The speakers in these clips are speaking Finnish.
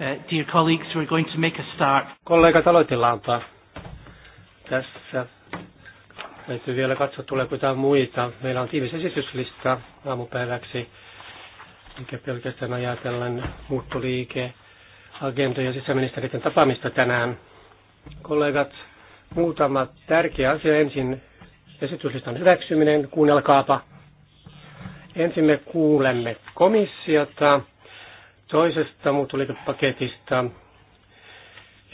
Uh, dear colleagues, we're going to make a start. Kollegat, aloitellaanpa. Tässä täytyy vielä katsoa, tuleeko jotain muita. Meillä on tiivis esityslista aamupäiväksi, mikä pelkästään ajatellen muuttoliike, agenda ja sisäministeriön tapaamista tänään. Kollegat, muutama tärkeä asia. Ensin esityslistan hyväksyminen, kuunnelkaapa. Ensin me kuulemme komissiota toisesta muuttoliikepaketista,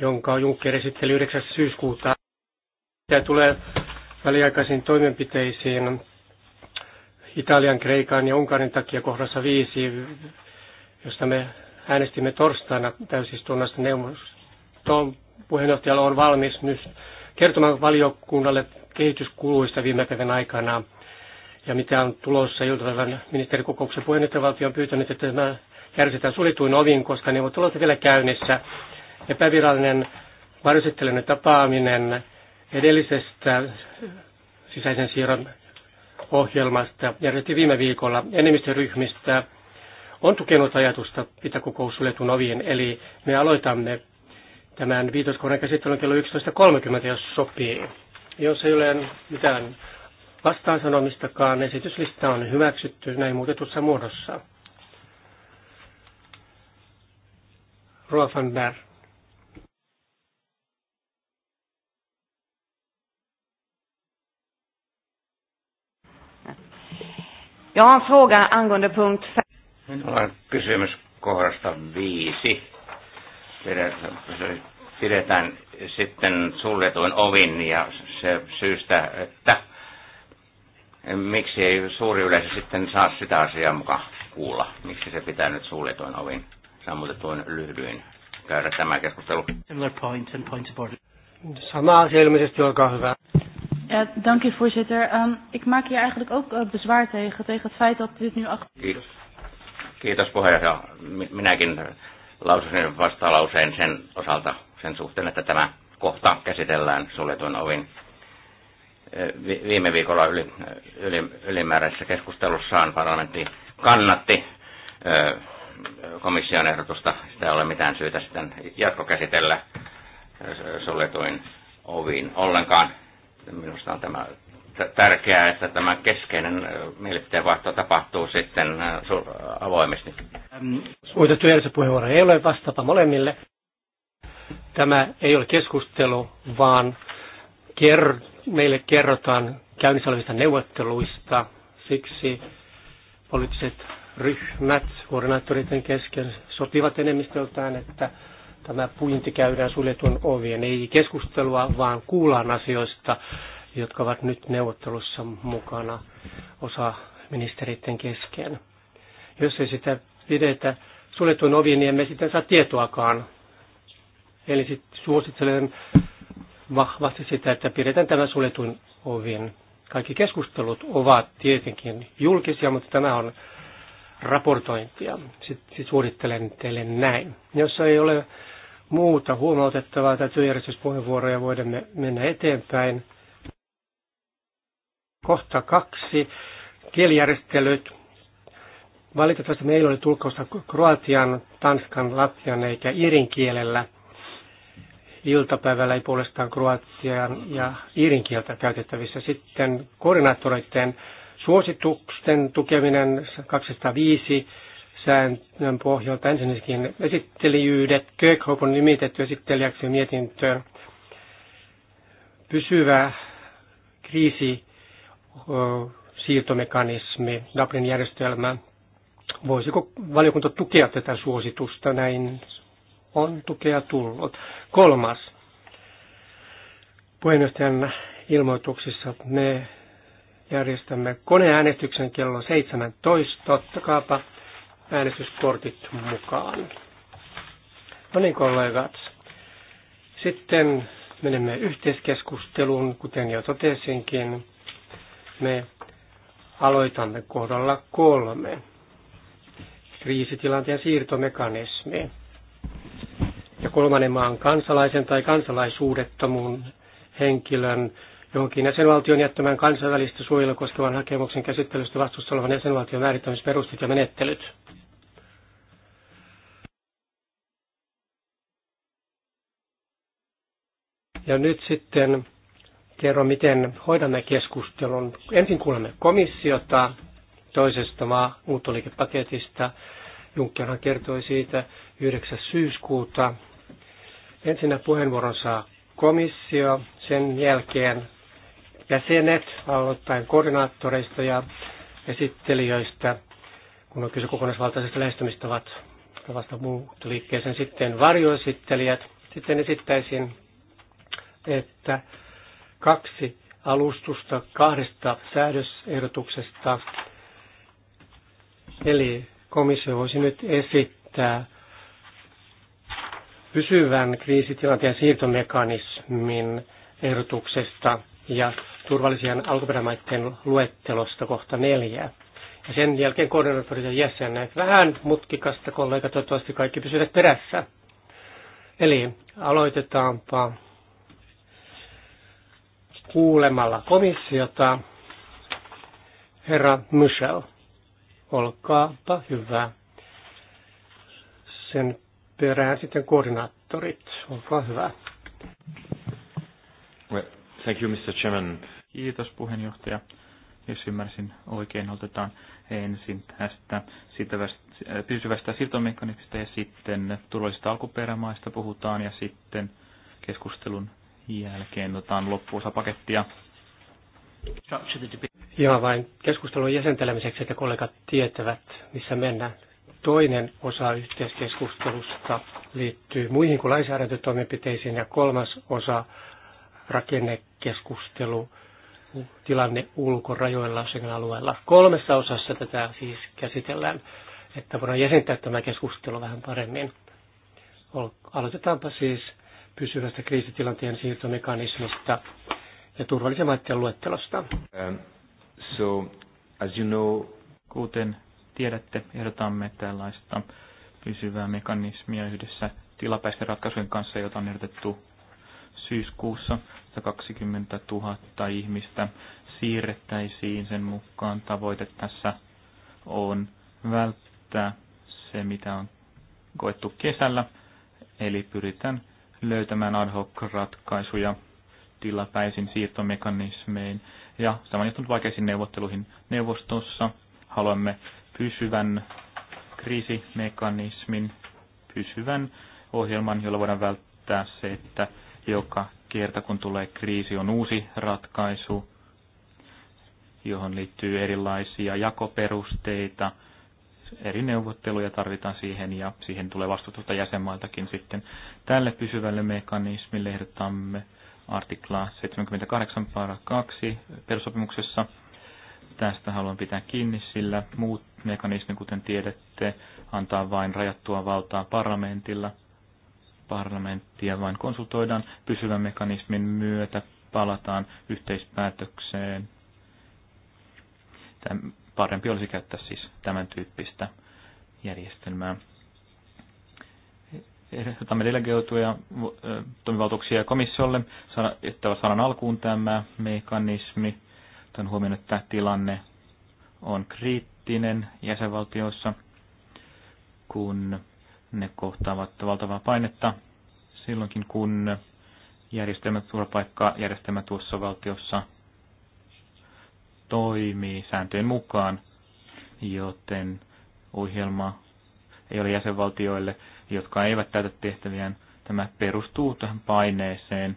jonka Juncker esitteli 9. syyskuuta. Tämä tulee väliaikaisiin toimenpiteisiin Italian, Kreikan ja Unkarin takia kohdassa viisi, josta me äänestimme torstaina täysistunnossa niin neuvoston puheenjohtajalla on valmis nyt kertomaan valiokunnalle kehityskuluista viime päivän aikana ja mitä on tulossa iltapäivän ministerikokouksen puheenjohtajavaltio on pyytänyt, että tämä järjestetään sulituin ovin, koska ne ovat vielä käynnissä. Epävirallinen varjoesittelyyn tapaaminen edellisestä sisäisen siirron ohjelmasta järjesti viime viikolla enemmistöryhmistä on tukenut ajatusta pitää kokous suljetun oviin, eli me aloitamme tämän viitoskohdan käsittelyn kello 11.30, jos sopii. Jos ei ole mitään vastaansanomistakaan, esityslista on hyväksytty näin muutetussa muodossa. Ruofanberg. Jag har en fråga angående punkt 5. Minulla on kysymys kohdasta 5. Pidetään sitten suljetuin ovin ja se syystä, että miksi ei suuri yleisö sitten saa sitä asiaa mukaan kuulla? Miksi se pitää nyt suljetuin ovin tuon lyhdyin käydä tämä keskustelu. Similar point and point of order. Sama asia ilmeisesti, olkaa hyvä. Ja, dank u voorzitter. Um, ik maak hier eigenlijk ook uh, bezwaar tegen, tegen het feit dat dit nu achter... Kiitos. Kiitos puheenjohtaja. Minäkin laususin vastalauseen sen osalta sen suhteen, että tämä kohta käsitellään suljetun ovin. Eh, viime viikolla yli, eh, yli, ylimääräisessä keskustelussaan parlamentti kannatti komission ehdotusta. Sitä ei ole mitään syytä sitten jatkokäsitellä suljetuin oviin ollenkaan. Minusta on tämä tärkeää, että tämä keskeinen mielipiteenvaihto tapahtuu sitten avoimesti. Uitettu edellisen puheenvuoro ei ole vastata molemmille. Tämä ei ole keskustelu, vaan ker- meille kerrotaan käynnissä olevista neuvotteluista. Siksi poliittiset ryhmät koordinaattoreiden kesken sotivat enemmistöltään, että tämä puinti käydään suljetun ovien. Ei keskustelua, vaan kuullaan asioista, jotka ovat nyt neuvottelussa mukana osa ministeritten kesken. Jos ei sitä pidetä suljetun ovien, niin emme sitten saa tietoakaan. Eli sit suosittelen vahvasti sitä, että pidetään tämä suljetun ovin. Kaikki keskustelut ovat tietenkin julkisia, mutta tämä on raportointia. Sitten suosittelen teille näin. Jos ei ole muuta huomautettavaa tai työjärjestyspuheenvuoroja, voidaan mennä eteenpäin. Kohta kaksi. Kielijärjestelyt. Valitettavasti meillä oli tulkkausta kroatian, tanskan, latjan eikä irin kielellä. Iltapäivällä ei puolestaan kroatian ja irin kieltä käytettävissä. Sitten koordinaattoreiden suositusten tukeminen 205 säännön pohjalta ensinnäkin esittelijyydet. Kirkhope on nimitetty esittelijäksi mietintöön. Pysyvä kriisi siirtomekanismi, Dublin järjestelmä. Voisiko valiokunta tukea tätä suositusta? Näin on tukea tullut. Kolmas. Puheenjohtajan ilmoituksissa me järjestämme koneäänestyksen kello 17. Ottakaapa äänestyskortit mukaan. No niin, kollegat. Sitten menemme yhteiskeskusteluun, kuten jo totesinkin. Me aloitamme kohdalla kolme. Kriisitilanteen siirtomekanismi. Ja kolmannen maan kansalaisen tai kansalaisuudettomuun henkilön jonkin jäsenvaltion jättämään kansainvälistä suojelua koskevan hakemuksen käsittelystä vastuussa olevan jäsenvaltion määrittämisperusteet ja menettelyt. Ja nyt sitten kerron, miten hoidamme keskustelun. Ensin kuulemme komissiota toisesta maa muuttoliikepaketista. Junckerhan kertoi siitä 9. syyskuuta. Ensinnä puheenvuoron saa komissio, sen jälkeen jäsenet aloittain koordinaattoreista ja esittelijöistä, kun on kyse kokonaisvaltaisesta lähestymistavat vasta muuttoliikkeeseen sitten varjoesittelijät. Sitten esittäisin, että kaksi alustusta kahdesta säädösehdotuksesta. Eli komissio voisi nyt esittää pysyvän kriisitilanteen siirtomekanismin ehdotuksesta ja turvallisien alkuperämaiden luettelosta kohta neljä. Ja sen jälkeen koordinaattorit jäsenet. Vähän mutkikasta kollega, toivottavasti kaikki pysyvät perässä. Eli aloitetaanpa kuulemalla komissiota. Herra Michel, olkaapa hyvä. Sen perään sitten koordinaattorit, olkaa hyvä. Well, thank you, Mr. Chairman. Kiitos puheenjohtaja. Jos ymmärsin oikein, otetaan ensin tästä äh, pysyvästä siirtomekanismista ja sitten turvallisista alkuperämaista puhutaan ja sitten keskustelun jälkeen otetaan loppuosa pakettia. Joo, vain keskustelun jäsentelemiseksi, että kollegat tietävät, missä mennään. Toinen osa yhteiskeskustelusta liittyy muihin kuin lainsäädäntötoimenpiteisiin ja kolmas osa rakennekeskustelu tilanne ulkorajoilla Schengen-alueella. Kolmessa osassa tätä siis käsitellään, että voidaan jäsentää tämä keskustelu vähän paremmin. Aloitetaanpa siis pysyvästä kriisitilanteen siirtomekanismista ja turvallisen maiden luettelosta. Um, so, as you know, kuten tiedätte, ehdotamme tällaista pysyvää mekanismia yhdessä tilapäisten ratkaisujen kanssa, jota on ehdotettu syyskuussa 120 000 ihmistä siirrettäisiin sen mukaan. Tavoite tässä on välttää se, mitä on koettu kesällä, eli pyritään löytämään ad hoc ratkaisuja tilapäisin siirtomekanismein ja tämä on johtanut vaikeisiin neuvotteluihin neuvostossa. Haluamme pysyvän kriisimekanismin, pysyvän ohjelman, jolla voidaan välttää se, että joka kerta kun tulee kriisi, on uusi ratkaisu, johon liittyy erilaisia jakoperusteita, eri neuvotteluja tarvitaan siihen ja siihen tulee vastustusta jäsenmailtakin sitten. Tälle pysyvälle mekanismille ehdotamme artiklaa 78 para 2 perussopimuksessa. Tästä haluan pitää kiinni, sillä muut mekanismit, kuten tiedätte, antaa vain rajattua valtaa parlamentilla – parlamenttia vain konsultoidaan pysyvän mekanismin myötä, palataan yhteispäätökseen. Tämä parempi olisi käyttää siis tämän tyyppistä järjestelmää. Ehdotamme delegoituja toimivaltuuksia komissiolle, että saadaan alkuun tämä mekanismi. Tämän huomioon, että tilanne on kriittinen jäsenvaltioissa, kun ne kohtaavat valtavaa painetta silloinkin, kun järjestelmä, järjestelmä tuossa valtiossa toimii sääntöjen mukaan, joten ohjelma ei ole jäsenvaltioille, jotka eivät täytä tehtäviään. Tämä perustuu tähän paineeseen,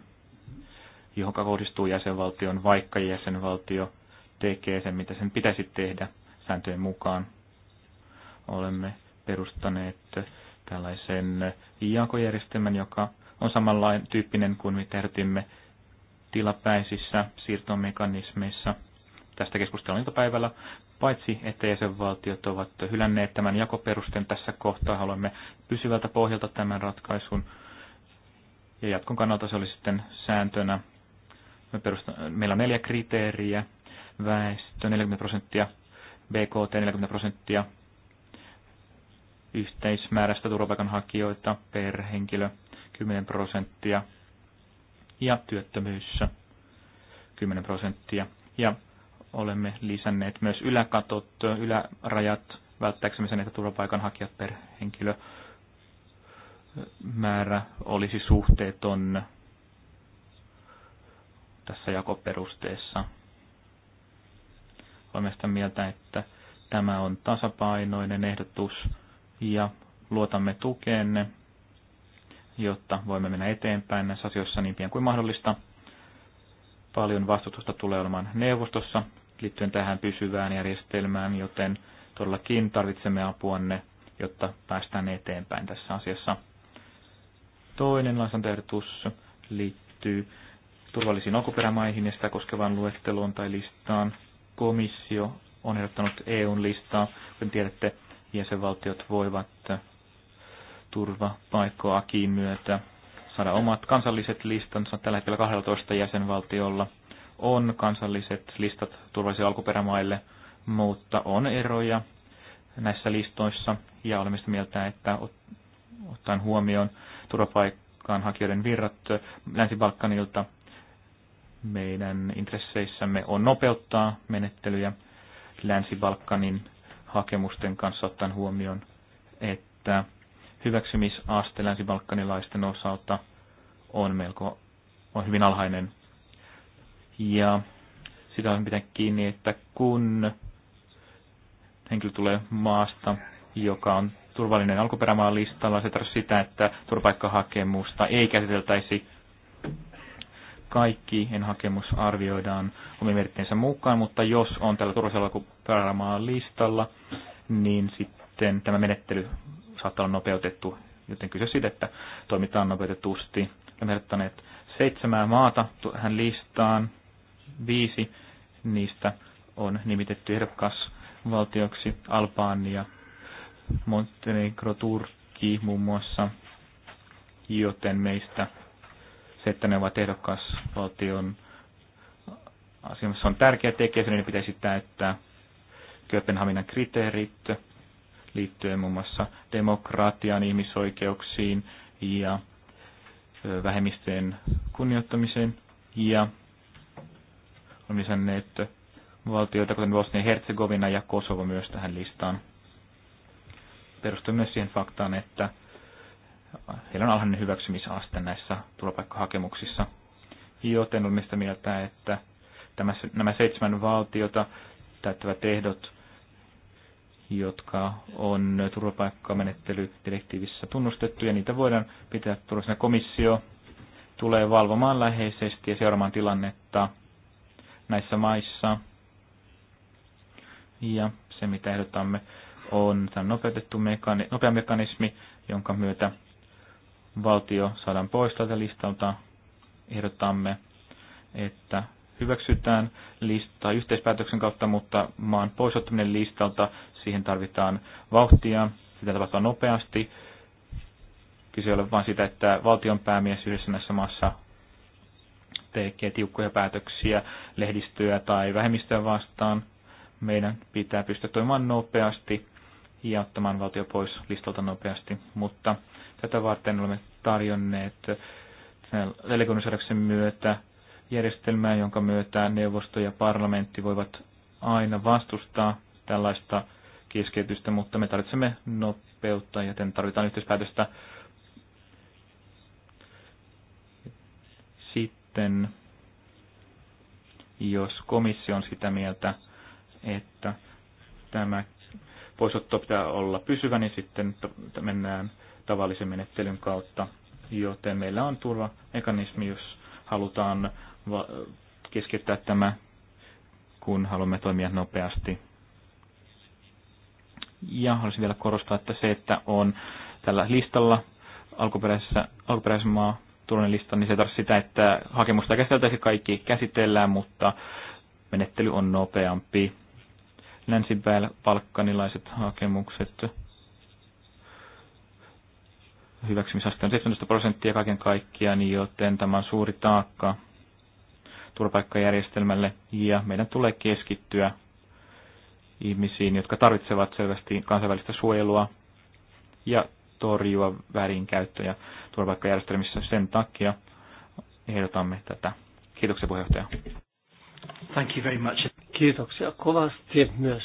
johon kohdistuu jäsenvaltion, vaikka jäsenvaltio tekee sen, mitä sen pitäisi tehdä sääntöjen mukaan. Olemme perustaneet tällaisen jakojärjestelmän, joka on samanlainen tyyppinen kuin mitä ehdotimme tilapäisissä siirtomekanismeissa. Tästä keskustelun iltapäivällä, paitsi että jäsenvaltiot ovat hylänneet tämän jakoperusten tässä kohtaa, haluamme pysyvältä pohjalta tämän ratkaisun. Ja jatkon kannalta se oli sitten sääntönä. Me meillä on neljä kriteeriä. Väestö 40 prosenttia, BKT 40 prosenttia, yhteismäärästä turvapaikanhakijoita per henkilö 10 prosenttia ja työttömyyssä 10 prosenttia. Ja olemme lisänneet myös yläkatot, ylärajat välttääksemme sen, että turvapaikanhakijat per henkilö määrä olisi suhteeton tässä jakoperusteessa. Olemme sitä mieltä, että tämä on tasapainoinen ehdotus ja luotamme tukeenne jotta voimme mennä eteenpäin näissä asioissa niin pian kuin mahdollista. Paljon vastustusta tulee olemaan neuvostossa liittyen tähän pysyvään järjestelmään, joten todellakin tarvitsemme apuanne, jotta päästään eteenpäin tässä asiassa. Toinen lainsäädäntöehdotus liittyy turvallisiin alkuperämaihin ja sitä koskevaan luetteloon tai listaan. Komissio on ehdottanut EUn listaa. Kuten tiedätte, jäsenvaltiot voivat Akiin myötä saada omat kansalliset listansa. Tällä hetkellä 12 jäsenvaltiolla on kansalliset listat turvallisille alkuperämaille, mutta on eroja näissä listoissa ja olemme sitä mieltä, että ottaen huomioon hakijoiden virrat Länsi-Balkanilta meidän intresseissämme on nopeuttaa menettelyjä Länsi-Balkanin hakemusten kanssa ottaen huomioon, että hyväksymisaste länsibalkanilaisten osalta on melko on hyvin alhainen. Ja sitä on pitää kiinni, että kun henkilö tulee maasta, joka on turvallinen alkuperämaan listalla, se tarkoittaa sitä, että turvapaikkahakemusta ei käsiteltäisi en hakemus arvioidaan omien merkkeensä mukaan, mutta jos on tällä turvallisella alkuperämaan listalla, niin sitten tämä menettely saattaa olla nopeutettu, joten kyse siitä, että toimitaan nopeutetusti. Olemme ehdottaneet seitsemää maata tähän listaan, viisi niistä on nimitetty ehdokasvaltioksi Albania, Montenegro, Turkki muun muassa, joten meistä se, että ne ovat ehdokasvaltion asemassa on tärkeä tekijä, niin pitäisi täyttää Kööpenhaminan kriteerit, liittyen muun muassa demokratiaan, ihmisoikeuksiin ja vähemmistöjen kunnioittamiseen. Ja on lisänneet valtioita, kuten Bosnia-Herzegovina ja Kosovo myös tähän listaan. Perustuu myös siihen faktaan, että heillä on alhainen hyväksymisaste näissä turvapaikkahakemuksissa. Joten on mieltä, että tämä, nämä seitsemän valtiota täyttävät ehdot jotka on turvapaikkamenettelydirektiivissä tunnustettu, ja niitä voidaan pitää turvallisena. Komissio tulee valvomaan läheisesti ja seuraamaan tilannetta näissä maissa. Ja se, mitä ehdotamme, on tämä nopeutettu mekanismi, nopea mekanismi, jonka myötä valtio saadaan pois tältä listalta. Ehdotamme, että hyväksytään lista yhteispäätöksen kautta, mutta maan poisottaminen listalta Siihen tarvitaan vauhtia, sitä tapahtuu nopeasti. Kyse ei ole vain sitä, että valtion päämies yhdessä näissä maassa tekee tiukkoja päätöksiä lehdistöä tai vähemmistöä vastaan. Meidän pitää pystyä toimimaan nopeasti ja ottamaan valtio pois listalta nopeasti, mutta tätä varten olemme tarjonneet telekonnusjärjestelmän myötä järjestelmää, jonka myötä neuvosto ja parlamentti voivat aina vastustaa tällaista keskeytystä, mutta me tarvitsemme nopeutta, joten tarvitaan yhteispäätöstä. Sitten, jos komissio on sitä mieltä, että tämä poisotto pitää olla pysyvä, niin sitten mennään tavallisen menettelyn kautta, joten meillä on turvamekanismi, jos halutaan keskeyttää tämä, kun haluamme toimia nopeasti ja haluaisin vielä korostaa, että se, että on tällä listalla alkuperäisessä, alkuperäismaa turvallinen lista, niin se tarkoittaa sitä, että hakemusta käsiteltäisiin kaikki käsitellään, mutta menettely on nopeampi. Länsipäällä palkkanilaiset hakemukset hyväksymisaste on 17 prosenttia kaiken kaikkiaan, joten tämä on suuri taakka turvapaikkajärjestelmälle ja meidän tulee keskittyä ihmisiin, jotka tarvitsevat selvästi kansainvälistä suojelua ja torjua väärinkäyttöjä turvapaikkajärjestelmissä. Sen takia ehdotamme tätä. Kiitoksia puheenjohtaja. Thank you very much. Kiitoksia kovasti myös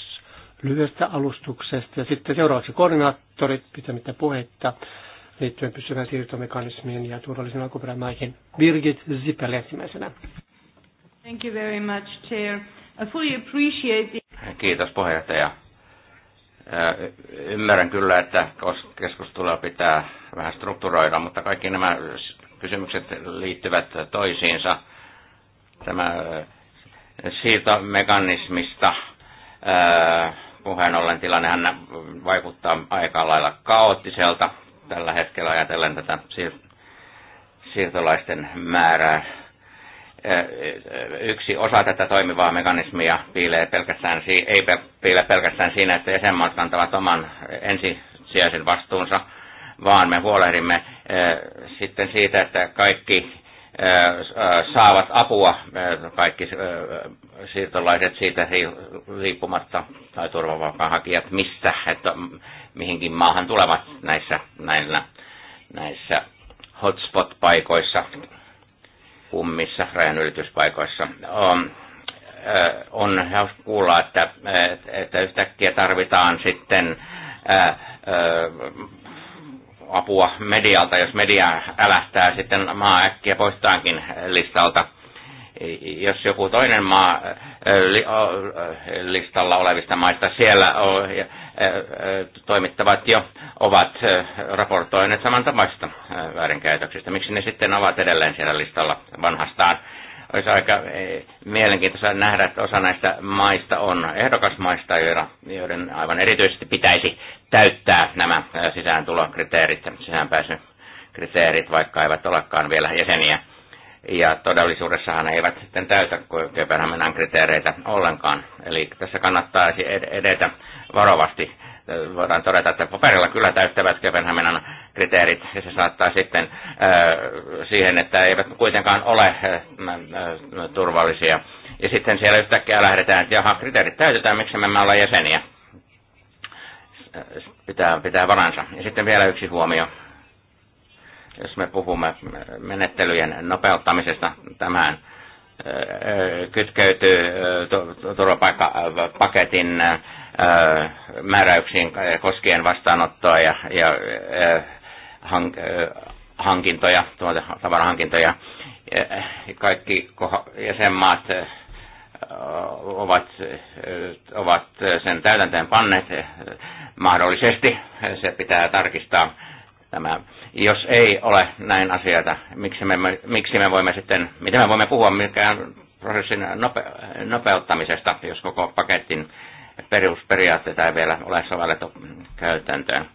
lyhyestä alustuksesta. Ja sitten seuraavaksi koordinaattorit pitämättä puhetta liittyen pysyvän siirtomekanismiin ja turvallisen alkuperämaihin. Birgit Zipel ensimmäisenä. Thank you very much, Chair. I fully appreciate the Kiitos puheenjohtaja. Ymmärrän kyllä, että keskustelua pitää vähän strukturoida, mutta kaikki nämä kysymykset liittyvät toisiinsa. Tämä siirtomekanismista puheen ollen tilannehan vaikuttaa aika lailla kaoottiselta tällä hetkellä ajatellen tätä siirtolaisten määrää yksi osa tätä toimivaa mekanismia piilee pelkästään, ei piile pelkästään siinä, että jäsenmaat kantavat oman ensisijaisen vastuunsa, vaan me huolehdimme sitten siitä, että kaikki saavat apua, kaikki siirtolaiset siitä riippumatta tai turvapaikanhakijat missä että mihinkin maahan tulevat näissä, näillä, näissä hotspot-paikoissa kummissa rajanylityspaikoissa on. On hauska kuulla, että, että yhtäkkiä tarvitaan sitten apua medialta, jos media älähtää sitten maa äkkiä poistaankin listalta jos joku toinen maa listalla olevista maista siellä toimittavat jo ovat raportoineet samantapaista väärinkäytöksistä, miksi ne sitten ovat edelleen siellä listalla vanhastaan? Olisi aika e, mielenkiintoista nähdä, että osa näistä maista on ehdokasmaista, joiden aivan erityisesti pitäisi täyttää nämä sisääntulokriteerit, sisäänpääsykriteerit, vaikka eivät olekaan vielä jäseniä ja todellisuudessahan eivät sitten täytä Kööpenhaminan kriteereitä ollenkaan. Eli tässä kannattaa edetä varovasti. Voidaan todeta, että paperilla kyllä täyttävät Kööpenhaminan kriteerit, ja se saattaa sitten äh, siihen, että eivät kuitenkaan ole äh, äh, turvallisia. Ja sitten siellä yhtäkkiä lähdetään, että jaha, kriteerit täytetään, miksi me emme ole jäseniä. Pitää, pitää varansa. Ja sitten vielä yksi huomio jos me puhumme menettelyjen nopeuttamisesta, tämän kytkeytyy turvapaikkapaketin määräyksiin koskien vastaanottoa ja, ja hankintoja, tuota, tavarahankintoja. Kaikki jäsenmaat ovat, ovat sen täytäntöön panneet mahdollisesti. Se pitää tarkistaa Tämä, jos ei ole näin asioita, miksi me, miksi me voimme sitten, miten me voimme puhua mikään prosessin nope, nopeuttamisesta, jos koko paketin perusperiaatteita ei vielä ole sovellettu käytäntöön.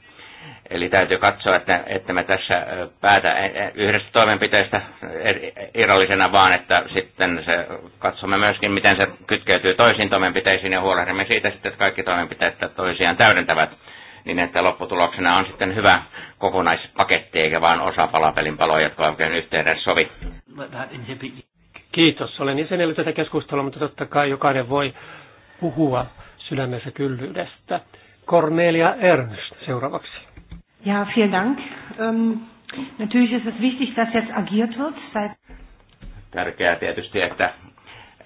Eli täytyy katsoa, että, että me tässä päätä e, e, yhdestä toimenpiteestä e, irrallisena, vaan että sitten se, katsomme myöskin, miten se kytkeytyy toisiin toimenpiteisiin ja huolehdimme siitä sitten, että kaikki toimenpiteet toisiaan täydentävät niin että lopputuloksena on sitten hyvä kokonaispaketti, eikä vain osa palapelin paloja, jotka oikein yhteyden sovi. Kiitos. Olen jäsenellyt niin tätä keskustelua, mutta totta kai jokainen voi puhua sydämessä kyllyydestä. Cornelia Ernst seuraavaksi. Ja, vielen Dank. Ähm, natürlich ist es wichtig, dass jetzt agiert wird. Seit... Tärkeää tietysti, että,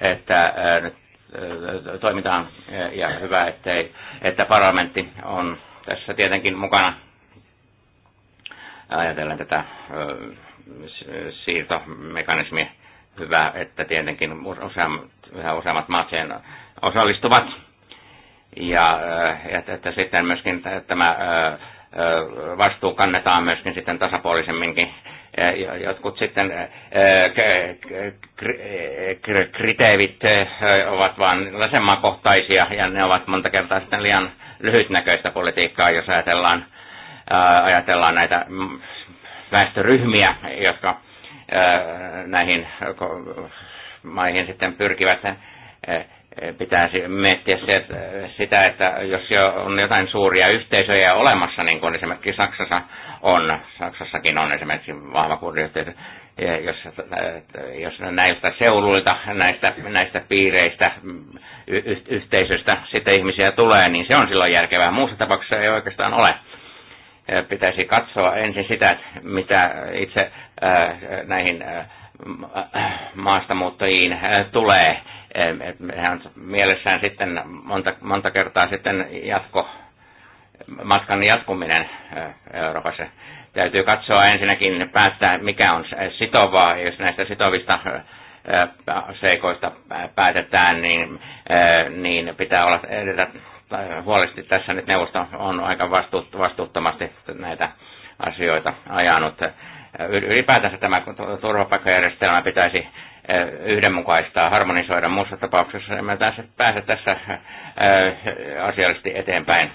että äh, nyt äh, toimitaan äh, ja hyvä, ettei, että parlamentti on tässä tietenkin mukana ajatellen tätä siirtomekanismia. Hyvä, että tietenkin useammat, yhä useammat maat siihen osallistuvat. Ja että, että sitten myöskin tämä vastuu kannetaan myöskin sitten tasapuolisemminkin. Jotkut sitten kriteerit ovat vain jäsenmaakohtaisia ja ne ovat monta kertaa sitten liian lyhytnäköistä politiikkaa, jos ajatellaan, ää, ajatellaan näitä mm, väestöryhmiä, jotka ää, näihin maihin sitten pyrkivät. Ää, pitäisi miettiä se, että sitä, että jos jo on jotain suuria yhteisöjä olemassa, niin kuin esimerkiksi Saksassa on, Saksassakin on esimerkiksi vahva kurdiyhteisö, jos, jos näiltä seuduilta, näistä, näistä piireistä, y- yhteisöistä sitten ihmisiä tulee, niin se on silloin järkevää. Muussa tapauksessa ei oikeastaan ole. Pitäisi katsoa ensin sitä, mitä itse näihin maastamuuttajiin tulee hän mielessään sitten monta, monta kertaa sitten jatko, matkan jatkuminen Euroopassa. Täytyy katsoa ensinnäkin päättää, mikä on sitovaa, jos näistä sitovista seikoista päätetään, niin, niin pitää olla edetä huolesti tässä nyt neuvosto on aika vastuuttomasti näitä asioita ajanut. Ylipäätänsä tämä turvapaikkajärjestelmä pitäisi Eh, yhdenmukaistaa, harmonisoida. Muussa tapauksessa emme tässä pääse tässä eh, asiallisesti eteenpäin.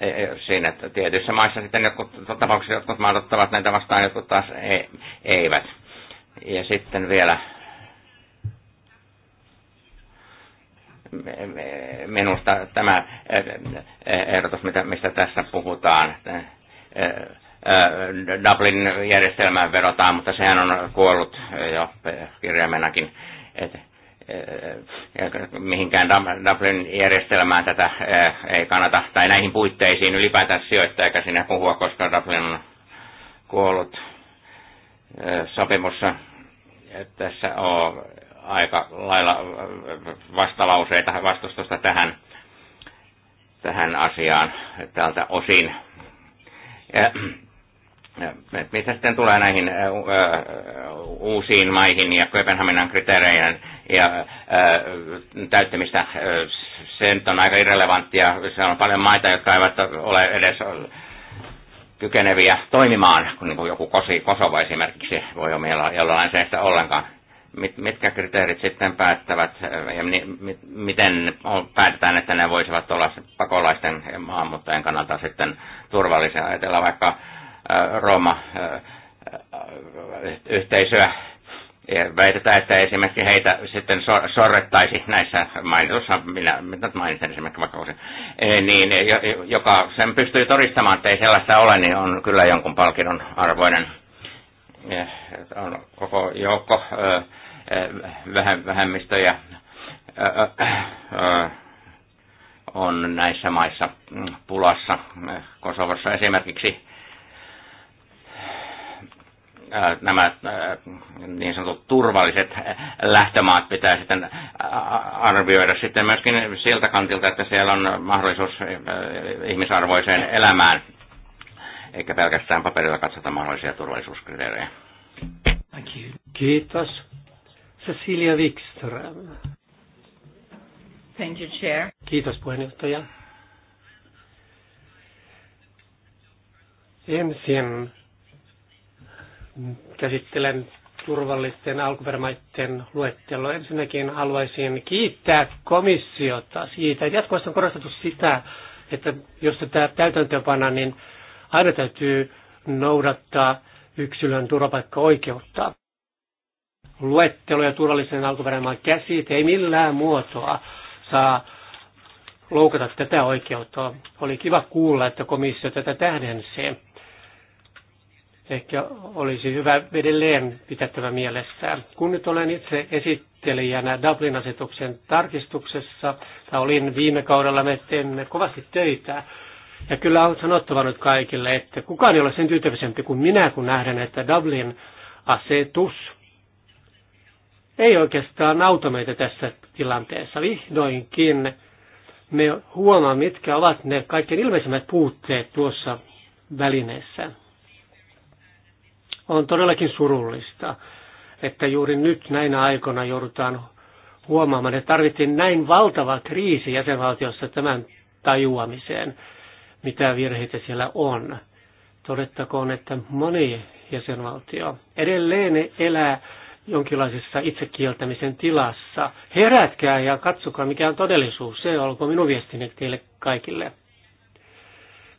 E, e, siinä, että tietyissä maissa sitten jotkut tapauksissa jotkut maat ottavat näitä vastaan, jotkut taas e, eivät. Ja sitten vielä minusta tämä eh, ehdotus, mistä tässä puhutaan, Äh, Dublin-järjestelmään vedotaan, mutta sehän on kuollut äh, jo äh, kirjaimenakin. Et, mihinkään Dublin-järjestelmään tätä ei kannata, tai näihin puitteisiin ylipäätään sijoittaa eikä sinne puhua, koska Dublin on kuollut sopimus. Tässä on aika lailla vastalauseita vastustusta tähän, tähän asiaan tältä osin. Ja, mitä sitten tulee näihin uusiin maihin ja Kööpenhaminan kriteereihin ja täyttämistä, se on aika irrelevanttia. Se on paljon maita, jotka eivät ole edes kykeneviä toimimaan, kun niin joku kosi, Kosovo esimerkiksi voi omilla jollain seistä ollenkaan. mitkä kriteerit sitten päättävät ja miten päätetään, että ne voisivat olla pakolaisten maahanmuuttajien kannalta sitten turvallisia? Ajatellaan vaikka Roma-yhteisöä. Väitetään, että esimerkiksi heitä sitten sorrettaisi näissä mainitussa, minä, minä mainitsen esimerkiksi vaikka osin, e, niin joka sen pystyy todistamaan, että ei sellaista ole, niin on kyllä jonkun palkinnon arvoinen. On koko joukko vähemmistöjä on näissä maissa mm, pulassa. Kosovossa esimerkiksi Äh, nämä äh, niin sanotut turvalliset äh, lähtömaat pitää sitten arvioida sitten myöskin siltä kantilta, että siellä on mahdollisuus ihmisarvoiseen elämään, eikä pelkästään paperilla katsota mahdollisia turvallisuuskriteerejä. Kiitos. Cecilia Wikström. Thank you, Chair. Kiitos puheenjohtaja. Ensin Käsittelen turvallisten alkuperämaiden luettelo. Ensinnäkin haluaisin kiittää komissiota siitä, että jatkuvasti on korostettu sitä, että jos tätä täytäntöönpana, niin aina täytyy noudattaa yksilön turvapaikka-oikeutta. Luettelo ja turvallisen alkuperämaan käsite ei millään muotoa saa loukata tätä oikeutta. Oli kiva kuulla, että komissio tätä tähdensi ehkä olisi hyvä edelleen pitättävä mielessään. Kun nyt olen itse esittelijänä Dublin-asetuksen tarkistuksessa, tai olin viime kaudella, me teimme kovasti töitä, ja kyllä on sanottava nyt kaikille, että kukaan ei ole sen tyytyväisempi kuin minä, kun nähden, että Dublin-asetus ei oikeastaan auta meitä tässä tilanteessa. Vihdoinkin me huomaamme, mitkä ovat ne kaikkein ilmeisimmät puutteet tuossa välineessä. On todellakin surullista, että juuri nyt näinä aikoina joudutaan huomaamaan, että tarvittiin näin valtava kriisi jäsenvaltiossa tämän tajuamiseen, mitä virheitä siellä on. Todettakoon, että moni jäsenvaltio edelleen elää jonkinlaisessa itsekieltämisen tilassa. Herätkää ja katsokaa, mikä on todellisuus. Se olkoon minun viestini teille kaikille.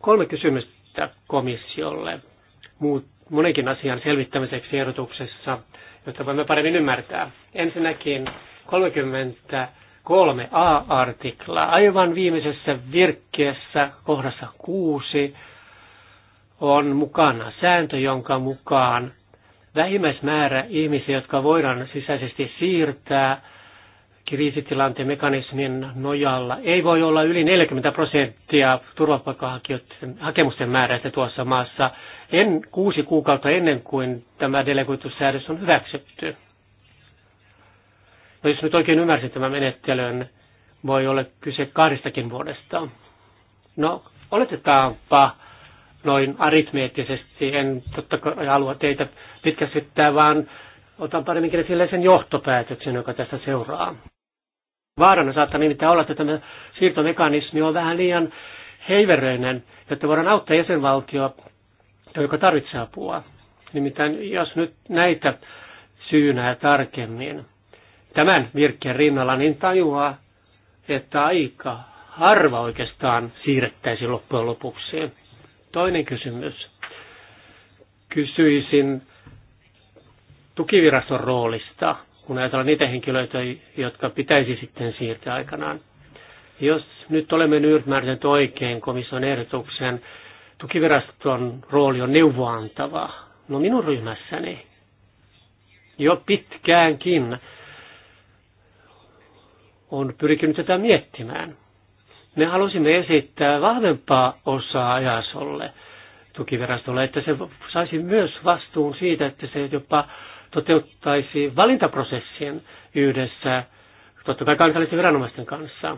Kolme kysymystä komissiolle. Muut monenkin asian selvittämiseksi ehdotuksessa, jotta voimme paremmin ymmärtää. Ensinnäkin 33 a artikla Aivan viimeisessä virkkeessä kohdassa 6 on mukana sääntö, jonka mukaan vähimmäismäärä ihmisiä, jotka voidaan sisäisesti siirtää, kriisitilanteen mekanismien nojalla ei voi olla yli 40 prosenttia turvapaikanhakijoiden hakemusten määrästä tuossa maassa en, kuusi kuukautta ennen kuin tämä delegoitussäädös on hyväksytty. No, jos nyt oikein ymmärsin tämän menettelyn, voi olla kyse kahdestakin vuodesta. No, oletetaanpa noin aritmeettisesti, en totta kai halua teitä pitkästyttää, vaan otan paremminkin esille sen johtopäätöksen, joka tässä seuraa. Vaarana saattaa nimittäin olla, että tämä siirtomekanismi on vähän liian heiveröinen, jotta voidaan auttaa jäsenvaltio, joka tarvitsee apua. Nimittäin jos nyt näitä syynää tarkemmin tämän virkkeen rinnalla, niin tajuaa, että aika harva oikeastaan siirrettäisiin loppujen lopuksi. Toinen kysymys. Kysyisin tukiviraston roolista – kun ajatellaan niitä henkilöitä, jotka pitäisi sitten siirtää aikanaan. Jos nyt olemme ymmärtäneet oikein komission ehdotuksen, tukiviraston rooli on neuvoantava. No minun ryhmässäni jo pitkäänkin on pyrkinyt tätä miettimään. Me halusimme esittää vahvempaa osaa ajasolle tukivirastolle, että se saisi myös vastuun siitä, että se jopa toteuttaisi valintaprosessien yhdessä totta kai kansallisten viranomaisten kanssa.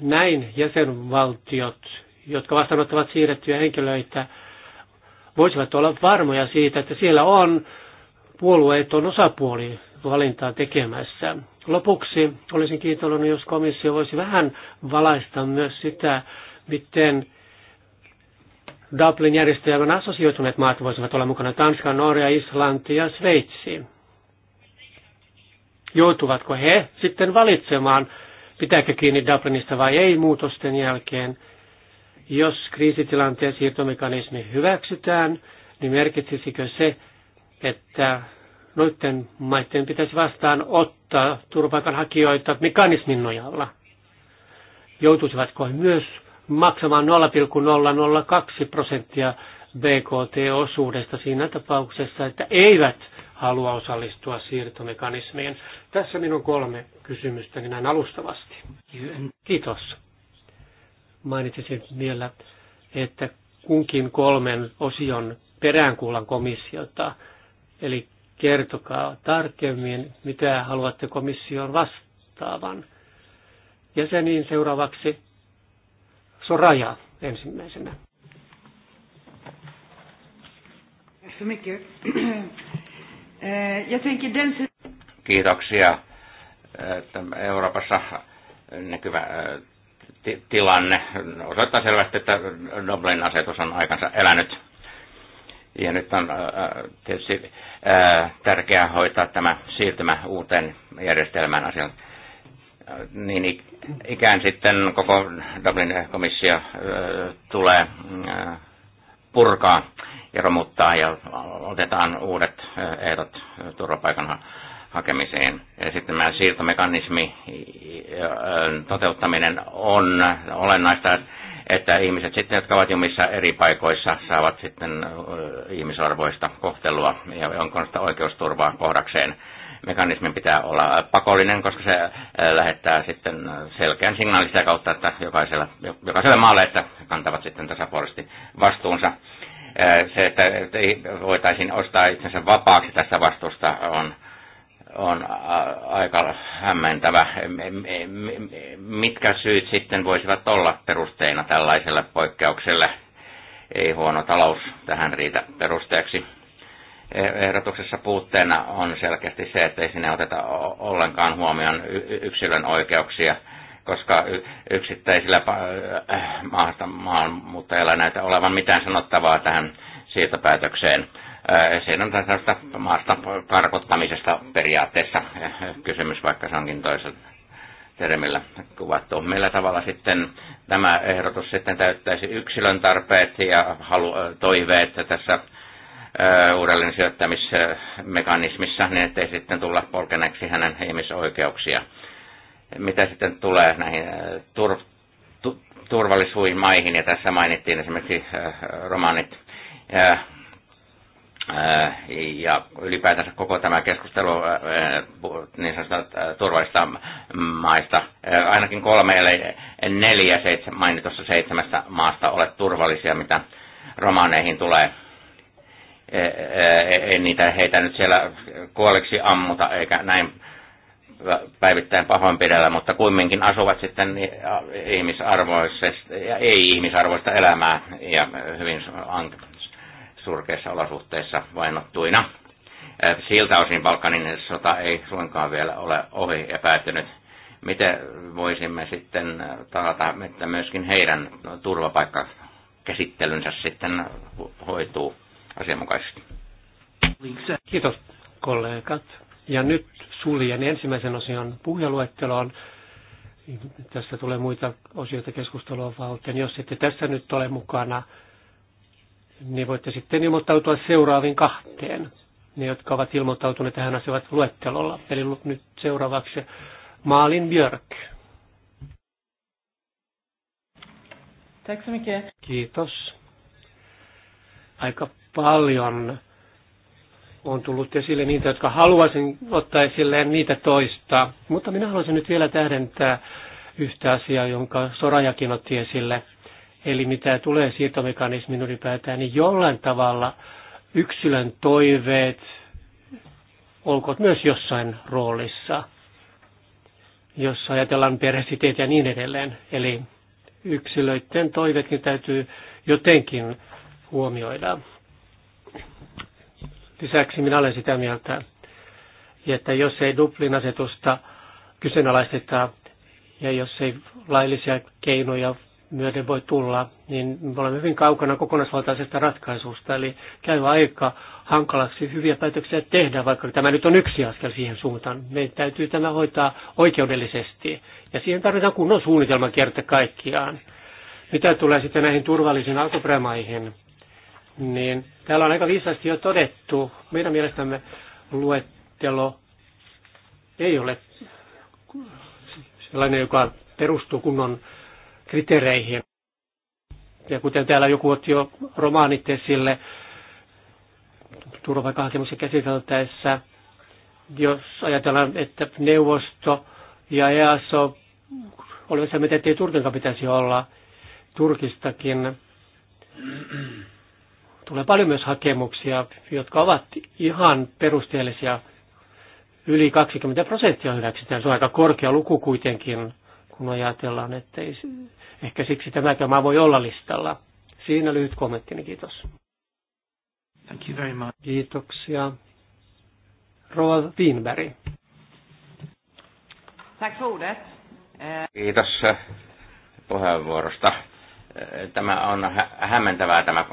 Näin jäsenvaltiot, jotka vastaanottavat siirrettyjä henkilöitä, voisivat olla varmoja siitä, että siellä on puolueeton osapuoli valintaa tekemässä. Lopuksi olisin kiitollinen, jos komissio voisi vähän valaista myös sitä, miten Dublin-järjestelmän assosioituneet maat voisivat olla mukana Tanska, Norja, Islanti ja Sveitsi. Joutuvatko he sitten valitsemaan, pitääkö kiinni Dublinista vai ei muutosten jälkeen? Jos kriisitilanteen siirtomekanismi hyväksytään, niin merkitsisikö se, että noiden maiden pitäisi vastaan ottaa turvapaikanhakijoita mekanismin nojalla? Joutuisivatko he myös maksamaan 0,002 prosenttia BKT-osuudesta siinä tapauksessa, että eivät halua osallistua siirtomekanismiin. Tässä minun kolme kysymystäni näin alustavasti. Kiitos. Mainitsisin vielä, että kunkin kolmen osion peräänkuulan komissiota, eli kertokaa tarkemmin, mitä haluatte komission vastaavan. Ja se niin seuraavaksi se on raja ensimmäisenä. Eh, Kiitoksia. Eh, Euroopassa eh, näkyvä tilanne osoittaa selvästi, että Dublin asetus on aikansa elänyt. Ja nyt on tietysti tärkeää hoitaa tämä siirtymä uuteen järjestelmään asian niin ikään sitten koko Dublin-komissio tulee purkaa ja romuttaa ja otetaan uudet ehdot turvapaikan hakemiseen. Ja sitten tämä siirtomekanismi toteuttaminen on olennaista, että ihmiset sitten, jotka ovat jumissa eri paikoissa, saavat sitten ihmisarvoista kohtelua ja onko sitä oikeusturvaa kohdakseen mekanismin pitää olla pakollinen, koska se lähettää sitten selkeän signaalin sitä kautta, että jokaisella, jokaiselle maalle, että kantavat sitten tasapuolisesti vastuunsa. Se, että voitaisiin ostaa itsensä vapaaksi tästä vastuusta on, on aika hämmentävä. Mitkä syyt sitten voisivat olla perusteina tällaiselle poikkeukselle? Ei huono talous tähän riitä perusteeksi ehdotuksessa puutteena on selkeästi se, että ei sinne oteta ollenkaan huomioon yksilön oikeuksia, koska yksittäisillä äh, maasta maahanmuuttajilla näitä olevan mitään sanottavaa tähän siirtopäätökseen. Äh, siinä on tästä maasta karkottamisesta periaatteessa äh, kysymys, vaikka se onkin toisella termillä kuvattu. Millä tavalla sitten tämä ehdotus sitten täyttäisi yksilön tarpeet ja halu, toiveet tässä uudelleen sijoittamismekanismissa, niin ettei sitten tulla polkeneeksi hänen ihmisoikeuksia. Mitä sitten tulee näihin tur, tu, turvallisuihin maihin, ja tässä mainittiin esimerkiksi romanit, ja, ja ylipäätänsä koko tämä keskustelu niin sanotusta turvallista maista. Ainakin kolme, eli neljä seitsemä, mainitussa seitsemästä maasta ole turvallisia, mitä romaaneihin tulee ei niitä heitä nyt siellä kuoleksi ammuta eikä näin päivittäin pahoinpidellä, mutta kuitenkin asuvat sitten ihmisarvoisesta ja ei-ihmisarvoista elämää ja hyvin surkeissa olosuhteissa vainottuina. Siltä osin Balkanin sota ei suinkaan vielä ole ohi ja päättynyt. Miten voisimme sitten taata, että myöskin heidän turvapaikkakäsittelynsä sitten hoituu? asianmukaisesti. Kiitos kollegat. Ja nyt suljen ensimmäisen osion puheluetteloon. Tässä tulee muita osioita keskustelua valten. Jos ette tässä nyt ole mukana, niin voitte sitten ilmoittautua seuraaviin kahteen. Ne, jotka ovat ilmoittautuneet tähän asiaan luettelolla. Eli nyt seuraavaksi Maalin Björk. Kiitos. Aika paljon on tullut esille niitä, jotka haluaisin ottaa esille niitä toista. Mutta minä haluaisin nyt vielä tähdentää yhtä asiaa, jonka Sorajakin otti esille. Eli mitä tulee siirtomekanismin ylipäätään, niin jollain tavalla yksilön toiveet olkoot myös jossain roolissa, jos ajatellaan perhesiteet ja niin edelleen. Eli yksilöiden toiveetkin täytyy jotenkin huomioida. Lisäksi minä olen sitä mieltä, että jos ei Dublin asetusta kyseenalaisteta ja jos ei laillisia keinoja myöden voi tulla, niin me olemme hyvin kaukana kokonaisvaltaisesta ratkaisusta. Eli käy aika hankalaksi hyviä päätöksiä tehdä, vaikka tämä nyt on yksi askel siihen suuntaan. Meidän täytyy tämä hoitaa oikeudellisesti. Ja siihen tarvitaan kunnon suunnitelma kerta kaikkiaan. Mitä tulee sitten näihin turvallisiin alkuperämaihin, niin Täällä on aika viisaasti jo todettu, meidän mielestämme luettelo ei ole sellainen, joka perustuu kunnon kriteereihin. Ja kuten täällä joku otti jo romaanit esille, turvapaikanhakemuksen käsiteltäessä, jos ajatellaan, että neuvosto ja EASO olivat se, mitä ei Turkinkaan pitäisi olla, Turkistakin Tulee paljon myös hakemuksia, jotka ovat ihan perusteellisia. Yli 20 prosenttia hyväksytään. Se on aika korkea luku kuitenkin, kun ajatellaan, että ei, ehkä siksi tämäkään maa voi olla listalla. Siinä lyhyt kommenttini, kiitos. Thank you very much. Kiitoksia. Roald Wienberg. Eh. Kiitos eh, puheenvuorosta. Eh, tämä on hämmentävää tämä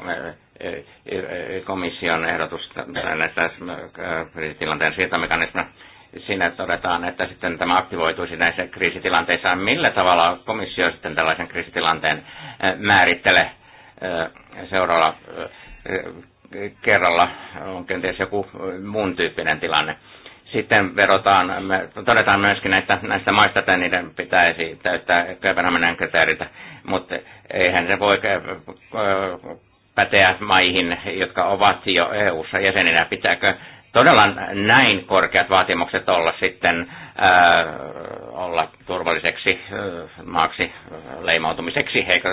komission ehdotusta näistä kriisitilanteen äh, siirtomekanismista. Siinä todetaan, että sitten tämä aktivoituisi näissä kriisitilanteissa. Millä tavalla komissio sitten tällaisen kriisitilanteen äh, määrittelee äh, seuraavalla kerralla? On kenties joku muun tyyppinen tilanne sitten verotaan, me todetaan myöskin näistä, näistä maista, että niiden pitäisi täyttää Kööpenhaminan kriteerit, mutta eihän se voi päteä maihin, jotka ovat jo EU-ssa jäseninä. Pitääkö todella näin korkeat vaatimukset olla sitten äh, olla turvalliseksi äh, maaksi leimautumiseksi? Eikö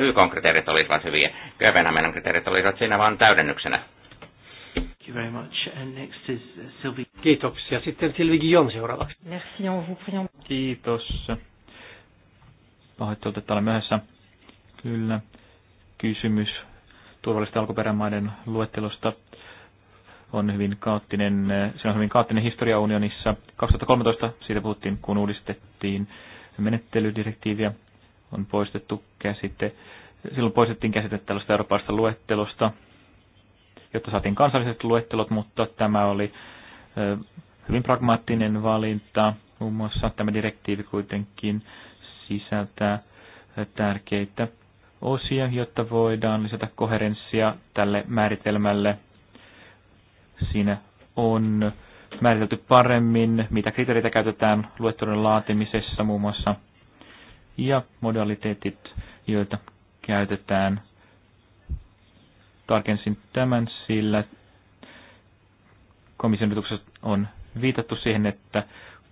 YK-kriteerit olisivat hyviä? Kööpenhaminan kriteerit olisivat siinä vain täydennyksenä. Thank you very much. And next is uh, Sylvie. Kiitoksia. Sitten Sylvie Guillaume seuraavaksi. Merci, on vous priant. Kiitos. Pahoittelut, että olen myöhässä. Kyllä. Kysymys turvallisten alkuperämaiden luettelosta on hyvin kaoottinen, se on hyvin kaoottinen historia unionissa. 2013 siitä puhuttiin, kun uudistettiin menettelydirektiiviä, on poistettu käsite, silloin poistettiin käsite tällaista eurooppalaisesta luettelosta, jotta saatiin kansalliset luettelot, mutta tämä oli hyvin pragmaattinen valinta. Muun muassa tämä direktiivi kuitenkin sisältää tärkeitä osia, jotta voidaan lisätä koherenssia tälle määritelmälle. Siinä on määritelty paremmin, mitä kriteereitä käytetään luettelon laatimisessa muun muassa, ja modaliteetit, joita käytetään. Tarkensin tämän, sillä komission on viitattu siihen, että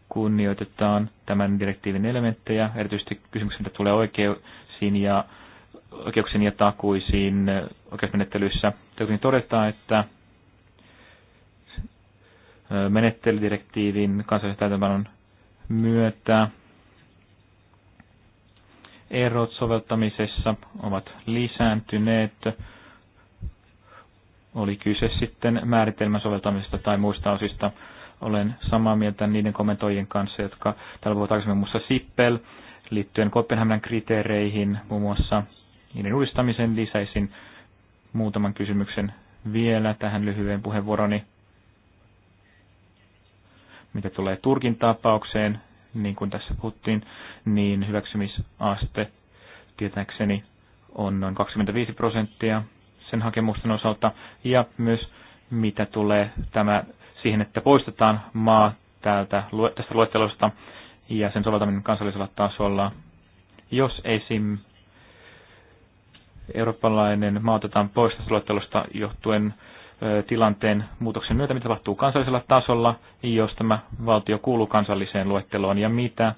kunnioitetaan tämän direktiivin elementtejä, erityisesti kysymyksiä, mitä tulee oikeuksiin ja oikeuksiin ja takuisiin oikeusmenettelyissä. Täytyy todetaan, että menettelydirektiivin kansallisen täytäntöönpanon myötä erot soveltamisessa ovat lisääntyneet. Oli kyse sitten määritelmän soveltamisesta tai muista osista. Olen samaa mieltä niiden kommentoijien kanssa, jotka täällä puhuvat aikaisemmin muun muassa Sippel liittyen Kopenhaminan kriteereihin muun muassa – niiden uudistamisen lisäisin muutaman kysymyksen vielä tähän lyhyen puheenvuoroni. Mitä tulee Turkin tapaukseen, niin kuin tässä puhuttiin, niin hyväksymisaste tietääkseni on noin 25 prosenttia sen hakemusten osalta. Ja myös mitä tulee tämä siihen, että poistetaan maa täältä, tästä luettelosta ja sen soveltaminen kansallisella tasolla, jos esim eurooppalainen maa otetaan pois tästä johtuen tilanteen muutoksen myötä, mitä tapahtuu kansallisella tasolla, jos tämä valtio kuuluu kansalliseen luetteloon ja mitä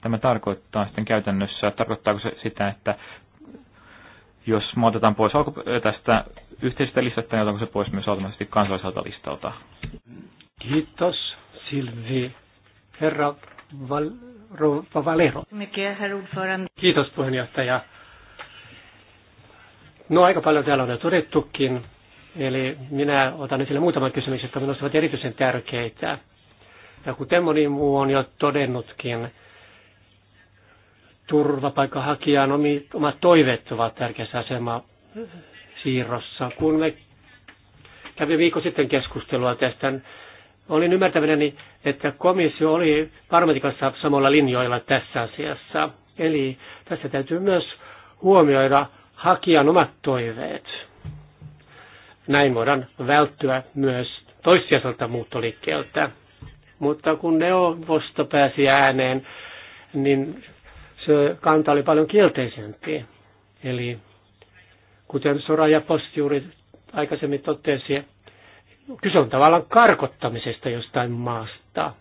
tämä tarkoittaa sitten käytännössä. Tarkoittaako se sitä, että jos maa otetaan pois tästä yhteisestä listasta, niin otetaanko se pois myös automaattisesti kansalliselta listalta? Kiitos, Silvi. Herra Val- Valero. Kiitos puheenjohtaja No aika paljon täällä on jo todettukin, eli minä otan esille muutaman kysymyksen, jotka minusta ovat erityisen tärkeitä. Ja kuten moni muu on jo todennutkin, turvapaikanhakijan omat toiveet ovat tärkeässä asema siirrossa. Kun me kävi viikko sitten keskustelua tästä, olin ymmärtävinäni, että komissio oli parlamentin kanssa samoilla linjoilla tässä asiassa. Eli tässä täytyy myös huomioida hakijan omat toiveet. Näin voidaan välttyä myös toissijaiselta muuttoliikkeeltä. Mutta kun neuvosto pääsi ääneen, niin se kanta oli paljon kielteisempi. Eli kuten Soraja Post juuri aikaisemmin totesi, kyse on tavallaan karkottamisesta jostain maasta.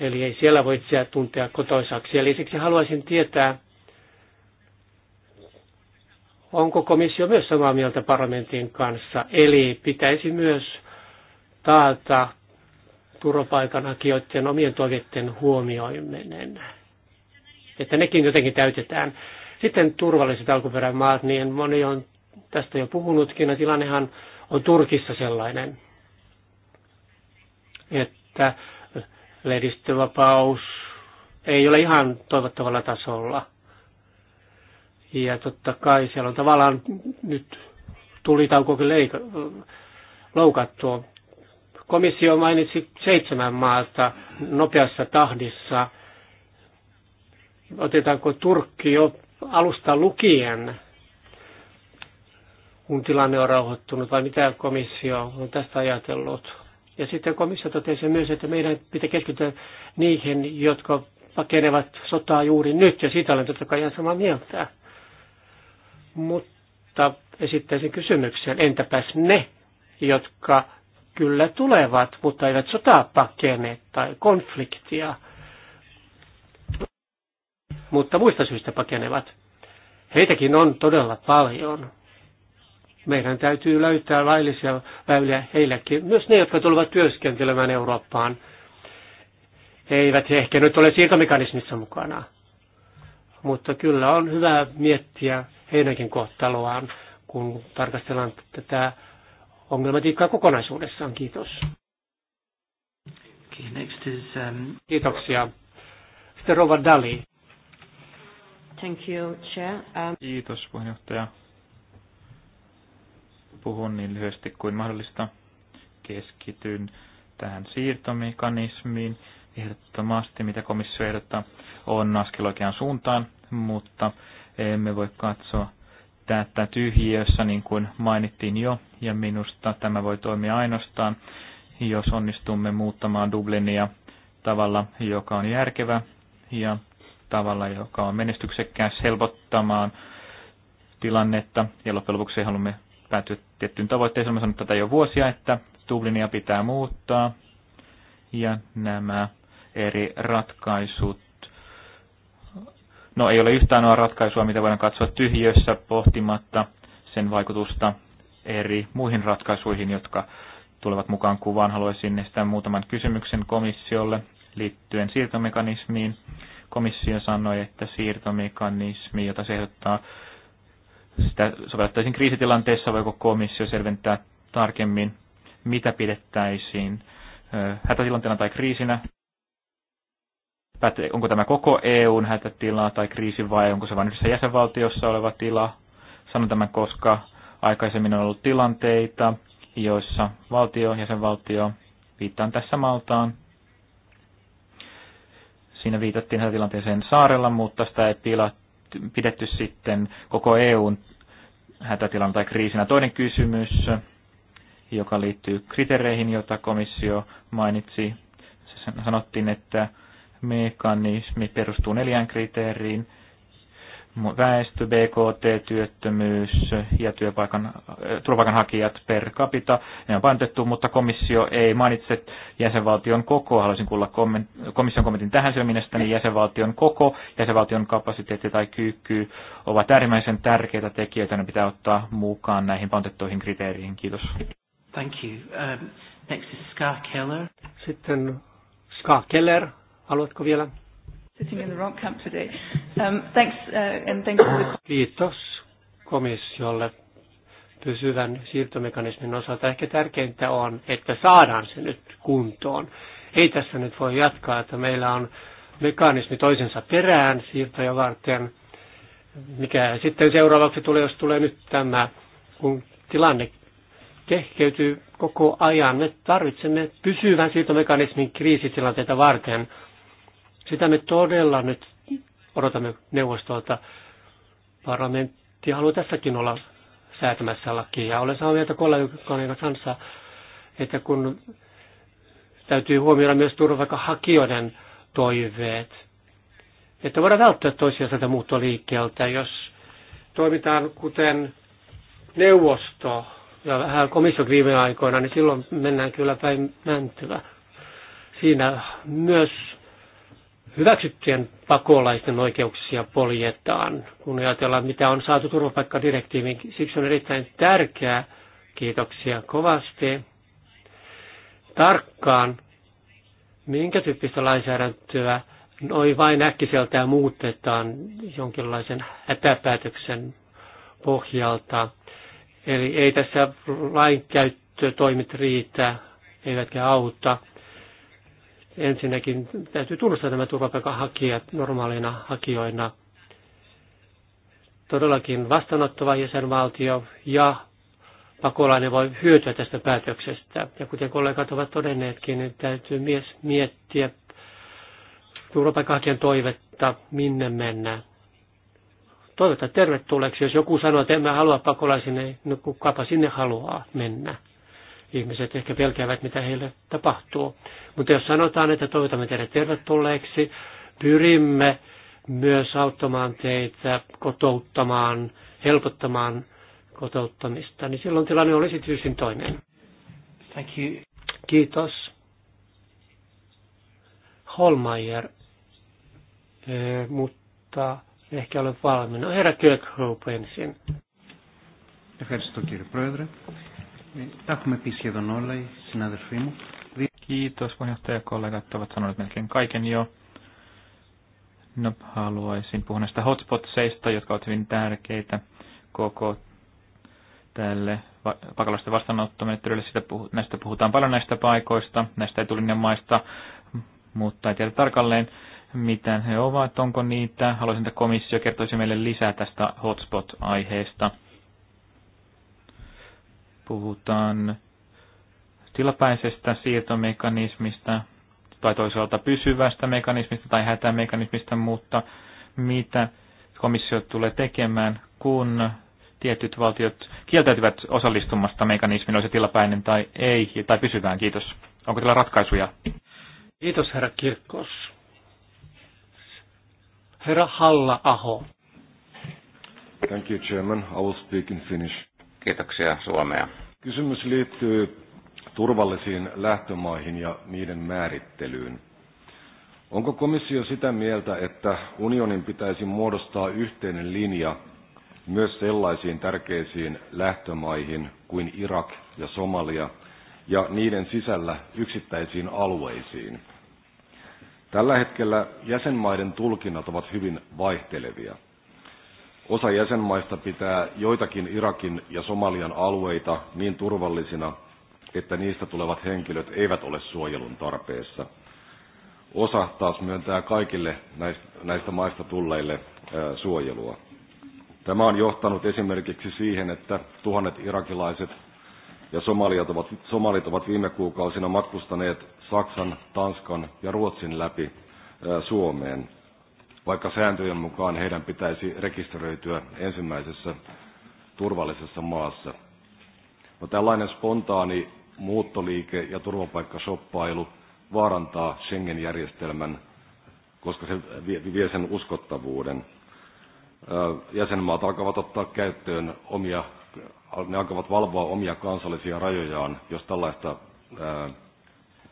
Eli ei siellä voi itseä tuntea kotoisaksi. Eli siksi haluaisin tietää, onko komissio myös samaa mieltä parlamentin kanssa. Eli pitäisi myös taata turvapaikanhakijoiden omien toiveiden huomioiminen, että nekin jotenkin täytetään. Sitten turvalliset maat, niin moni on tästä jo puhunutkin, ja tilannehan on Turkissa sellainen, että lehdistövapaus ei ole ihan toivottavalla tasolla – ja totta kai siellä on tavallaan nyt tulitaukokin leika, loukattua. Komissio mainitsi seitsemän maata nopeassa tahdissa. Otetaanko Turkki jo alusta lukien, kun tilanne on rauhoittunut, vai mitä komissio on tästä ajatellut? Ja sitten komissio totesi myös, että meidän pitää keskittyä niihin, jotka pakenevat sotaa juuri nyt, ja siitä olen totta kai ihan samaa mieltä. Mutta esittäisin kysymyksen, entäpäs ne, jotka kyllä tulevat, mutta eivät sotaa pakene tai konfliktia, mutta muista syistä pakenevat. Heitäkin on todella paljon. Meidän täytyy löytää laillisia väyliä heillekin, myös ne, jotka tulevat työskentelemään Eurooppaan. Eivät he ehkä nyt ole siirtomekanismissa mukana, mutta kyllä on hyvä miettiä heidänkin kohtaloaan, kun tarkastellaan tätä ongelmatiikkaa kokonaisuudessaan. Kiitos. Okay, next is, um... Kiitoksia. Sitten Rova Dali. Thank you, Chair. Um... Kiitos, puheenjohtaja. Puhun niin lyhyesti kuin mahdollista. Keskityn tähän siirtomekanismiin. Ehdottomasti, mitä komissio ehdottaa, on askel oikeaan suuntaan, mutta emme voi katsoa tätä tyhjiössä, niin kuin mainittiin jo, ja minusta tämä voi toimia ainoastaan, jos onnistumme muuttamaan Dublinia tavalla, joka on järkevä ja tavalla, joka on menestyksekkäs helpottamaan tilannetta. Ja loppujen lopuksi haluamme päätyä tiettyyn tavoitteeseen. Mä sanon tätä jo vuosia, että Dublinia pitää muuttaa ja nämä eri ratkaisut No ei ole yhtään noa ratkaisua, mitä voidaan katsoa tyhjössä pohtimatta sen vaikutusta eri muihin ratkaisuihin, jotka tulevat mukaan kuvaan. Haluaisin estää muutaman kysymyksen komissiolle liittyen siirtomekanismiin. Komissio sanoi, että siirtomekanismi, jota se ehdottaa, sitä sovellettaisiin kriisitilanteessa, voiko komissio selventää tarkemmin, mitä pidettäisiin hätätilanteena tai kriisinä pätee, onko tämä koko EUn hätätila tai kriisi vai onko se vain yhdessä jäsenvaltiossa oleva tila. Sanon tämän, koska aikaisemmin on ollut tilanteita, joissa valtio, jäsenvaltio, viittaan tässä Maltaan, siinä viitattiin hätätilanteeseen saarella, mutta sitä ei tilat, pidetty sitten koko EUn hätätilan tai kriisinä. Toinen kysymys, joka liittyy kriteereihin, joita komissio mainitsi. Sanottiin, että mekanismi perustuu neljään kriteeriin. Väestö, BKT, työttömyys ja työpaikan, turvapaikanhakijat per capita. Ne on painotettu, mutta komissio ei mainitse jäsenvaltion koko, Haluaisin kuulla komment, komission kommentin tähän, syöminestä, niin jäsenvaltion koko, jäsenvaltion kapasiteetti tai kyky ovat äärimmäisen tärkeitä tekijöitä, ne pitää ottaa mukaan näihin painotettuihin kriteereihin. Kiitos. Thank you. Um, next is Scar Keller. Sitten Scar Keller, Haluatko vielä? Sitting in the wrong camp today. Um, thanks, uh, and Kiitos komissiolle pysyvän siirtomekanismin osalta. Ehkä tärkeintä on, että saadaan se nyt kuntoon. Ei tässä nyt voi jatkaa, että meillä on mekanismi toisensa perään siirtoja varten. Mikä sitten seuraavaksi tulee, jos tulee nyt tämä, kun tilanne kehkeytyy koko ajan. Me tarvitsemme pysyvän siirtomekanismin kriisitilanteita varten. Sitä me todella nyt odotamme neuvostolta. Parlamentti haluaa tässäkin olla säätämässä lakia. Olen samaa mieltä kollegan kanssa, että kun täytyy huomioida myös turvapaikanhakijoiden toiveet, että voidaan välttää sieltä muuttoliikkeeltä, jos toimitaan kuten neuvosto ja vähän komissio viime aikoina, niin silloin mennään kyllä päin mäntyä. Siinä myös hyväksyttyjen pakolaisten oikeuksia poljetaan, kun ajatellaan, mitä on saatu turvapaikkadirektiiviin. Siksi on erittäin tärkeää, kiitoksia kovasti, tarkkaan, minkä tyyppistä lainsäädäntöä noi vain äkkiseltään muutetaan jonkinlaisen hätäpäätöksen pohjalta. Eli ei tässä lainkäyttötoimit riitä, eivätkä auta. Ensinnäkin täytyy tunnustaa nämä turvapaikanhakijat normaalina hakijoina. Todellakin vastaanottava jäsenvaltio ja pakolainen voi hyötyä tästä päätöksestä. Ja kuten kollegat ovat todenneetkin, niin täytyy myös miettiä turvapaikanhakijan toivetta, minne mennä. Toivota tervetulleeksi, jos joku sanoo, että emme halua pakolaisen, niin kukapa sinne haluaa mennä. Ihmiset ehkä pelkäävät, mitä heille tapahtuu. Mutta jos sanotaan, että toivotamme teidät tervetulleeksi, pyrimme myös auttamaan teitä kotouttamaan, helpottamaan kotouttamista, niin silloin tilanne olisi tyysin toinen. Thank you. Kiitos. Holmeier, e, mutta ehkä olen valmiina. No, herra Kirkhope ensin. Ευχαριστώ κύριε Τα έχουμε πει σχεδόν όλα οι συνάδελφοί μου. Kiitos kollegat ovat sanoneet melkein kaiken jo. No, haluaisin puhua näistä hotspotseista, jotka ovat hyvin tärkeitä koko tälle pakolaisten vastaanottomenettelylle. puhu, näistä puhutaan paljon näistä paikoista, näistä etulinjan maista, mutta ei tiedä tarkalleen, mitä he ovat, onko niitä. Haluaisin, että komissio kertoisi meille lisää tästä hotspot-aiheesta puhutaan tilapäisestä siirtomekanismista tai toisaalta pysyvästä mekanismista tai hätämekanismista, mutta mitä komissio tulee tekemään, kun tietyt valtiot kieltäytyvät osallistumasta mekanismiin, olisi tilapäinen tai ei, tai pysyvään. Kiitos. Onko teillä ratkaisuja? Kiitos, herra Kirkkos. Herra Halla-aho. Thank you, Chairman. I will speak in Finnish. Kiitoksia Suomea. Kysymys liittyy turvallisiin lähtömaihin ja niiden määrittelyyn. Onko komissio sitä mieltä, että unionin pitäisi muodostaa yhteinen linja myös sellaisiin tärkeisiin lähtömaihin kuin Irak ja Somalia ja niiden sisällä yksittäisiin alueisiin? Tällä hetkellä jäsenmaiden tulkinnat ovat hyvin vaihtelevia – Osa jäsenmaista pitää joitakin Irakin ja Somalian alueita niin turvallisina, että niistä tulevat henkilöt eivät ole suojelun tarpeessa. Osa taas myöntää kaikille näistä maista tulleille suojelua. Tämä on johtanut esimerkiksi siihen, että tuhannet irakilaiset ja somaliat ovat, somalit ovat viime kuukausina matkustaneet Saksan, Tanskan ja Ruotsin läpi Suomeen – vaikka sääntöjen mukaan heidän pitäisi rekisteröityä ensimmäisessä turvallisessa maassa. No, tällainen spontaani muuttoliike ja turvapaikkashoppailu vaarantaa Schengen-järjestelmän, koska se vie sen uskottavuuden. Jäsenmaat alkavat ottaa käyttöön omia, ne alkavat valvoa omia kansallisia rajojaan, jos tällaista,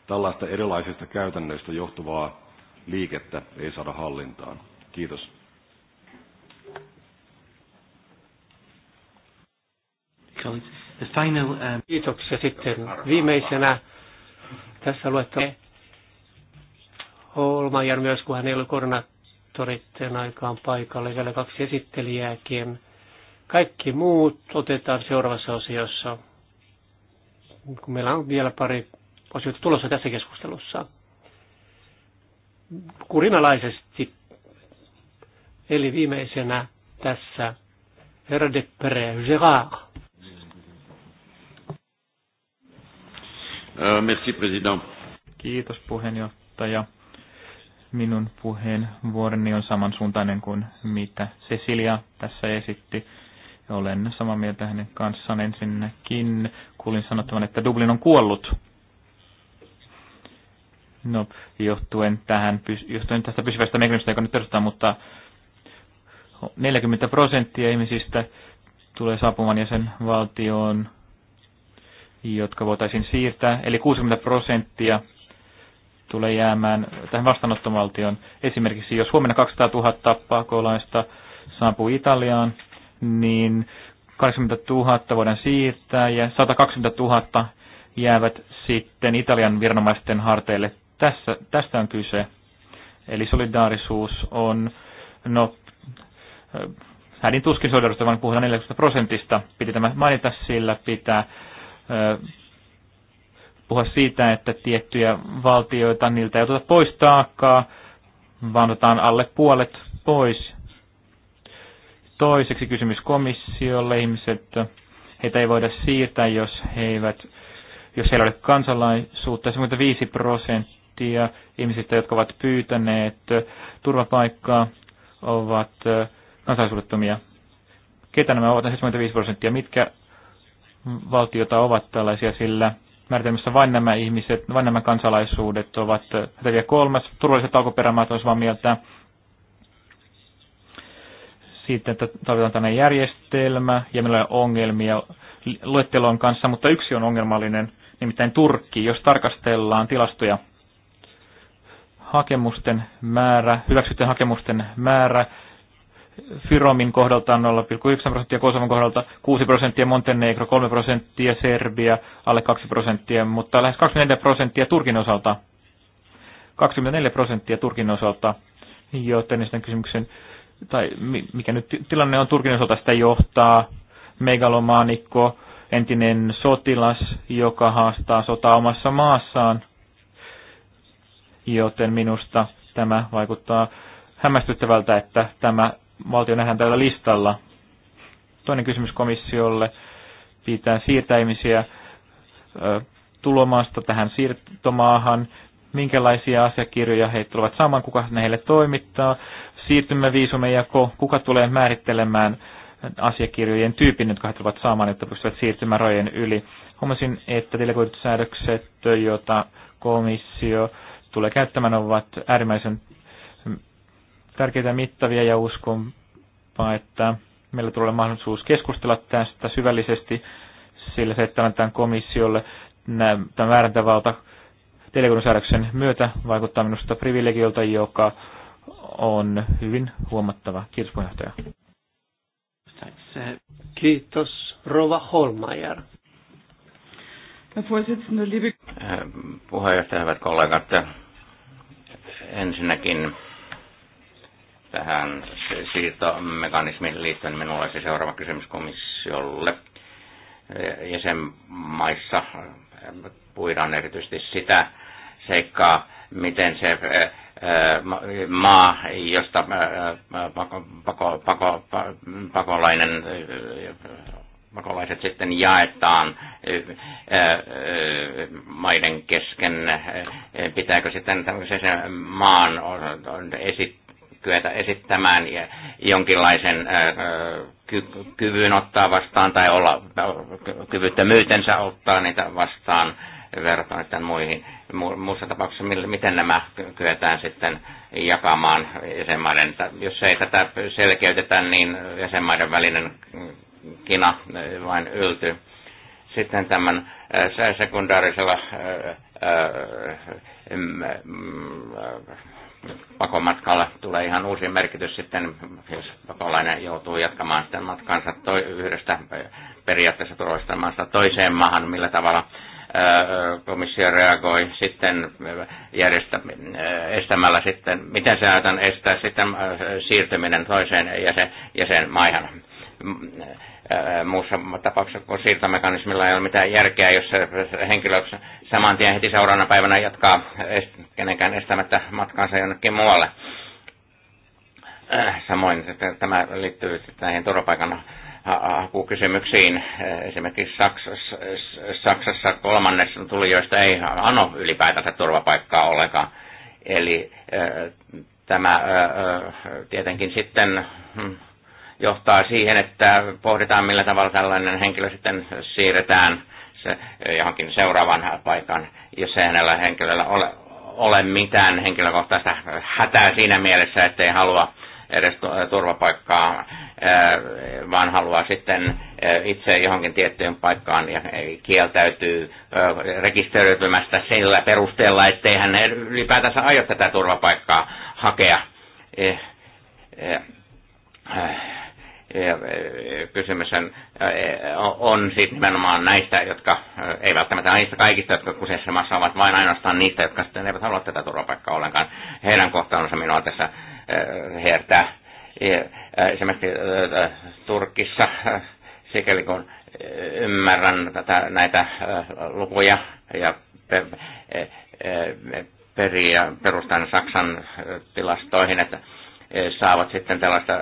tällaista erilaisista käytännöistä johtuvaa liikettä ei saada hallintaan. Kiitos. Kiitoksia sitten viimeisenä tässä luettelen Holmajan myös, kun hän ei ollut koordinaattoritten aikaan paikalla, vielä kaksi esittelijääkin. Kaikki muut otetaan seuraavassa osiossa, kun meillä on vielä pari osioita tulossa tässä keskustelussa kurinalaisesti. Eli viimeisenä tässä Herra de Pere, Gérard. Euh, merci, president. Kiitos puheenjohtaja. Minun puheenvuoroni on samansuuntainen kuin mitä Cecilia tässä esitti. Olen samaa mieltä hänen kanssaan ensinnäkin. Kuulin sanottavan, että Dublin on kuollut No, johtuen, tähän, johtuen tästä pysyvästä mekanismista, joka nyt perustetaan, mutta 40 prosenttia ihmisistä tulee saapumaan jäsenvaltioon, jotka voitaisiin siirtää, eli 60 prosenttia tulee jäämään tähän vastaanottomaltioon. Esimerkiksi jos huomenna 200 000 pakolaista saapuu Italiaan, niin 80 000 voidaan siirtää ja 120 000 jäävät sitten Italian viranomaisten harteille tässä, tästä on kyse. Eli solidaarisuus on, no, äh, hädin tuskin solidaarisuutta, vaan puhutaan 40 prosentista. Piti tämä mainita, sillä pitää äh, puhua siitä, että tiettyjä valtioita, niiltä ei oteta pois taakkaa, vaan otetaan alle puolet pois. Toiseksi kysymys komissiolle. Ihmiset, heitä ei voida siirtää, jos he eivät, jos heillä ei ole kansalaisuutta. 75 prosenttia prosenttia ihmisistä, jotka ovat pyytäneet turvapaikkaa, ovat kansalaisuudettomia. Ketä nämä ovat? 75 prosenttia. Mitkä valtiota ovat tällaisia, sillä määritelmässä vain nämä ihmiset, vain nämä kansalaisuudet ovat hätäviä kolmas. Turvalliset alkuperämaat olisivat samaa mieltä siitä, että tarvitaan tämmöinen järjestelmä ja meillä on ongelmia luettelon kanssa, mutta yksi on ongelmallinen, nimittäin Turkki. Jos tarkastellaan tilastoja hakemusten määrä, hyväksyttyjen hakemusten määrä Fyromin kohdalta on 0,1 prosenttia, kosovan kohdalta 6 prosenttia, Montenegro 3 prosenttia, Serbia alle 2 prosenttia, mutta lähes 24 prosenttia Turkin osalta. 24 prosenttia Turkin osalta, joten sitten kysymyksen, tai mikä nyt tilanne on Turkin osalta, sitä johtaa megalomaanikko, entinen sotilas, joka haastaa sotaa omassa maassaan joten minusta tämä vaikuttaa hämmästyttävältä, että tämä valtio nähdään tällä listalla. Toinen kysymys komissiolle pitää siirtää ihmisiä tulomaasta tähän siirtomaahan, minkälaisia asiakirjoja he tulevat saamaan, kuka ne heille toimittaa, siirtymäviisumeja, kuka tulee määrittelemään asiakirjojen tyypin, jotka he tulevat saamaan, jotta pystyvät siirtymään rajojen yli. Huomasin, että delegoidut säädökset, joita komissio tulee käyttämään, ovat äärimmäisen tärkeitä mittavia ja uskonpa, että meillä tulee mahdollisuus keskustella tästä syvällisesti, sillä se, että annetaan komissiolle tämä määräntävalta telekunnan myötä vaikuttaa minusta privilegiolta, joka on hyvin huomattava. Kiitos puheenjohtaja. Kiitos Rova Holmajer. Puheenjohtaja, hyvät kollegat, ensinnäkin tähän siirtomekanismiin liittyen minulla olisi seuraava kysymys komissiolle. Jäsenmaissa puidaan erityisesti sitä seikkaa, miten se maa, josta pakolainen pakolaiset sitten jaetaan maiden kesken, pitääkö sitten tämmöisen maan kyetä esittämään jonkinlaisen kyvyn ottaa vastaan tai olla kyvyttömyytensä ottaa niitä vastaan verrattuna sitten muihin. Muussa tapauksessa miten nämä kyetään sitten jakamaan jäsenmaiden. Jos ei tätä selkeytetä, niin jäsenmaiden välinen kina vain yltyy. Sitten tämän äh, sekundaarisella äh, äh, pakomatkalla tulee ihan uusi merkitys sitten, jos pakolainen joutuu jatkamaan sitten matkansa toi, yhdestä periaatteessa turvallisesta maasta toiseen maahan, millä tavalla komissio reagoi sitten järjestä, estämällä sitten, miten se aiotaan estää sitten siirtyminen toiseen jäsen, jäsenmaihan. Äh, äh, muussa tapauksessa, kun siirtomekanismilla ei ole mitään järkeä, jos henkilö saman tien heti seuraavana päivänä jatkaa kenenkään estämättä matkaansa jonnekin muualle. Äh, samoin tämä liittyy näihin turvapaikan hakukysymyksiin. Esimerkiksi Saksassa, Saksassa kolmannes tulijoista ei ano ylipäätänsä turvapaikkaa ollenkaan. Eli tämä tietenkin sitten hmm, johtaa siihen, että pohditaan millä tavalla tällainen henkilö sitten siirretään se, eh, johonkin seuraavan paikan, jos ei hänellä henkilöllä ole, ole mitään henkilökohtaista hätää siinä mielessä, että ei halua edes turvapaikkaa, eh, vaan haluaa sitten eh, itse johonkin tiettyyn paikkaan ja kieltäytyy rekisteröitymästä sillä perusteella, ettei hän ylipäätänsä aio tätä turvapaikkaa hakea E, kysymys on, e, on siis nimenomaan näistä, jotka, e, ei välttämättä niistä kaikista, jotka kyseessä maassa ovat, vain ainoastaan niistä, jotka sitten eivät halua tätä turvapaikkaa ollenkaan. Heidän kohtaansa minua tässä hertää. Esimerkiksi Turkissa, sikäli kun ymmärrän tätä, näitä lukuja ja peria, perustan Saksan tilastoihin, että saavat sitten tällaista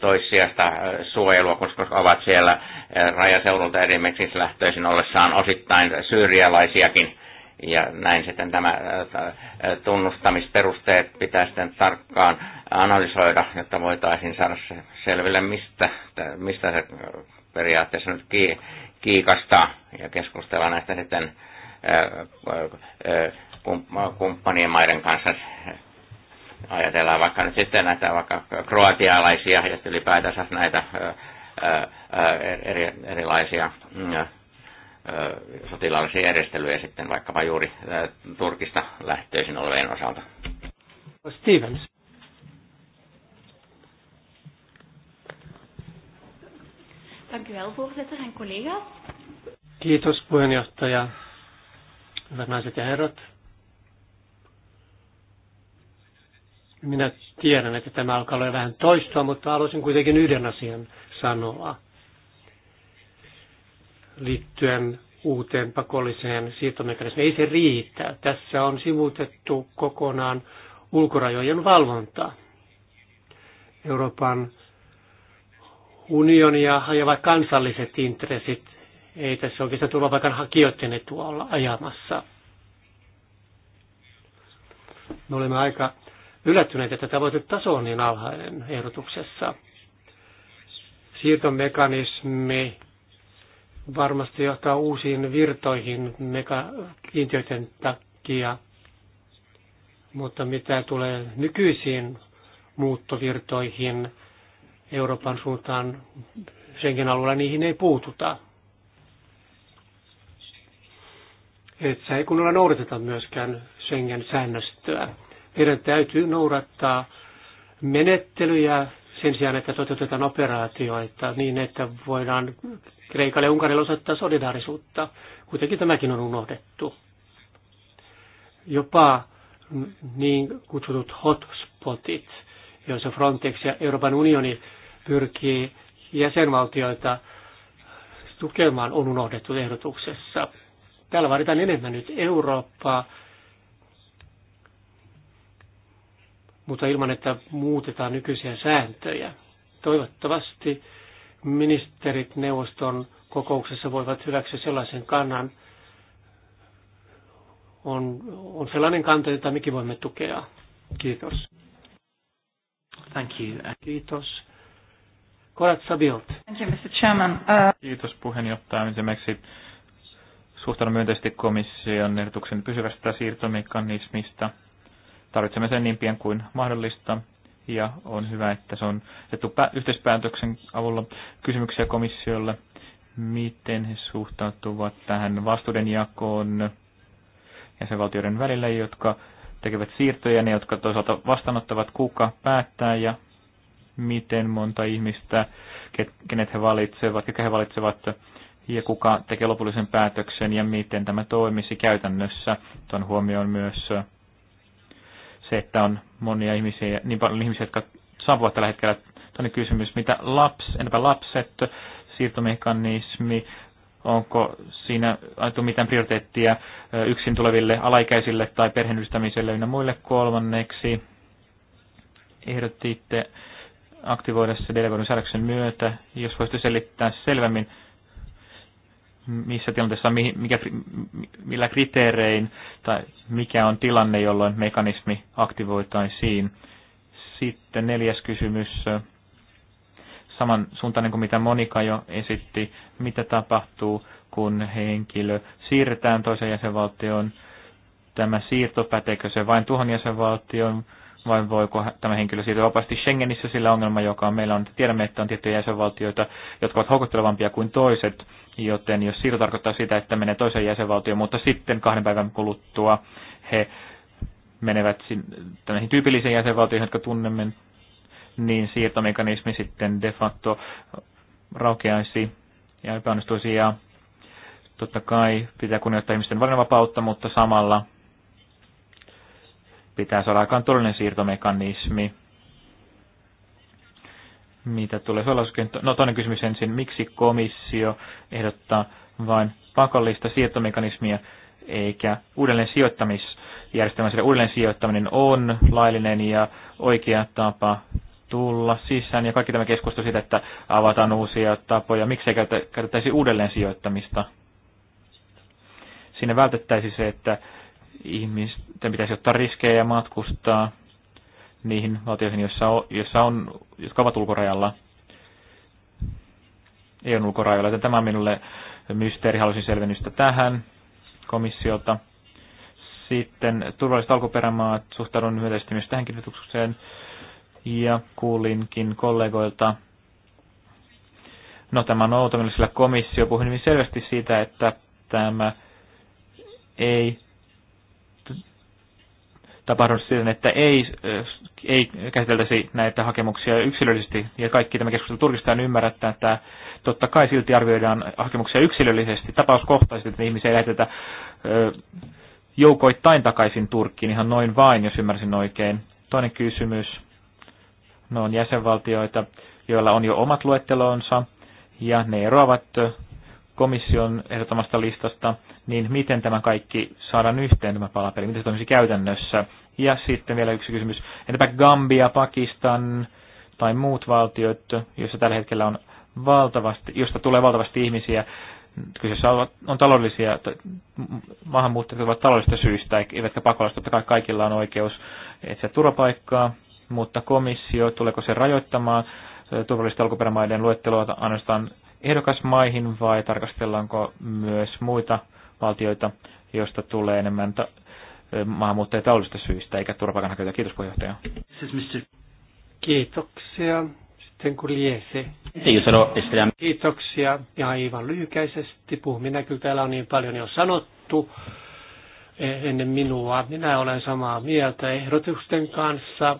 toissijasta suojelua, koska ovat siellä rajaseudulta esimerkiksi lähtöisin ollessaan osittain syyrialaisiakin. Ja näin sitten tämä tunnustamisperusteet pitää sitten tarkkaan analysoida, jotta voitaisiin saada se selville, mistä, mistä se periaatteessa nyt kiikastaa ja keskustella näistä sitten kumppanien maiden kanssa ajatellaan vaikka nyt sitten näitä vaikka kroatialaisia ja ylipäätänsä näitä eri, erilaisia mm, sotilaallisia järjestelyjä sitten vaikkapa juuri Turkista lähtöisin olevien osalta. Stevens. Kiitos puheenjohtaja. Hyvät naiset ja herrat. Minä tiedän, että tämä alkaa olla vähän toistoa, mutta haluaisin kuitenkin yhden asian sanoa liittyen uuteen pakolliseen siirtomekanismiin. Ei se riitä. Tässä on sivutettu kokonaan ulkorajojen valvonta. Euroopan unionia hajavat kansalliset intressit. Ei tässä oikeastaan turvapaikan hakijoiden etua olla ajamassa. Me olemme aika yllättyneitä, että tavoitetaso on niin alhainen ehdotuksessa. Siirtomekanismi varmasti johtaa uusiin virtoihin meka- kiintiöiden takia, mutta mitä tulee nykyisiin muuttovirtoihin Euroopan suuntaan Schengen-alueella, niihin ei puututa. Että se ei kunnolla noudateta myöskään Schengen-säännöstöä. Meidän täytyy noudattaa menettelyjä sen sijaan, että toteutetaan operaatioita niin, että voidaan Kreikalle ja Unkarille osoittaa solidaarisuutta. Kuitenkin tämäkin on unohdettu. Jopa niin kutsutut hotspotit, joissa Frontex ja Euroopan unioni pyrkii jäsenvaltioita tukemaan, on unohdettu ehdotuksessa. Täällä vaaditaan enemmän nyt Eurooppaa mutta ilman, että muutetaan nykyisiä sääntöjä. Toivottavasti ministerit neuvoston kokouksessa voivat hyväksyä sellaisen kannan, on, on sellainen kanta, jota mekin voimme tukea. Kiitos. Thank you. Kiitos. Korat Sabiot. Thank you, Mr. Chairman. Uh... Kiitos puheenjohtaja. Esimerkiksi suhtaudun myönteisesti komission ehdotuksen pysyvästä siirtomekanismista Tarvitsemme sen niin pian kuin mahdollista ja on hyvä, että se on otettu yhteispäätöksen avulla kysymyksiä komissiolle, miten he suhtautuvat tähän vastuudenjakoon jäsenvaltioiden välillä, jotka tekevät siirtoja, ne jotka toisaalta vastaanottavat, kuka päättää ja miten monta ihmistä, kenet he valitsevat, ketkä he valitsevat ja kuka tekee lopullisen päätöksen ja miten tämä toimisi käytännössä. Tuon huomioon myös se, että on monia ihmisiä, niin paljon ihmisiä, jotka saapuvat tällä hetkellä. Toinen kysymys, mitä laps, entäpä lapset, siirtomekanismi, onko siinä annettu mitään prioriteettia yksin tuleville alaikäisille tai perheenyhdistämiselle ynnä muille kolmanneksi. Ehdotitte aktivoida se delegoidun säädöksen myötä, jos voisitte selittää selvemmin, missä tilanteessa, mikä, millä kriteerein tai mikä on tilanne, jolloin mekanismi aktivoitaisiin. Sitten neljäs kysymys, saman suuntainen kuin mitä Monika jo esitti, mitä tapahtuu, kun henkilö siirretään toiseen jäsenvaltioon, tämä siirto päteekö se vain tuohon jäsenvaltioon, vai voiko tämä henkilö siirtyä vapaasti Schengenissä sillä ongelma, joka on meillä on, että tiedämme, että on tiettyjä jäsenvaltioita, jotka ovat houkuttelevampia kuin toiset, Joten jos siirto tarkoittaa sitä, että menee toiseen jäsenvaltioon, mutta sitten kahden päivän kuluttua he menevät tämmöisiin tyypillisiin jäsenvaltioihin, jotka tunnemme, niin siirtomekanismi sitten de facto raukeaisi ja epäonnistuisi. Ja totta kai pitää kunnioittaa ihmisten valinnanvapautta, mutta samalla pitää saada aikaan todellinen siirtomekanismi, mitä tulee suojeluskentoon. No toinen kysymys ensin, miksi komissio ehdottaa vain pakollista siirtomekanismia eikä uudelleen sijoittamisjärjestelmä, sillä uudelleen sijoittaminen on laillinen ja oikea tapa tulla sisään. Ja kaikki tämä keskustelu siitä, että avataan uusia tapoja, miksei käytä, käytettäisi uudelleen sijoittamista. Siinä vältettäisiin se, että ihmisten pitäisi ottaa riskejä ja matkustaa niihin valtioihin, joissa on, joissa on, jotka ovat ulkorajalla, EUn ulkorajalla. Joten tämä on minulle mysteeri, halusin selvennystä tähän komissiolta, Sitten turvalliset alkuperämaat, suhtaudun myönteisesti myös tähän kirjoitukseen ja kuulinkin kollegoilta. No tämä on outo, sillä komissio puhui hyvin selvästi siitä, että tämä ei tapahdu siten, että ei, ei käsiteltäisi näitä hakemuksia yksilöllisesti. Ja kaikki tämä keskustelu Turkista on ymmärrettää, että totta kai silti arvioidaan hakemuksia yksilöllisesti, tapauskohtaisesti, että ihmisiä ei lähetetä joukoittain takaisin Turkkiin ihan noin vain, jos ymmärsin oikein. Toinen kysymys. No on jäsenvaltioita, joilla on jo omat luettelonsa, ja ne eroavat komission ehdottomasta listasta, niin miten tämä kaikki saadaan yhteen tämä palapeli, miten se toimisi käytännössä. Ja sitten vielä yksi kysymys. Entäpä Gambia, Pakistan tai muut valtiot, joissa tällä hetkellä on valtavasti, josta tulee valtavasti ihmisiä, kyseessä on, taloudellisia, maahanmuuttajat ovat taloudellisista syistä, eivätkä pakolaiset, totta kai kaikilla on oikeus etsiä turvapaikkaa, mutta komissio, tuleeko se rajoittamaan turvallisten alkuperämaiden luettelua ainoastaan ehdokasmaihin vai tarkastellaanko myös muita valtioita, joista tulee enemmän maahanmuuttajia taloudellisista syistä, eikä turvapaikanhakijoita. Kiitos puheenjohtaja. Kiitoksia. Sitten kun liese. Kiitoksia. Ja aivan lyhykäisesti. Puhuminen kyllä täällä on niin paljon jo sanottu e, ennen minua. Minä olen samaa mieltä ehdotusten kanssa.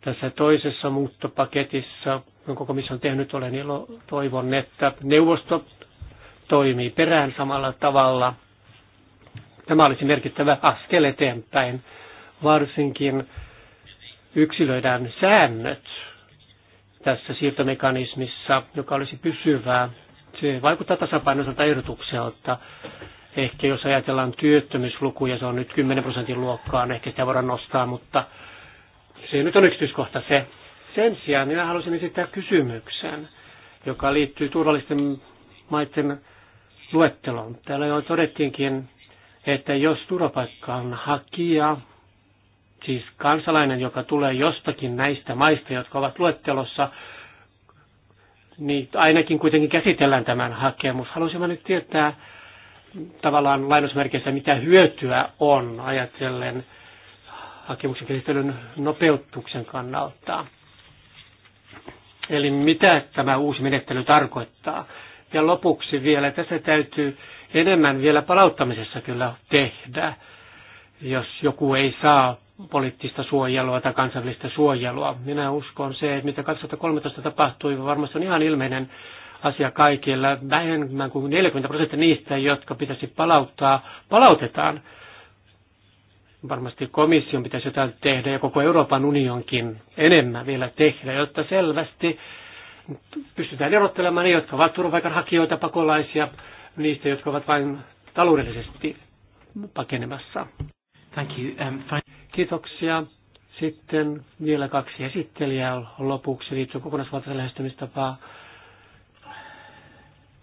Tässä toisessa muuttopaketissa, jonka komissio on tehnyt, olen ilo, toivon, että neuvosto toimii perään samalla tavalla – Tämä olisi merkittävä askel eteenpäin, varsinkin yksilöidään säännöt tässä siirtomekanismissa, joka olisi pysyvää. Se vaikuttaa tasapainoiselta ehdotukselta. Ehkä jos ajatellaan työttömyyslukuja, se on nyt 10 prosentin luokkaa, niin ehkä sitä voidaan nostaa, mutta se nyt on yksityiskohta se. Sen sijaan minä haluaisin esittää kysymyksen, joka liittyy turvallisten maiden luetteloon. Täällä jo todettiinkin, että jos turvapaikan hakija, siis kansalainen, joka tulee jostakin näistä maista, jotka ovat luettelossa, niin ainakin kuitenkin käsitellään tämän hakemus. Haluaisin nyt tietää tavallaan lainausmerkeissä, mitä hyötyä on ajatellen hakemuksen käsittelyn nopeutuksen kannalta. Eli mitä tämä uusi menettely tarkoittaa. Ja lopuksi vielä, tässä täytyy enemmän vielä palauttamisessa kyllä tehdä, jos joku ei saa poliittista suojelua tai kansainvälistä suojelua. Minä uskon se, että mitä 2013 tapahtui, varmasti on ihan ilmeinen asia kaikille. Vähemmän kuin 40 prosenttia niistä, jotka pitäisi palauttaa, palautetaan. Varmasti komission pitäisi jotain tehdä ja koko Euroopan unionkin enemmän vielä tehdä, jotta selvästi pystytään erottelemaan ne, jotka ovat turvapaikanhakijoita, pakolaisia, niistä, jotka ovat vain taloudellisesti pakenemassa. Thank you. Um, Kiitoksia. Sitten vielä kaksi esittelijää lopuksi liittyen kokonaisvaltaisen lähestymistapaan.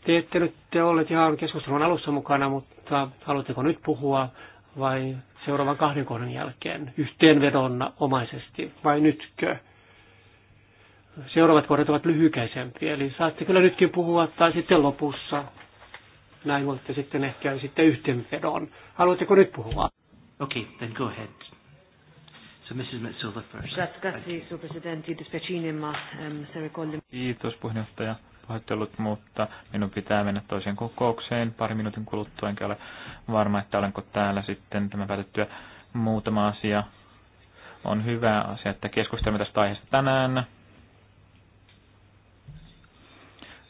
Te ette nyt te olleet ihan keskustelun alussa mukana, mutta haluatteko nyt puhua vai seuraavan kahden kohdan jälkeen yhteenvedonna omaisesti vai nytkö? Seuraavat kohdat ovat lyhykäisempiä, eli saatte kyllä nytkin puhua tai sitten lopussa. Näin voitte sitten ehkä sitten yhteenvedon. Haluatteko nyt puhua? Okei, okay, then go ahead. So Mrs. Metsola first. Ehm, se Kiitos, puheenjohtaja. Pahoittelut, mutta minun pitää mennä toiseen kokoukseen pari minuutin kuluttua, enkä ole varma, että olenko täällä sitten tämä päätettyä muutama asia. On hyvä asia, että keskustelemme tästä aiheesta tänään.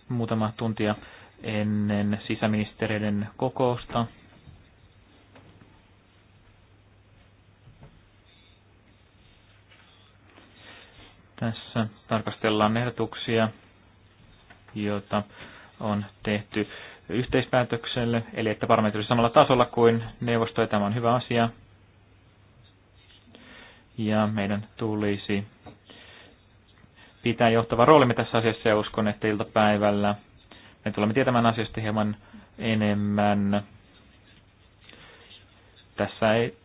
Muutama tuntia ennen sisäministeriöiden kokousta. Tässä tarkastellaan ehdotuksia, joita on tehty yhteispäätökselle, eli että parlamentti olisi samalla tasolla kuin neuvosto, ja tämä on hyvä asia. Ja meidän tulisi pitää johtava roolimme tässä asiassa, ja uskon, että iltapäivällä – me tulemme tietämään asiasta hieman enemmän. Tässä ei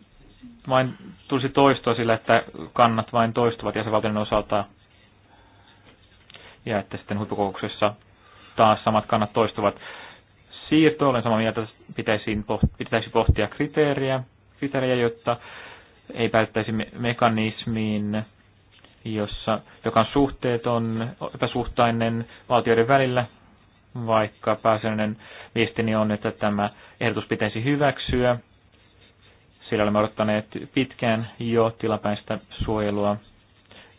vain tulisi toistua sillä, että kannat vain toistuvat jäsenvaltion osalta ja että sitten huippukokouksessa taas samat kannat toistuvat. Siirto, olen samaa mieltä, pitäisi, pitäisi pohtia kriteeriä, kriteeriä, jotta ei päättäisi mekanismiin, jossa, joka on suhteeton, epäsuhtainen valtioiden välillä, vaikka pääasiallinen viestini on, että tämä ehdotus pitäisi hyväksyä. Sillä olemme odottaneet pitkään jo tilapäistä suojelua.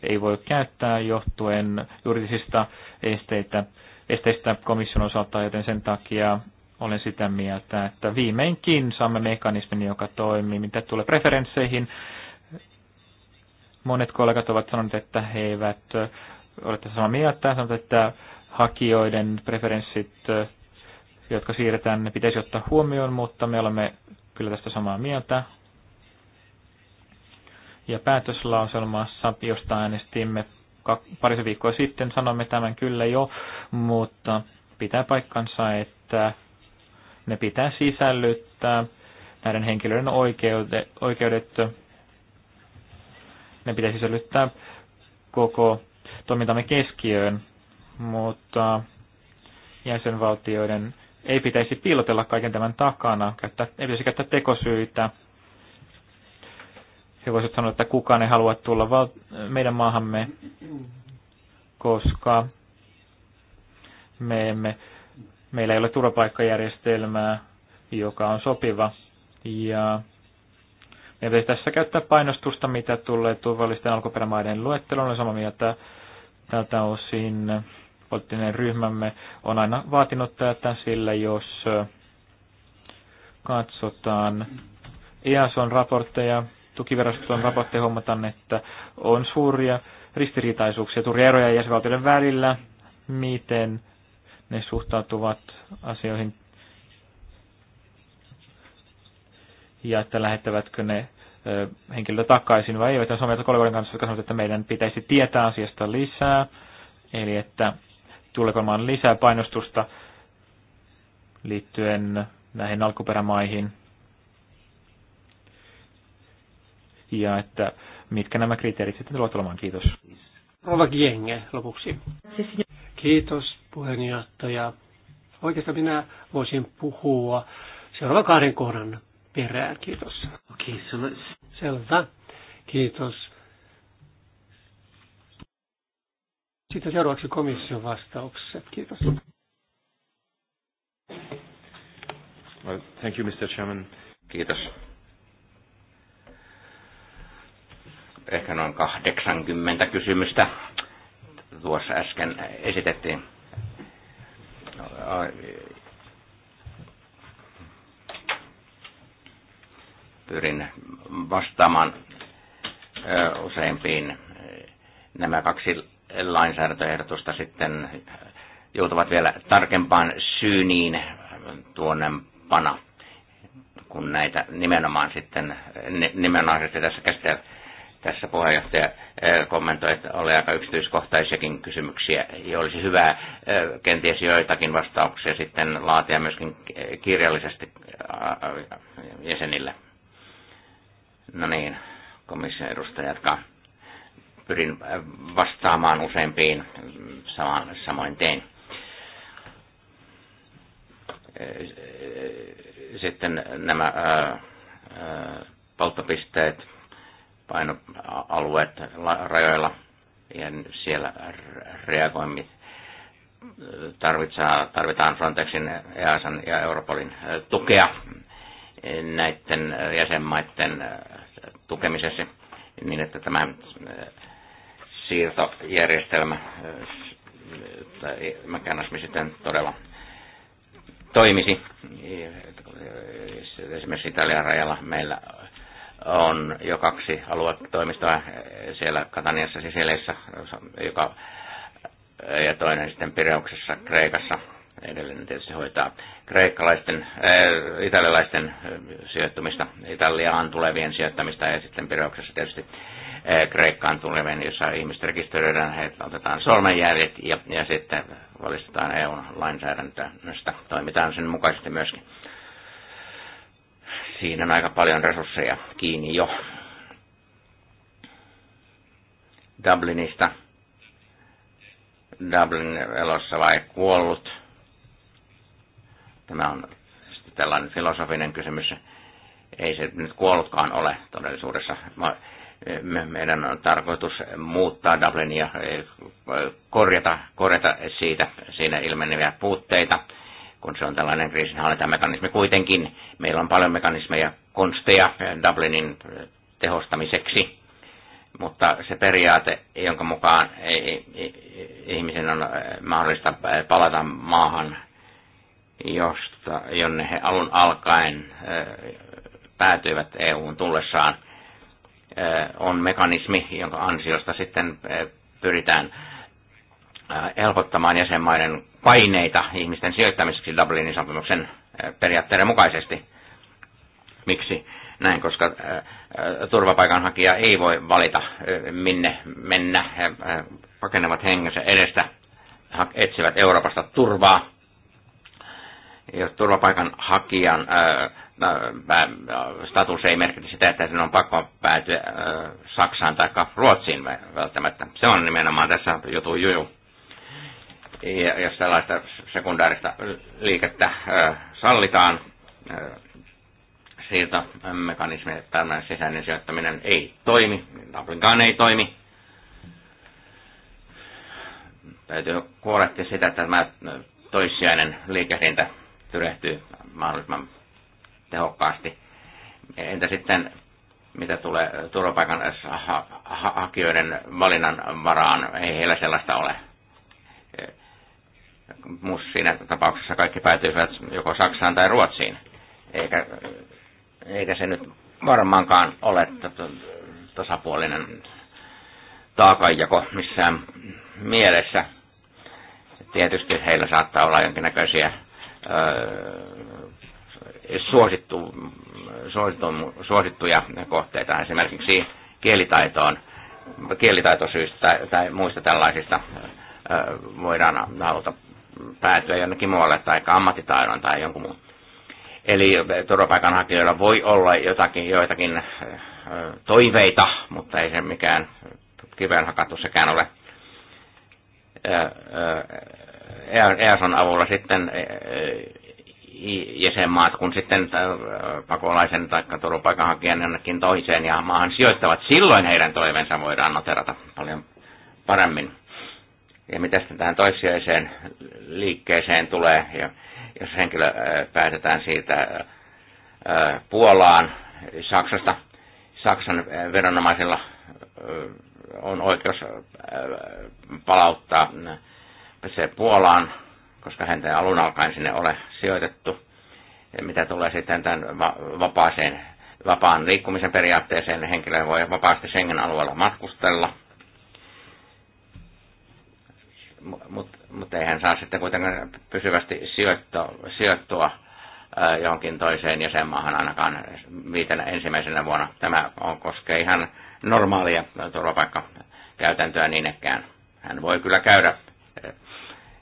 Ei voi käyttää johtuen juridisista esteitä, esteistä komission osalta, joten sen takia olen sitä mieltä, että viimeinkin saamme mekanismin, joka toimii. Mitä tulee preferensseihin, monet kollegat ovat sanoneet, että he eivät ole samaa mieltä, sanoneet, että hakijoiden preferenssit, jotka siirretään, ne pitäisi ottaa huomioon, mutta me olemme kyllä tästä samaa mieltä. Ja päätöslauselmassa, josta äänestimme pari viikkoa sitten, sanomme tämän kyllä jo, mutta pitää paikkansa, että ne pitää sisällyttää näiden henkilöiden oikeudet, oikeudet ne pitää sisällyttää koko toimintamme keskiöön mutta jäsenvaltioiden ei pitäisi piilotella kaiken tämän takana, käyttää, ei pitäisi käyttää tekosyitä. He voisivat sanoa, että kukaan ei halua tulla val- meidän maahamme, koska me emme, meillä ei ole turvapaikkajärjestelmää, joka on sopiva. Ja me pitäisi tässä käyttää painostusta, mitä tulee turvallisten alkuperämaiden luetteloon. Olen samaa mieltä tältä osin poliittinen ryhmämme on aina vaatinut tätä, sillä jos katsotaan EASOn raportteja, tukiviraston raportteja, huomataan, että on suuria ristiriitaisuuksia, suuria eroja jäsenvaltioiden välillä, miten ne suhtautuvat asioihin ja että lähettävätkö ne henkilöitä takaisin vai eivät. Ja Suomen kollegoiden kanssa sanovat, että meidän pitäisi tietää asiasta lisää, eli että tuleeko olemaan lisää painostusta liittyen näihin alkuperämaihin. Ja että mitkä nämä kriteerit sitten tulevat olemaan. Kiitos. Rova Gienge lopuksi. Kiitos puheenjohtaja. Oikeastaan minä voisin puhua seuraavan kahden kohdan perään. Kiitos. Okay, so Selvä. Kiitos. Sitten seuraavaksi komission vastaukset. Kiitos. Well, thank you, Mr. Chairman. Kiitos. Ehkä noin 80 kysymystä tuossa äsken esitettiin. Pyrin vastaamaan useimpiin nämä kaksi lainsäädäntöehdotusta sitten joutuvat vielä tarkempaan syyniin tuonnempana, kun näitä nimenomaan sitten, nimenomaan tässä käsittää, tässä puheenjohtaja e, kommentoi, että oli aika yksityiskohtaisiakin kysymyksiä, ja olisi hyvä e, kenties joitakin vastauksia sitten laatia myöskin kirjallisesti jäsenille. No niin, komission edustaja jatkaa pyrin äh, vastaamaan useampiin, samaan, samoin tein. Äh, sitten nämä äh, polttopisteet, painoalueet rajoilla, ja siellä reagoimme. Tarvitsee, tarvitaan Frontexin, EASan ja Europolin tukea näiden jäsenmaiden tukemisessa niin, että tämä siirtojärjestelmä tai mekanismi sitten todella toimisi. Esimerkiksi Italian rajalla meillä on jo kaksi aluetoimistoa siellä Kataniassa Sisileissä, joka ja toinen sitten Pireuksessa Kreikassa. Edelleen tietysti hoitaa kreikkalaisten, äh, italialaisten äh, sijoittumista, Italiaan tulevien sijoittamista ja sitten Pireuksessa tietysti äh, Eh, Kreikkaan tulevien, jossa ihmiset rekisteröidään, heitä otetaan solmenjäljet ja, ja sitten valistetaan EU-lainsäädännöstä. Toimitaan sen mukaisesti myöskin. Siinä on aika paljon resursseja kiinni jo. Dublinista. Dublin elossa vai kuollut. Tämä on tällainen filosofinen kysymys. Ei se nyt kuollutkaan ole todellisuudessa meidän on tarkoitus muuttaa Dublinia, e, korjata, korjata siitä, siinä ilmeneviä puutteita, kun se on tällainen kriisinhallintamekanismi. Kuitenkin meillä on paljon mekanismeja, konsteja Dublinin tehostamiseksi, mutta se periaate, jonka mukaan e, e, ihmisen on mahdollista palata maahan, josta, jonne he alun alkaen päätyivät EUn tullessaan – on mekanismi, jonka ansiosta sitten pyritään helpottamaan jäsenmaiden paineita ihmisten sijoittamiseksi Dublinin sopimuksen periaatteiden mukaisesti. Miksi näin? Koska turvapaikanhakija ei voi valita, minne mennä. He pakenevat hengensä edestä, etsivät Euroopasta turvaa. Jos turvapaikanhakijan Äh, äh, status ei merkitse sitä, että sen on pakko päätyä äh, Saksaan tai Ruotsiin välttämättä. Se on nimenomaan tässä jutu juju. Ja jos tällaista sekundaarista liikettä sallitaan, siirtomekanismi, tämä sisäinen sijoittaminen ei toimi, Dublinkaan ei toimi. Täytyy huolehtia sitä, että tämä toissijainen liikehdintä tyrehtyy mahdollisimman tehokkaasti. Entä sitten mitä tulee turvapaikan hakijoiden valinnan varaan, ei heillä sellaista ole. Mus siinä tapauksessa kaikki päätyisivät joko Saksaan tai Ruotsiin. Eikä, eikä se nyt varmaankaan ole tasapuolinen taakajako missään mielessä. Tietysti heillä saattaa olla jonkinnäköisiä öö, suosittu, suosittu, suosittuja kohteita esimerkiksi kielitaitoon, kielitaitosyistä tai, tai muista tällaisista voidaan haluta päätyä jonnekin muualle tai ammattitaidon tai jonkun muun. Eli turvapaikanhakijoilla voi olla jotakin, joitakin toiveita, mutta ei se mikään kiveen hakattu sekään ole. EASon avulla sitten jäsenmaat, kun sitten äh, pakolaisen tai turvapaikanhakijan jonnekin toiseen ja maahan sijoittavat, silloin heidän toiveensa voidaan noterata paljon paremmin. Ja mitä sitten tähän toissijaiseen liikkeeseen tulee, ja jos henkilö äh, päätetään siitä äh, Puolaan, Saksasta, Saksan viranomaisilla on oikeus palauttaa se Puolaan koska häntä alun alkaen sinne ole sijoitettu. Mitä tulee sitten tämän vapaaseen, vapaan liikkumisen periaatteeseen, niin henkilö voi vapaasti Schengen-alueella matkustella. Mutta mut, mut ei hän saa sitten kuitenkaan pysyvästi sijoittua, sijoittua johonkin toiseen jäsenmaahan ainakaan viitenä ensimmäisenä vuonna. Tämä on, koskee ihan normaalia turvapaikkakäytäntöä niin ikään. Hän voi kyllä käydä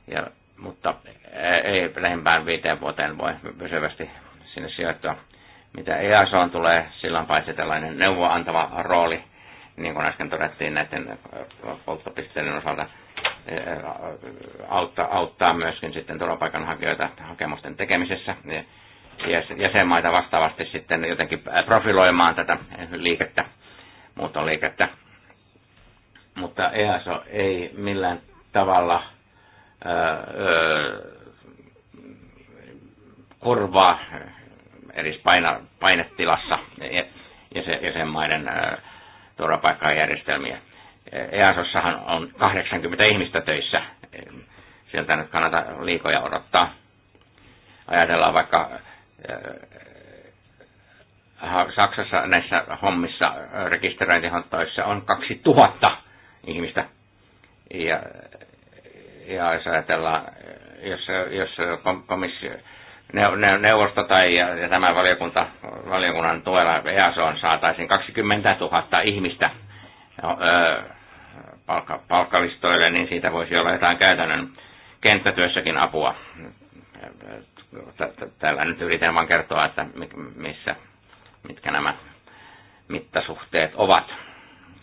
ja mutta eh, ei lähimpään viiteen vuoteen voi pysyvästi sinne sijoittua. Mitä EASOon tulee, sillä on paitsi tällainen neuvoa antava rooli, niin kuin äsken todettiin näiden eh, polttopisteiden osalta, eh, auttaa, auttaa myöskin sitten turvapaikanhakijoita hakemusten tekemisessä ja jäsenmaita vastaavasti sitten jotenkin profiloimaan tätä liikettä, muuttoliikettä. Mutta EASO ei millään tavalla korvaa eri paina, painetilassa jäsenmaiden turvapaikkajärjestelmiä. EASossahan on 80 ihmistä töissä. Sieltä nyt kannata liikoja odottaa. Ajatellaan vaikka Saksassa näissä hommissa rekisteröintihantoissa on 2000 ihmistä. Ja ja jos ajatellaan, jos, jos komissio, neuvosto tai ja, ja tämä valiokunta, valiokunnan tuella EASOon saataisiin 20 000 ihmistä no, ö, palkka, palkkalistoille, niin siitä voisi olla jotain käytännön kenttätyössäkin apua. Täällä nyt yritän vain kertoa, että missä, mitkä nämä mittasuhteet ovat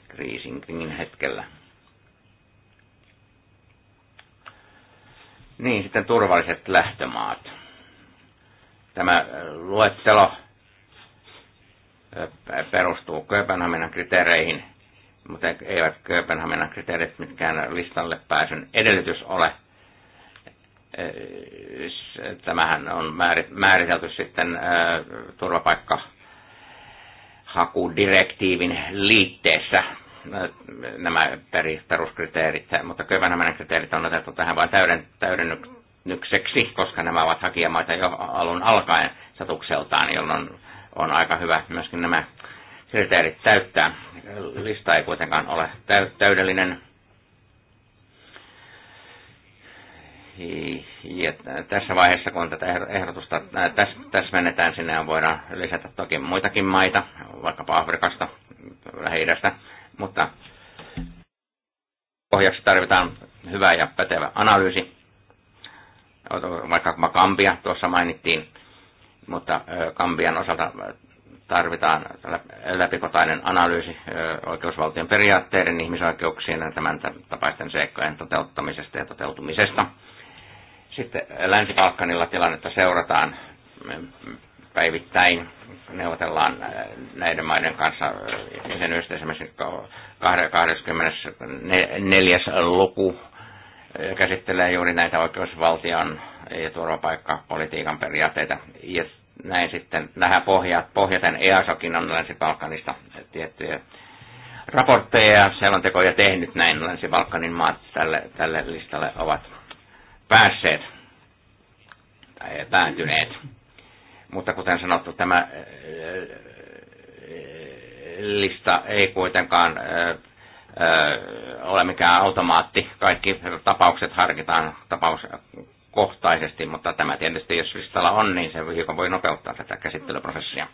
kriisinkin hetkellä. Niin, sitten turvalliset lähtömaat. Tämä äh, luettelo äh, perustuu Kööpenhaminan kriteereihin, mutta eivät Kööpenhaminan kriteerit mitkään listalle pääsyn edellytys ole. Äh, tämähän on määritelty sitten turvapaikkahakudirektiivin liitteessä nämä peruskriteerit, mutta nämä kriteerit on otettu tähän vain täyden, täydennykseksi, koska nämä ovat hakijamaita jo alun alkaen satukseltaan, jolloin on aika hyvä myöskin nämä kriteerit täyttää. Lista ei kuitenkaan ole täydellinen. Ja tässä vaiheessa, kun tätä ehdotusta täsmennetään, sinne voidaan lisätä toki muitakin maita, vaikkapa Afrikasta, lähi mutta pohjaksi tarvitaan hyvä ja pätevä analyysi. Vaikka Kambia tuossa mainittiin, mutta Kambian osalta tarvitaan läpikotainen analyysi oikeusvaltion periaatteiden, ihmisoikeuksien ja tämän tapaisten seikkojen toteuttamisesta ja toteutumisesta. Sitten Länsi-Balkanilla tilannetta seurataan päivittäin neuvotellaan äh, näiden maiden kanssa jäsenyystä äh, esimerkiksi 24. luku äh, käsittelee juuri näitä oikeusvaltion ja turvapaikkapolitiikan periaatteita. Ja näin sitten nähdään pohjat, pohjaten EASOkin on Länsi-Balkanista tiettyjä raportteja ja selontekoja tehnyt näin. Länsi-Balkanin maat tälle, tälle listalle ovat päässeet tai päätyneet. Mutta kuten sanottu, tämä äh, lista ei kuitenkaan äh, äh, ole mikään automaatti. Kaikki tapaukset harkitaan tapauskohtaisesti, mutta tämä tietysti, jos listalla on, niin se hiukan voi nopeuttaa tätä käsittelyprosessia.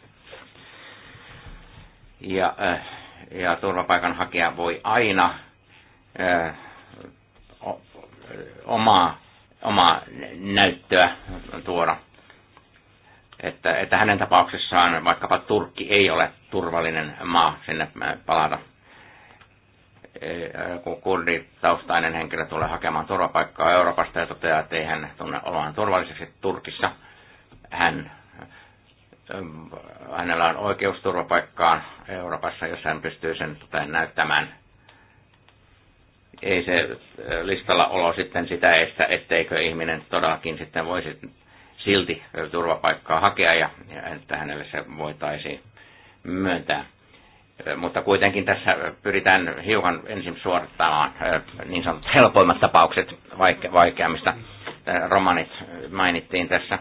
Ja, ja turvapaikanhakija voi aina omaa, omaa näyttöä tuoda että, että hänen tapauksessaan vaikkapa Turkki ei ole turvallinen maa sinne palata. E, kun kurditaustainen henkilö tulee hakemaan turvapaikkaa Euroopasta ja toteaa, että ei hän tunne oloaan turvalliseksi Turkissa, hän, hänellä on oikeus turvapaikkaan Euroopassa, jos hän pystyy sen tota, näyttämään. Ei se listalla olo sitten sitä estä, etteikö ihminen todellakin sitten voisi silti turvapaikkaa hakea ja, että hänelle se voitaisiin myöntää. Mutta kuitenkin tässä pyritään hiukan ensin suorittamaan niin sanotut helpoimmat tapaukset vaike- vaikeammista. Romanit mainittiin tässä.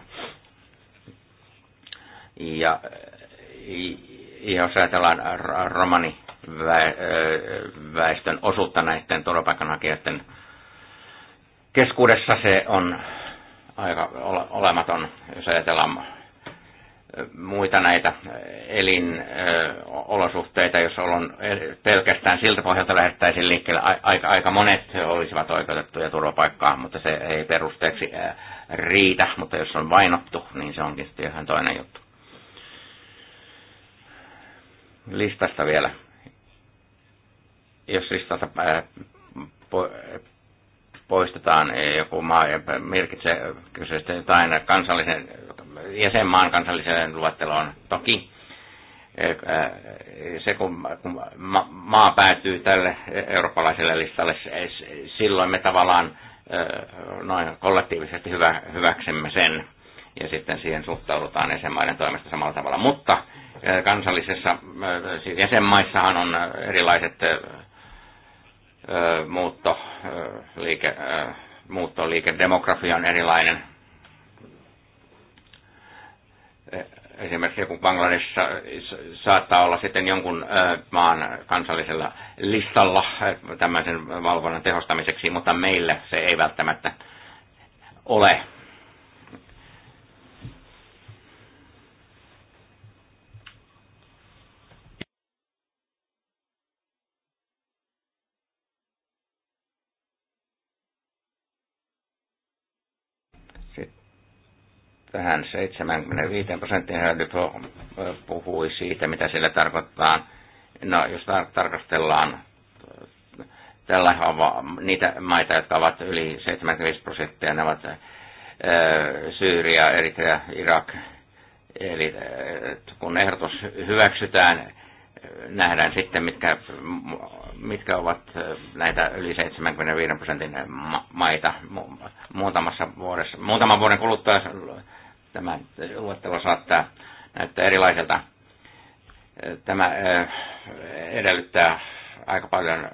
Ja jos ajatellaan romani väestön osuutta näiden turvapaikanhakijoiden keskuudessa, se on aika olematon, jos ajatellaan äh, muita näitä äh, elinolosuhteita, äh, jos olon pelkästään siltä pohjalta lähettäisiin liikkeelle, aika, aika monet olisivat oikeutettuja turvapaikkaa, mutta se ei perusteeksi riitä, mutta jos on vainottu, niin se onkin sitten ihan toinen juttu. Listasta vielä. Jos listalta poistetaan joku maa ja merkitsee kyseistä jotain kansallisen, jäsenmaan kansalliseen luetteloon. Toki eh, eh, se, kun maa päätyy tälle eurooppalaiselle listalle, silloin me tavallaan eh, noin kollektiivisesti hyvä, hyväksymme sen ja sitten siihen suhtaudutaan jäsenmaiden toimesta samalla tavalla. Mutta kansallisessa, siis jäsenmaissahan on erilaiset muutto liike, demografia on erilainen. E, esimerkiksi joku Bangladesissa saattaa olla sitten jonkun maan kansallisella listalla tämmöisen valvonnan tehostamiseksi, mutta meille se ei välttämättä ole tähän 75 prosenttiin Hölypo puhui siitä, mitä sillä tarkoittaa. No, jos tar- tarkastellaan tällä hava, niitä maita, jotka ovat yli 75 prosenttia, ne ovat Syyria, Eritrea, Irak. Eli kun ehdotus hyväksytään, nähdään sitten, mitkä, mitkä ovat näitä yli 75 prosentin maita muutamassa vuodessa. Muutaman vuoden kuluttua Tämä luettelo saattaa näyttää erilaiselta. Tämä edellyttää aika paljon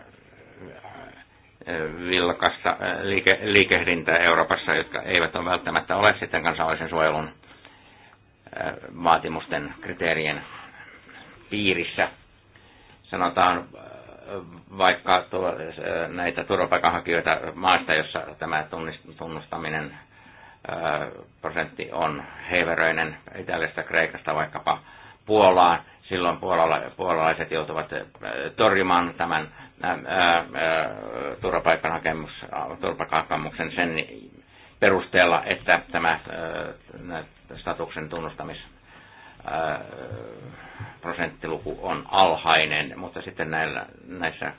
vilkasta liike, liikehdintää Euroopassa, jotka eivät ole välttämättä ole sitten kansainvälisen suojelun vaatimusten kriteerien piirissä. Sanotaan vaikka näitä turvapaikanhakijoita maasta, jossa tämä tunnustaminen prosentti on heiveröinen Italiasta, Kreikasta vaikkapa Puolaan. Silloin puolala, puolalaiset joutuvat torjumaan tämän turvapaikkahakemuksen sen perusteella, että tämä statuksen tunnustamis prosenttiluku on alhainen, mutta sitten näillä, näissä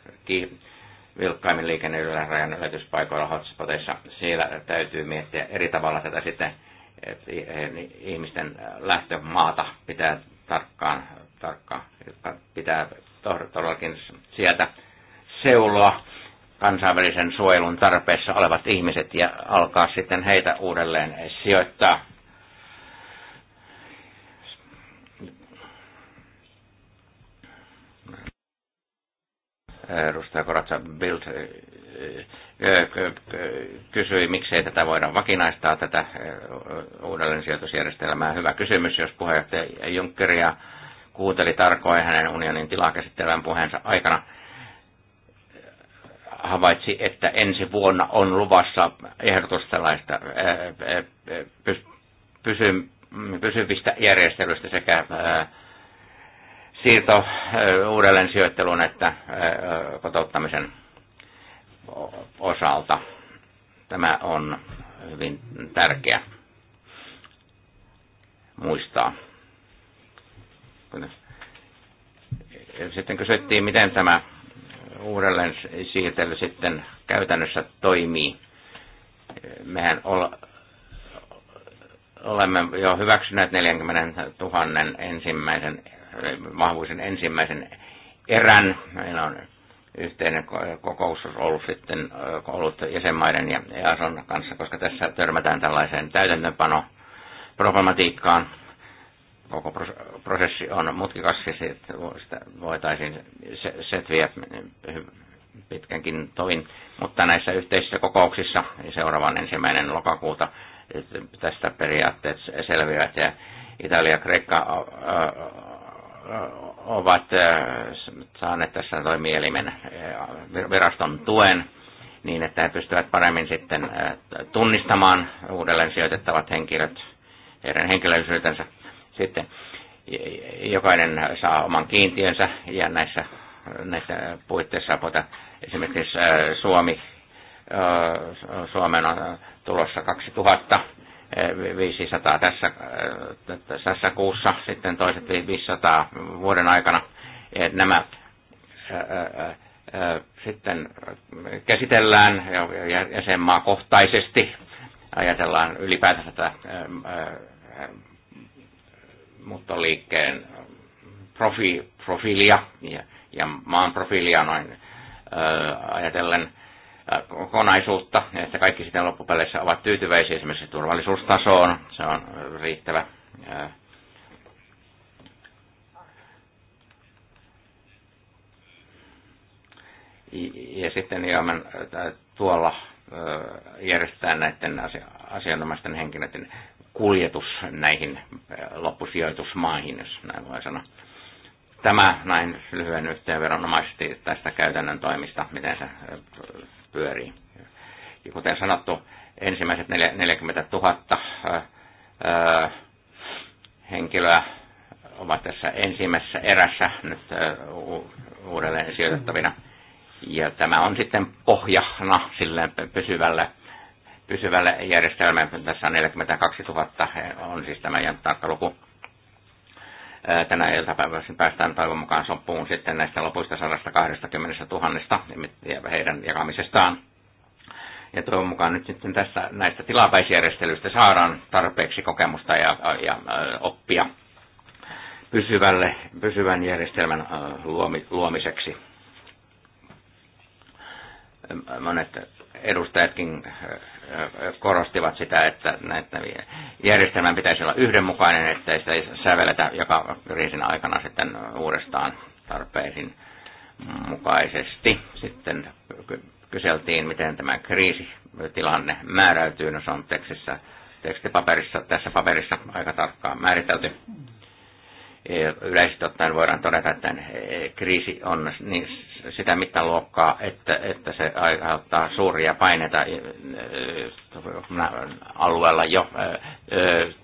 vilkkaimmin liikennöidyillä rajan ylityspaikoilla hotspoteissa. Siellä täytyy miettiä eri tavalla tätä sitten eh, niin ihmisten lähtömaata pitää tarkkaan, tarkkaan pitää todellakin sieltä seuloa kansainvälisen suojelun tarpeessa olevat ihmiset ja alkaa sitten heitä uudelleen sijoittaa edustaja Koratsa Bild kysyi, miksei tätä voida vakinaistaa, tätä uudelleen sijoitusjärjestelmää. Hyvä kysymys, jos puheenjohtaja Junckeria kuunteli tarkoin hänen unionin tilaa käsittelevän puheensa aikana, havaitsi, että ensi vuonna on luvassa ehdotus tällaista pysyvistä järjestelyistä sekä ää, siirto uudelleen sijoittelun että kotouttamisen osalta. Tämä on hyvin tärkeä muistaa. Sitten kysyttiin, miten tämä uudelleen siirtely sitten käytännössä toimii. Mehän olemme jo hyväksyneet 40 000 ensimmäisen mahdollisen ensimmäisen erän. Meillä on yhteinen kokous ollut sitten ollut jäsenmaiden ja EASON kanssa, koska tässä törmätään tällaiseen täytäntöpano problematiikkaan. Koko prosessi on mutkikas, ja sitä voitaisiin setviä pitkänkin toin, mutta näissä yhteisissä kokouksissa niin seuraavan ensimmäinen lokakuuta tästä periaatteet selviävät ja Italia, Kreikka, ovat saaneet tässä toimielimen viraston tuen niin, että he pystyvät paremmin sitten tunnistamaan uudelleen sijoitettavat henkilöt, heidän henkilöllisyytensä sitten. Jokainen saa oman kiintiönsä ja näissä, näissä puitteissa pota. esimerkiksi Suomi, Suomen on tulossa 2000 500 tässä, äh, tässä kuussa, sitten toiset 500 vuoden aikana. Nämä äh, äh, sitten käsitellään jäsenmaa kohtaisesti. Ajatellaan ylipäätään tätä muuttoliikkeen profi, profiilia ja, ja maan profiilia noin ajatellen – kokonaisuutta, että kaikki sitten loppupeleissä ovat tyytyväisiä esimerkiksi turvallisuustasoon, se on riittävä. Ja sitten Joomen tuolla järjestetään näiden asianomaisten henkilöiden kuljetus näihin loppusijoitusmaihin, jos näin voi sanoa. Tämä näin lyhyen yhteenveronomaisesti tästä käytännön toimista, miten se pyörii. Ja kuten sanottu, ensimmäiset 40 000 henkilöä ovat tässä ensimmäisessä erässä nyt uudelleen sijoitettavina. Ja tämä on sitten pohjana sille pysyvälle, pysyvälle järjestelmälle. Tässä on 42 000, on siis tämä tarkka luku tänä iltapäivänä päästään toivon mukaan sopuun sitten näistä lopuista 120 000 ja heidän jakamisestaan. Ja toivon mukaan nyt sitten tässä näistä tilapäisjärjestelyistä saadaan tarpeeksi kokemusta ja, ja oppia pysyvälle, pysyvän järjestelmän luomiseksi. Monet edustajatkin korostivat sitä, että näitä järjestelmän pitäisi olla yhdenmukainen, ettei sitä sävelletä joka kriisin aikana sitten uudestaan tarpeisiin mukaisesti. Sitten kyseltiin, miten tämä kriisitilanne määräytyy. No se on tekstissä, tekstipaperissa, tässä paperissa aika tarkkaan määritelty. Yleisesti ottaen voidaan todeta, että kriisi on niin sitä mittaluokkaa, että, että se aiheuttaa suuria paineita alueella jo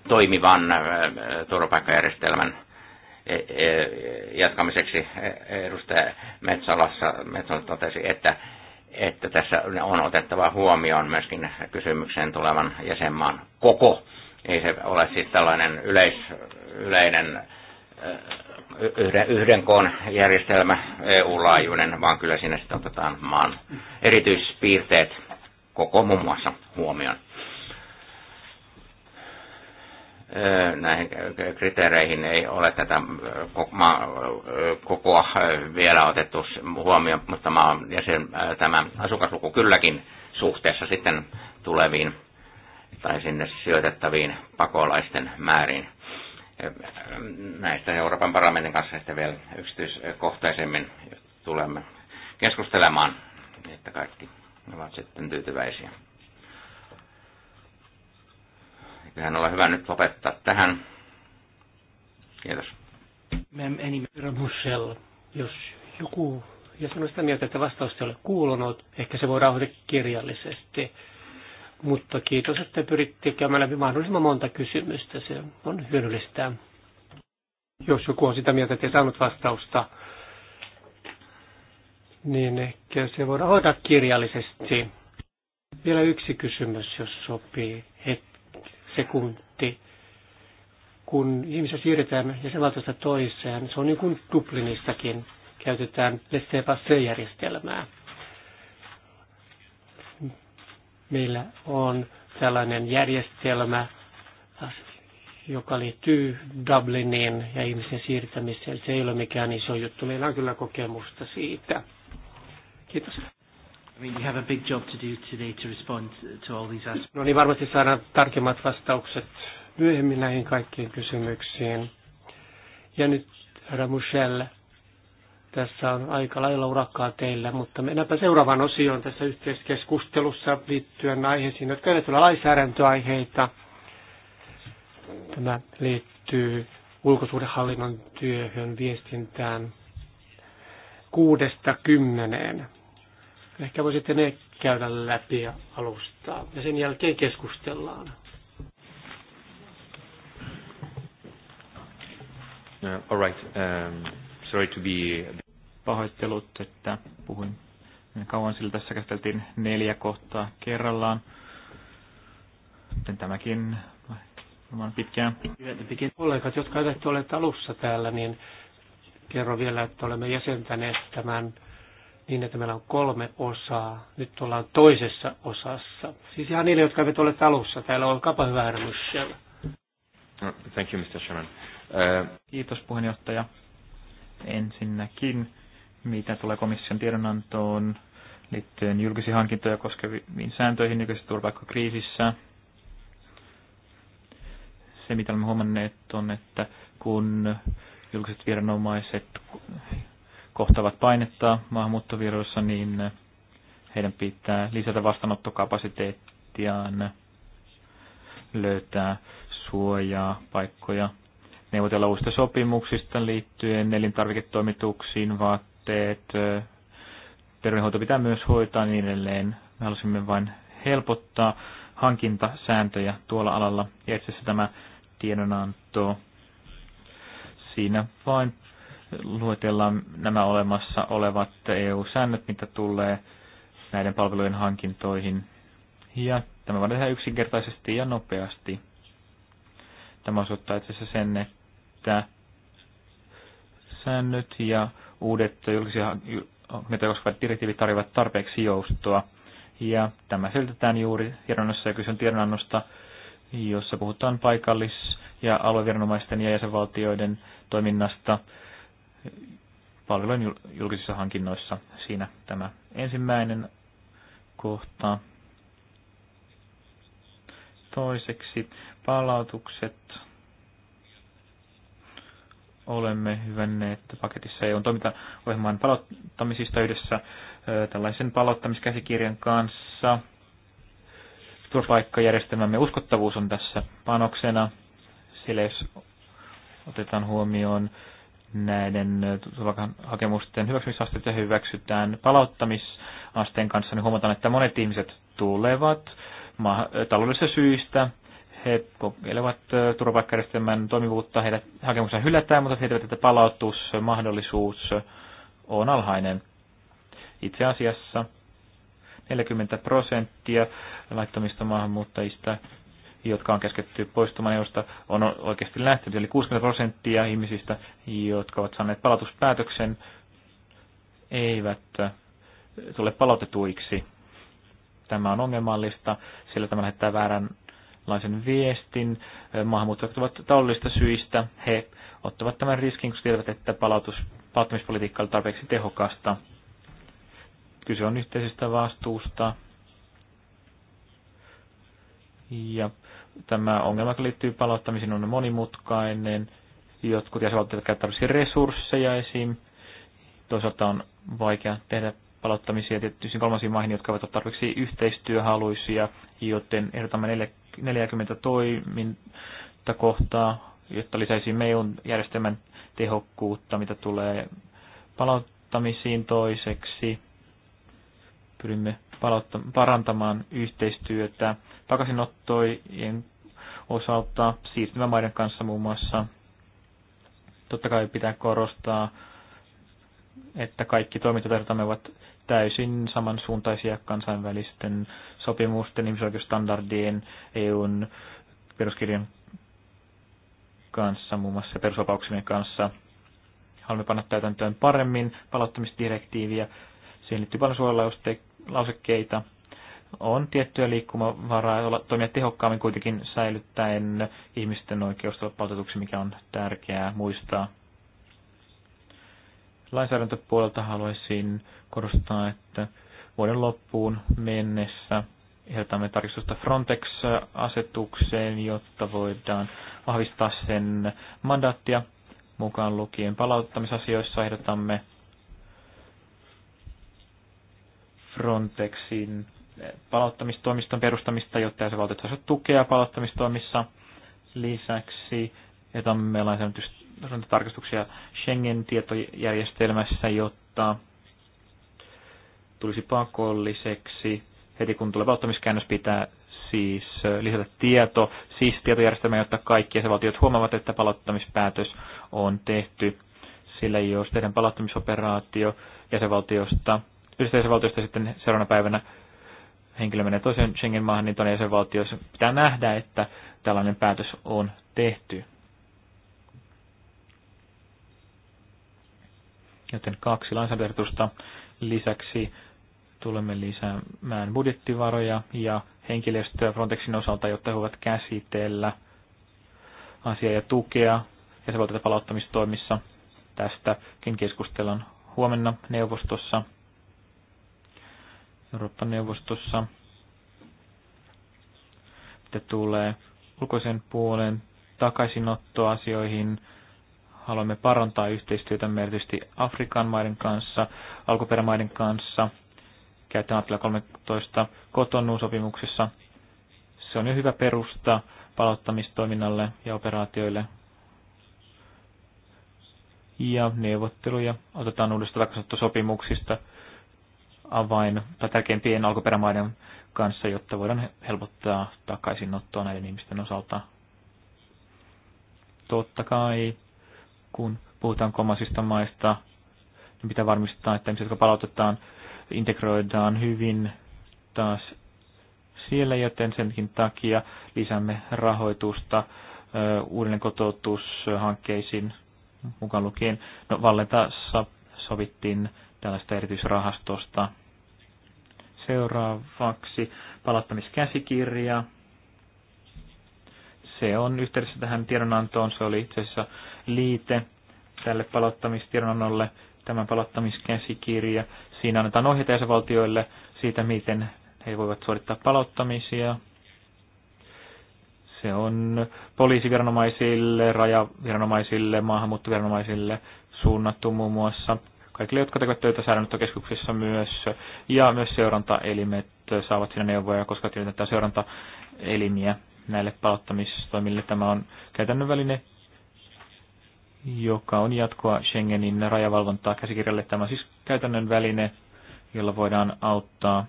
toimivan turvapaikkajärjestelmän jatkamiseksi edustaja Metsalassa Metsala totesi, että, että tässä on otettava huomioon myöskin kysymykseen tulevan jäsenmaan koko. Ei se ole siis tällainen yleis, yleinen yhden, yhden koon järjestelmä EU-laajuinen, vaan kyllä siinä sitten otetaan maan erityispiirteet koko muun muassa huomioon. Näihin kriteereihin ei ole tätä kokoa vielä otettu huomioon, mutta maa ja sen, tämä asukasluku kylläkin suhteessa sitten tuleviin tai sinne sijoitettaviin pakolaisten määriin näistä Euroopan parlamentin kanssa sitten vielä yksityiskohtaisemmin tulemme keskustelemaan, että kaikki ovat sitten tyytyväisiä. Eiköhän ole hyvä nyt lopettaa tähän. Kiitos. eni jos joku ja sanoi sitä mieltä, että vastausta ei ole kuulunut, ehkä se voi rauhoittaa kirjallisesti. Mutta kiitos, että pyritte käymään läpi mahdollisimman monta kysymystä. Se on hyödyllistä. Jos joku on sitä mieltä, että ei saanut vastausta, niin ehkä se voidaan hoitaa kirjallisesti. Vielä yksi kysymys, jos sopii. Hetki, sekunti. Kun ihmisiä siirretään jäsenvaltiosta toiseen, se on niin kuin Dublinissakin, käytetään laissez-passer-järjestelmää. meillä on tällainen järjestelmä, joka liittyy Dubliniin ja ihmisen siirtämiseen. Se ei ole mikään iso juttu. Meillä on kyllä kokemusta siitä. Kiitos. I mean, you have a big job to do today to respond to all these aspects. No niin, varmasti saadaan tarkemmat vastaukset myöhemmin näihin kaikkiin kysymyksiin. Ja nyt Michelle. Tässä on aika lailla urakkaa teillä, mutta mennäänpä seuraavaan osioon tässä yhteiskeskustelussa liittyen aiheisiin, jotka eivät ole lainsäädäntöaiheita. Tämä liittyy ulkosuhdehallinnon työhön, viestintään kuudesta kymmeneen. Ehkä voisitte ne käydä läpi ja alustaa. Ja sen jälkeen keskustellaan. Uh, all right. Um... Sorry to be... Pahoittelut, että puhuin niin kauan, sillä tässä käsiteltiin neljä kohtaa kerrallaan. tämäkin varmaan pitkään. Kollegat, jotka eivät ole alussa täällä, niin kerro vielä, että olemme jäsentäneet tämän niin, että meillä on kolme osaa. Nyt ollaan toisessa osassa. Siis ihan niille, jotka eivät ole alussa. Täällä on kapa hyvä herra Michel. No, thank you, Mr. Chairman. Uh... Kiitos puheenjohtaja. Ensinnäkin, mitä tulee komission tiedonantoon liittyen julkisiin hankintoja koskeviin sääntöihin nykyisessä turvapaikkakriisissä. Se, mitä olemme huomanneet, on, että kun julkiset viranomaiset kohtavat painetta maahanmuuttoviroissa, niin heidän pitää lisätä vastaanottokapasiteettiaan, löytää suojaa, paikkoja neuvotella uusista sopimuksista liittyen elintarviketoimituksiin, vaatteet, terveydenhoito pitää myös hoitaa niin edelleen. Me halusimme vain helpottaa hankintasääntöjä tuolla alalla. Ja itse asiassa tämä tiedonanto, siinä vain luetellaan nämä olemassa olevat EU-säännöt, mitä tulee näiden palvelujen hankintoihin. Ja tämä voidaan tehdä yksinkertaisesti ja nopeasti. Tämä osoittaa itse asiassa sen, että että säännöt ja uudet julkisia mitä koskevat direktiivit tarjoavat tarpeeksi joustoa. Ja tämä selitetään juuri tiedonannossa ja kysyn tiedonannosta, jossa puhutaan paikallis- ja alueviranomaisten ja jäsenvaltioiden toiminnasta palvelujen julkisissa hankinnoissa. Siinä tämä ensimmäinen kohta. Toiseksi palautukset olemme hyvänneet paketissa EUn toimintaohjelman palauttamisista yhdessä tällaisen palauttamiskäsikirjan kanssa. Turvapaikkajärjestelmämme uskottavuus on tässä panoksena, sillä jos otetaan huomioon näiden hakemusten hyväksymisasteet ja hyväksytään palauttamisasteen kanssa, niin huomataan, että monet ihmiset tulevat taloudellisista syistä he kokeilevat turvapaikkajärjestelmän toimivuutta, heidän hakemuksensa hylätään, mutta tietävät, että palautusmahdollisuus on alhainen. Itse asiassa 40 prosenttia laittomista maahanmuuttajista, jotka on käsketty poistumaan josta on oikeasti lähtenyt. Eli 60 prosenttia ihmisistä, jotka ovat saaneet palautuspäätöksen, eivät tule palautetuiksi. Tämä on ongelmallista, sillä tämä lähettää väärän laisen viestin. Maahanmuuttajat ovat taloudellista syistä. He ottavat tämän riskin, kun tiedävät, että palautus, palautumispolitiikka on tarpeeksi tehokasta. Kyse on yhteisestä vastuusta. Ja tämä ongelma, joka liittyy palauttamiseen, on monimutkainen. Jotkut jäsenvaltiot käytä resursseja esim. Toisaalta on vaikea tehdä palauttamisia tietysti kolmansiin maihin, jotka ovat tarpeeksi yhteistyöhaluisia, joten ehdotamme neljä 40 toimintakohtaa, jotta lisäisi meidän järjestelmän tehokkuutta, mitä tulee palauttamisiin toiseksi. Pyrimme parantamaan yhteistyötä takaisinottojen osalta siirtymämaiden kanssa muun muassa. Totta kai pitää korostaa, että kaikki toimintatarjotamme ovat täysin samansuuntaisia kansainvälisten sopimusten, ihmisoikeusstandardien, EUn peruskirjan kanssa, muun muassa perusvapauksien kanssa. Haluamme panna täytäntöön paremmin palauttamisdirektiiviä. Siihen liittyy paljon suojalausekkeita. On tiettyä liikkumavaraa olla, toimia tehokkaammin kuitenkin säilyttäen ihmisten oikeus palautetuksi, mikä on tärkeää muistaa. Lainsäädäntöpuolelta haluaisin korostaa, että vuoden loppuun mennessä ehdotamme tarkistusta Frontex-asetukseen, jotta voidaan vahvistaa sen mandaattia mukaan lukien palauttamisasioissa ehdotamme Frontexin palauttamistoimiston perustamista, jotta se saisivat tukea palauttamistoimissa. Lisäksi ehdotamme lainsäädäntöstä tarkastuksia Schengen-tietojärjestelmässä, jotta tulisi pakolliseksi heti kun tulee auttamiskäännös pitää siis lisätä tieto, siis tietojärjestelmä, jotta kaikki jäsenvaltiot huomaavat, että palauttamispäätös on tehty. Sillä jos tehdään palauttamisoperaatio jäsenvaltiosta, yhdestä jäsenvaltiosta sitten seuraavana päivänä henkilö menee toiseen Schengen-maahan, niin toinen jäsenvaltio pitää nähdä, että tällainen päätös on tehty. joten kaksi lainsäädäntöä Lisäksi tulemme lisäämään budjettivaroja ja henkilöstöä Frontexin osalta, jotta he voivat käsitellä asiaa ja tukea ja jäsenvaltioiden palauttamistoimissa. Tästäkin keskustellaan huomenna neuvostossa, Euroopan neuvostossa. Sitten tulee ulkoisen puolen takaisinottoasioihin, Haluamme parantaa yhteistyötä erityisesti Afrikan maiden kanssa, alkuperämaiden kanssa, käyttämällä 13 kotonnuusopimuksessa. Se on jo hyvä perusta palauttamistoiminnalle ja operaatioille. Ja neuvotteluja otetaan uudesta sopimuksista avain tai tärkeimpien alkuperämaiden kanssa, jotta voidaan helpottaa takaisinottoa näiden ihmisten osalta. Totta kai kun puhutaan kolmansista maista, niin pitää varmistaa, että ihmiset, jotka palautetaan, integroidaan hyvin taas siellä, joten senkin takia lisäämme rahoitusta uudelleen kotoutushankkeisiin mukaan lukien. No, Vallenta sovittiin tällaista erityisrahastosta. Seuraavaksi palauttamiskäsikirja. Se on yhteydessä tähän tiedonantoon. Se oli itse asiassa liite tälle palottamistiedonannolle, tämän palottamiskäsikirja. Siinä annetaan ohjeita jäsenvaltioille siitä, miten he voivat suorittaa palottamisia. Se on poliisiviranomaisille, rajaviranomaisille, maahanmuuttoviranomaisille suunnattu muun muassa kaikille, jotka tekevät töitä säädännöttökeskuksissa myös, ja myös seurantaelimet saavat siinä neuvoja, koska tiedetään seurantaelimiä näille palauttamistoimille. Tämä on käytännön väline, joka on jatkoa Schengenin rajavalvontaa käsikirjalle. Tämä on siis käytännön väline, jolla voidaan auttaa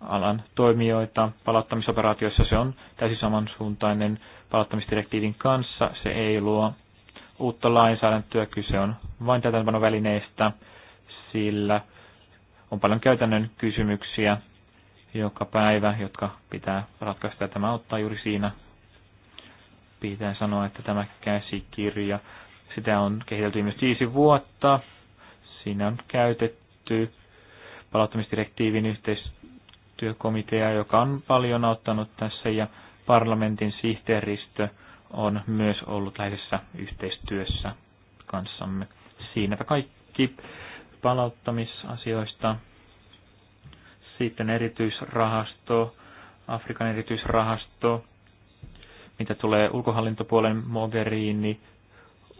alan toimijoita palauttamisoperaatioissa. Se on täysin samansuuntainen palauttamisdirektiivin kanssa. Se ei luo uutta lainsäädäntöä. Kyse on vain täytäntöpanovälineistä, sillä on paljon käytännön kysymyksiä joka päivä, jotka pitää ratkaista. Tämä auttaa juuri siinä, pitää sanoa, että tämä käsikirja, sitä on kehitelty myös viisi vuotta. Siinä on käytetty palauttamisdirektiivin yhteistyökomitea, joka on paljon auttanut tässä ja parlamentin sihteeristö on myös ollut läheisessä yhteistyössä kanssamme. Siinäpä kaikki palauttamisasioista. Sitten erityisrahasto, Afrikan erityisrahasto, mitä tulee ulkohallintopuolen Mogherini, niin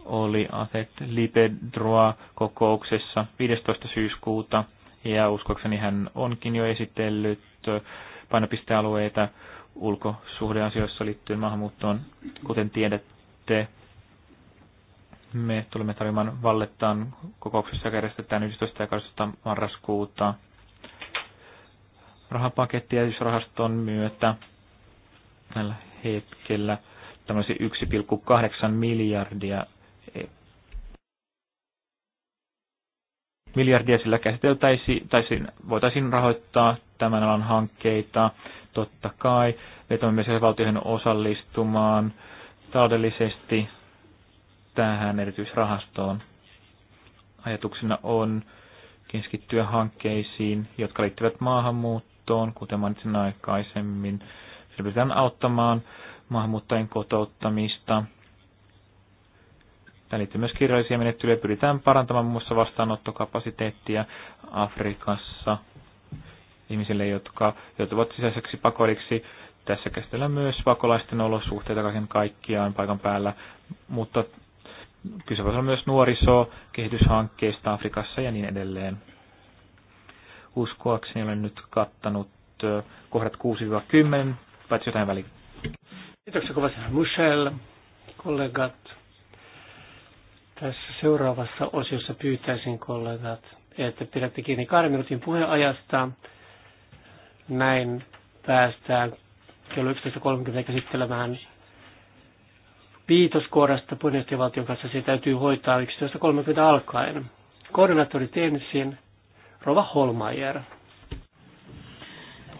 oli Aset Libedroa kokouksessa 15. syyskuuta ja uskokseni hän onkin jo esitellyt painopistealueita ulkosuhdeasioissa liittyen maahanmuuttoon. Kuten tiedätte, me tulemme tarjoamaan vallettaan kokouksessa, joka järjestetään 11. ja 12. marraskuuta rahapakettia rahaston myötä. Näillä hetkellä tämmöisiä 1,8 miljardia e, miljardia sillä käsiteltäisiin, tai voitaisiin rahoittaa tämän alan hankkeita, totta kai. Vetämme myös valtioihin osallistumaan taloudellisesti tähän erityisrahastoon. Ajatuksena on keskittyä hankkeisiin, jotka liittyvät maahanmuuttoon, kuten mainitsin aikaisemmin, sillä pystytään auttamaan maahanmuuttajien kotouttamista. Tämä liittyy myös kirjallisia menettelyjä. Pyritään parantamaan muun muassa vastaanottokapasiteettia Afrikassa ihmisille, jotka joutuvat sisäiseksi pakoliksi. Tässä käsitellään myös pakolaisten olosuhteita kaiken kaikkiaan paikan päällä, mutta kyse on olla myös nuoriso, kehityshankkeista Afrikassa ja niin edelleen. Uskoakseni olen nyt kattanut kohdat 6-10 paitsi jotain väliä. Kiitoksia kovasti Michelle, kollegat. Tässä seuraavassa osiossa pyytäisin kollegat, että pidätte kiinni kahden minuutin puheajasta. Näin päästään kello 11.30 käsittelemään viitoskohdasta puheenjohtajavaltion kanssa. Se täytyy hoitaa 11.30 alkaen. Koordinaattori Tensin, Rova Holmaier.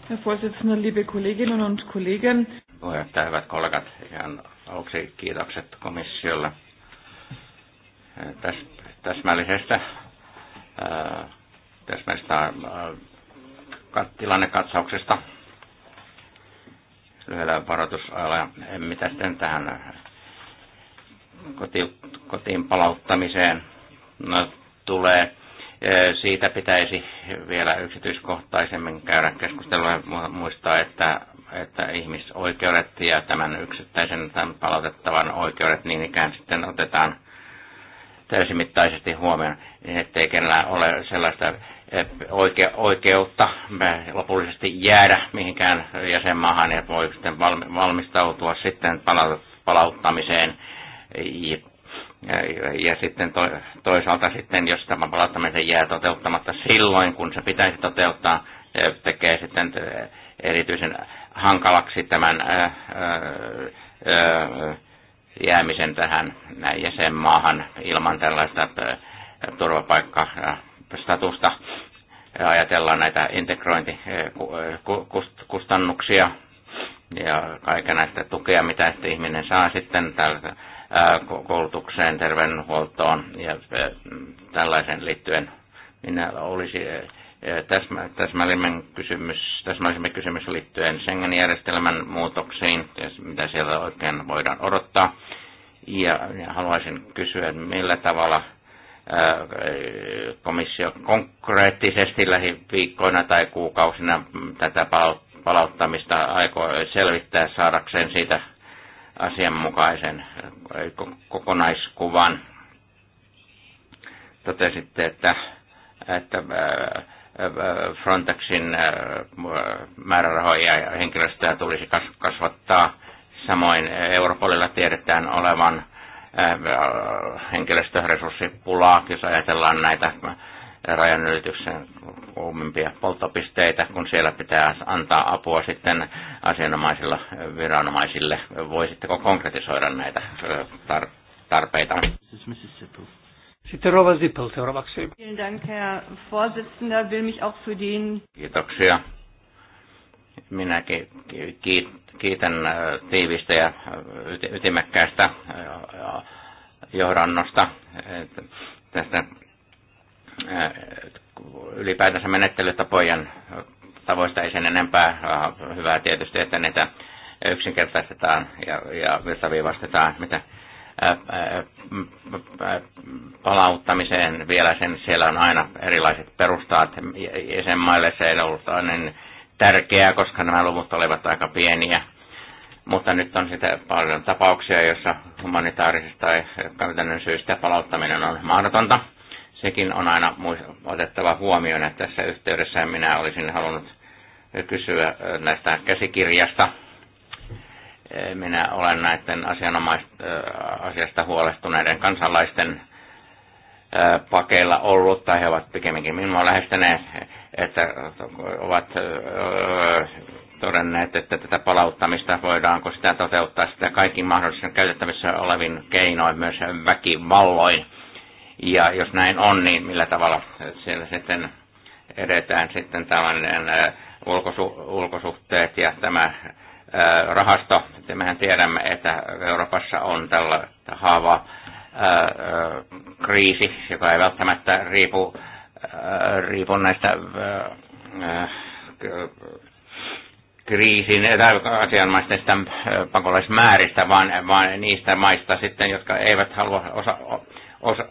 Herr Vorsitzender, liebe Kolleginnen und Kollegen. Puheenjohtaja, hyvät kollegat, ihan aluksi kiitokset komissiolle eh, täs, täsmällisestä, eh, täsmällisestä eh, tilannekatsauksesta lyhyellä varoitusajalla. Mitä sitten tähän koti, kotiin palauttamiseen no, tulee? Siitä pitäisi vielä yksityiskohtaisemmin käydä keskustelua ja muistaa, että, että ihmisoikeudet ja tämän yksittäisen tämän palautettavan oikeudet niin ikään sitten otetaan täysimittaisesti huomioon, niin ettei kenellään ole sellaista oike, oikeutta lopullisesti jäädä mihinkään jäsenmaahan ja voi sitten valmistautua sitten palauttamiseen ja, ja sitten to, toisaalta sitten, jos tämä palauttaminen jää toteuttamatta silloin, kun se pitäisi toteuttaa, tekee sitten erityisen hankalaksi tämän ää, ää, jäämisen tähän jäsenmaahan ilman tällaista turvapaikkastatusta. Ajatellaan näitä integrointikustannuksia ja kaiken näistä tukea, mitä ihminen saa sitten tältä koulutukseen, terveydenhuoltoon ja mm, tällaisen liittyen. Minä olisi täsmä, täsmällinen kysymys, täsmällisempi kysymys liittyen Schengen-järjestelmän muutoksiin, mitä siellä oikein voidaan odottaa. Ja, ja haluaisin kysyä, millä tavalla komissio konkreettisesti lähiviikkoina tai kuukausina tätä palauttamista aikoo selvittää saadakseen siitä asianmukaisen äh, kokonaiskuvan. Totesitte, että, että äh, äh, Frontexin määrärahoja ja henkilöstöä tulisi kasvattaa. Samoin Europolilla tiedetään olevan henkilöstöresurssipulaa, jos ajatellaan näitä rajan ylityksen kuumimpia polttopisteitä, kun siellä pitää antaa apua sitten asianomaisilla viranomaisille. Voisitteko konkretisoida näitä tar- tarpeita? Sitten Rova Zippel seuraavaksi. Kiitoksia. Minäkin kiitän tiivistä ja ytimekkäistä johdannosta tästä Äh, ylipäätänsä menettelytapojen tavoista ei sen enempää. Äh, hyvää tietysti, että niitä yksinkertaistetaan ja, ja virtaviivastetaan, mitä äh, palauttamiseen vielä sen, siellä on aina erilaiset perustaat jäsenmaille, se ei ollut niin tärkeää, koska nämä luvut olivat aika pieniä. Mutta nyt on sitä paljon tapauksia, joissa humanitaarisista tai käytännön syystä palauttaminen on mahdotonta sekin on aina otettava huomioon, että tässä yhteydessä minä olisin halunnut kysyä näistä käsikirjasta. Minä olen näiden asiasta huolestuneiden kansalaisten pakeilla ollut, tai he ovat pikemminkin minua lähestyneet, että ovat todenneet, että tätä palauttamista voidaanko sitä toteuttaa sitä kaikki mahdollisen käytettävissä olevin keinoin, myös väkivalloin ja jos näin on, niin millä tavalla siellä sitten edetään sitten tällainen äh, ulkosuhteet ja tämä äh, rahasto. Mehän tiedämme, että Euroopassa on tällä haava äh, kriisi, joka ei välttämättä riipu, riipu näistä kriisin tai asianomaisista pakolaismääristä, vaan, vaan niistä maista sitten, jotka eivät halua osa, osa,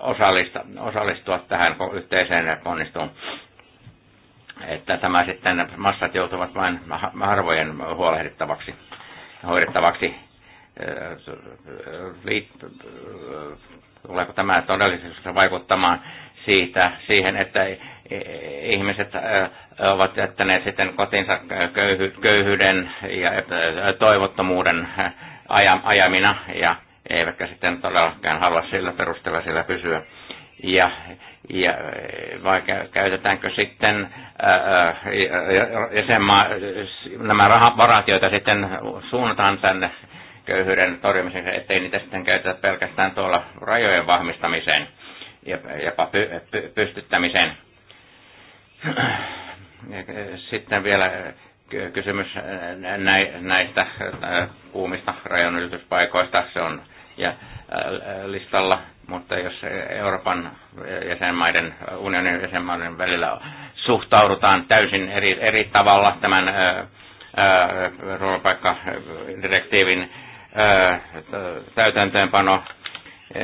osallistua, osallistua tähän yhteiseen ponnistuun. Että tämä sitten massat joutuvat vain harvojen huolehdittavaksi, hoidettavaksi. Tuleeko tämä todellisuudessa vaikuttamaan siitä, siihen, että ihmiset ovat jättäneet sitten kotinsa köyhyyden ja toivottomuuden ajamina ja eivätkä sitten todellakaan halua sillä perusteella siellä pysyä. Ja, ja vai käytetäänkö sitten ää, jäsenmaa, nämä rahavarat, joita sitten suunnataan tänne köyhyyden torjumiseksi, ettei niitä sitten käytetä pelkästään tuolla rajojen vahvistamiseen ja jopa py, py, pystyttämiseen. Sitten vielä kysymys näistä kuumista rajanylityspaikoista. Se on ja äh, listalla, mutta jos Euroopan jäsenmaiden, unionin jäsenmaiden välillä suhtaudutaan täysin eri, eri tavalla tämän äh, äh, roolipaikkadirektiivin täytäntöönpano,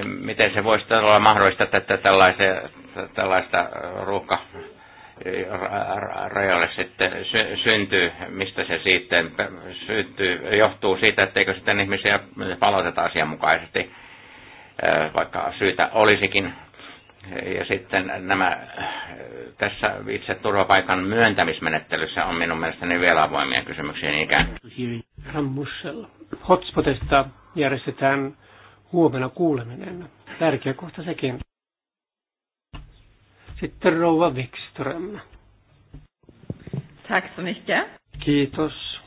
miten se voisi olla mahdollista, että tällaista, tällaista ruuhka rajalle sitten sy- syntyy, mistä se sitten syntyy, johtuu siitä, etteikö sitten ihmisiä palauteta asianmukaisesti, vaikka syytä olisikin. Ja sitten nämä, tässä itse turvapaikan myöntämismenettelyssä on minun mielestäni vielä avoimia kysymyksiä niin ikään. Rammussel. Hotspotista järjestetään huomenna kuuleminen. Tärkeä kohta sekin. Sitten Rouva Wikström. Tack så mycket. Kiitos.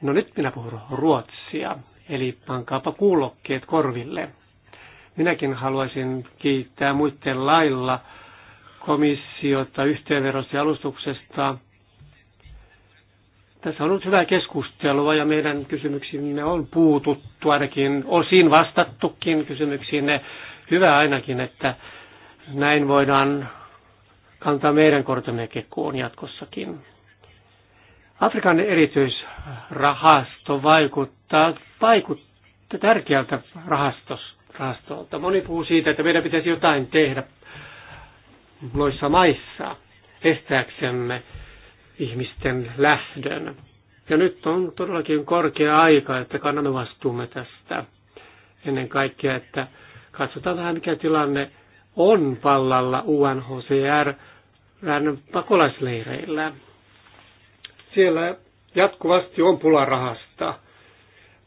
No nyt minä puhun ruotsia, eli pankaapa kuulokkeet korville. Minäkin haluaisin kiittää muiden lailla komissiota yhteenvedosta alustuksesta. Tässä on ollut hyvää keskustelua ja meidän kysymyksiimme on puututtu, ainakin osin vastattukin kysymyksiinne. Hyvä ainakin, että näin voidaan kantaa meidän kortemme kekoon jatkossakin. Afrikan erityisrahasto vaikuttaa, vaikuttaa tärkeältä rahastolta. Moni puhuu siitä, että meidän pitäisi jotain tehdä noissa maissa estääksemme ihmisten lähdön. Ja nyt on todellakin korkea aika, että kannamme vastuumme tästä. Ennen kaikkea, että katsotaan vähän mikä tilanne on vallalla UNHCR pakolaisleireillä. Siellä jatkuvasti on pula rahasta.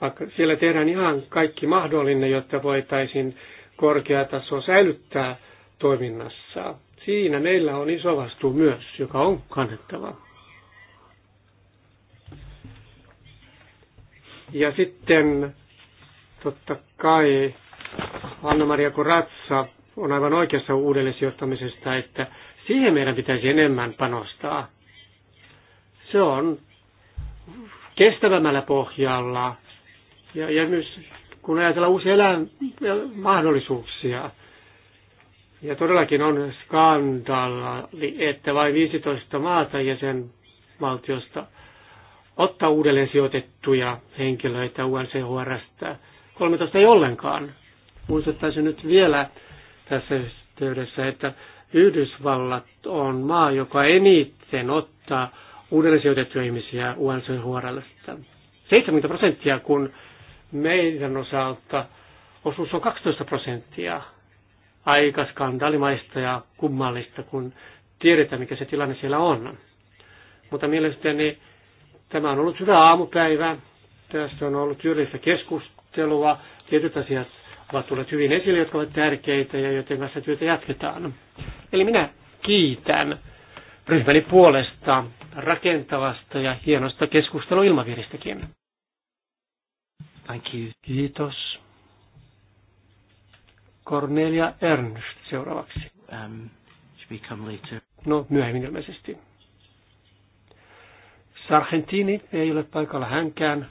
Vaikka siellä tehdään ihan kaikki mahdollinen, jotta voitaisiin korkea taso säilyttää toiminnassa. Siinä meillä on iso vastuu myös, joka on kannettava. Ja sitten totta kai Anna-Maria Kuratsa on aivan oikeassa uudelle sijoittamisesta, että siihen meidän pitäisi enemmän panostaa. Se on kestävämmällä pohjalla ja, ja myös kun ajatellaan uusia elän, mahdollisuuksia. Ja todellakin on skandaali, että vain 15 maata jäsenvaltiosta ottaa uudelleen sijoitettuja henkilöitä UNCHRstä. 13 ei ollenkaan. Muistuttaisin nyt vielä tässä yhteydessä, että Yhdysvallat on maa, joka eniten ottaa uudelleen sijoitettuja ihmisiä UNCHRlstä. 70 prosenttia, kun meidän osalta osuus on 12 prosenttia. Aika skandaalimaista ja kummallista, kun tiedetään, mikä se tilanne siellä on. Mutta mielestäni tämä on ollut hyvä aamupäivä. Tässä on ollut työllistä keskustelua. Tietyt asiat ovat tulleet hyvin esille, jotka ovat tärkeitä ja joiden kanssa työtä jatketaan. Eli minä kiitän ryhmäni puolesta rakentavasta ja hienosta keskusteluilmapiiristäkin. Thank Kiitos. Cornelia Ernst seuraavaksi. Um, we come later? No, myöhemmin ilmeisesti. Sargentini ei ole paikalla hänkään.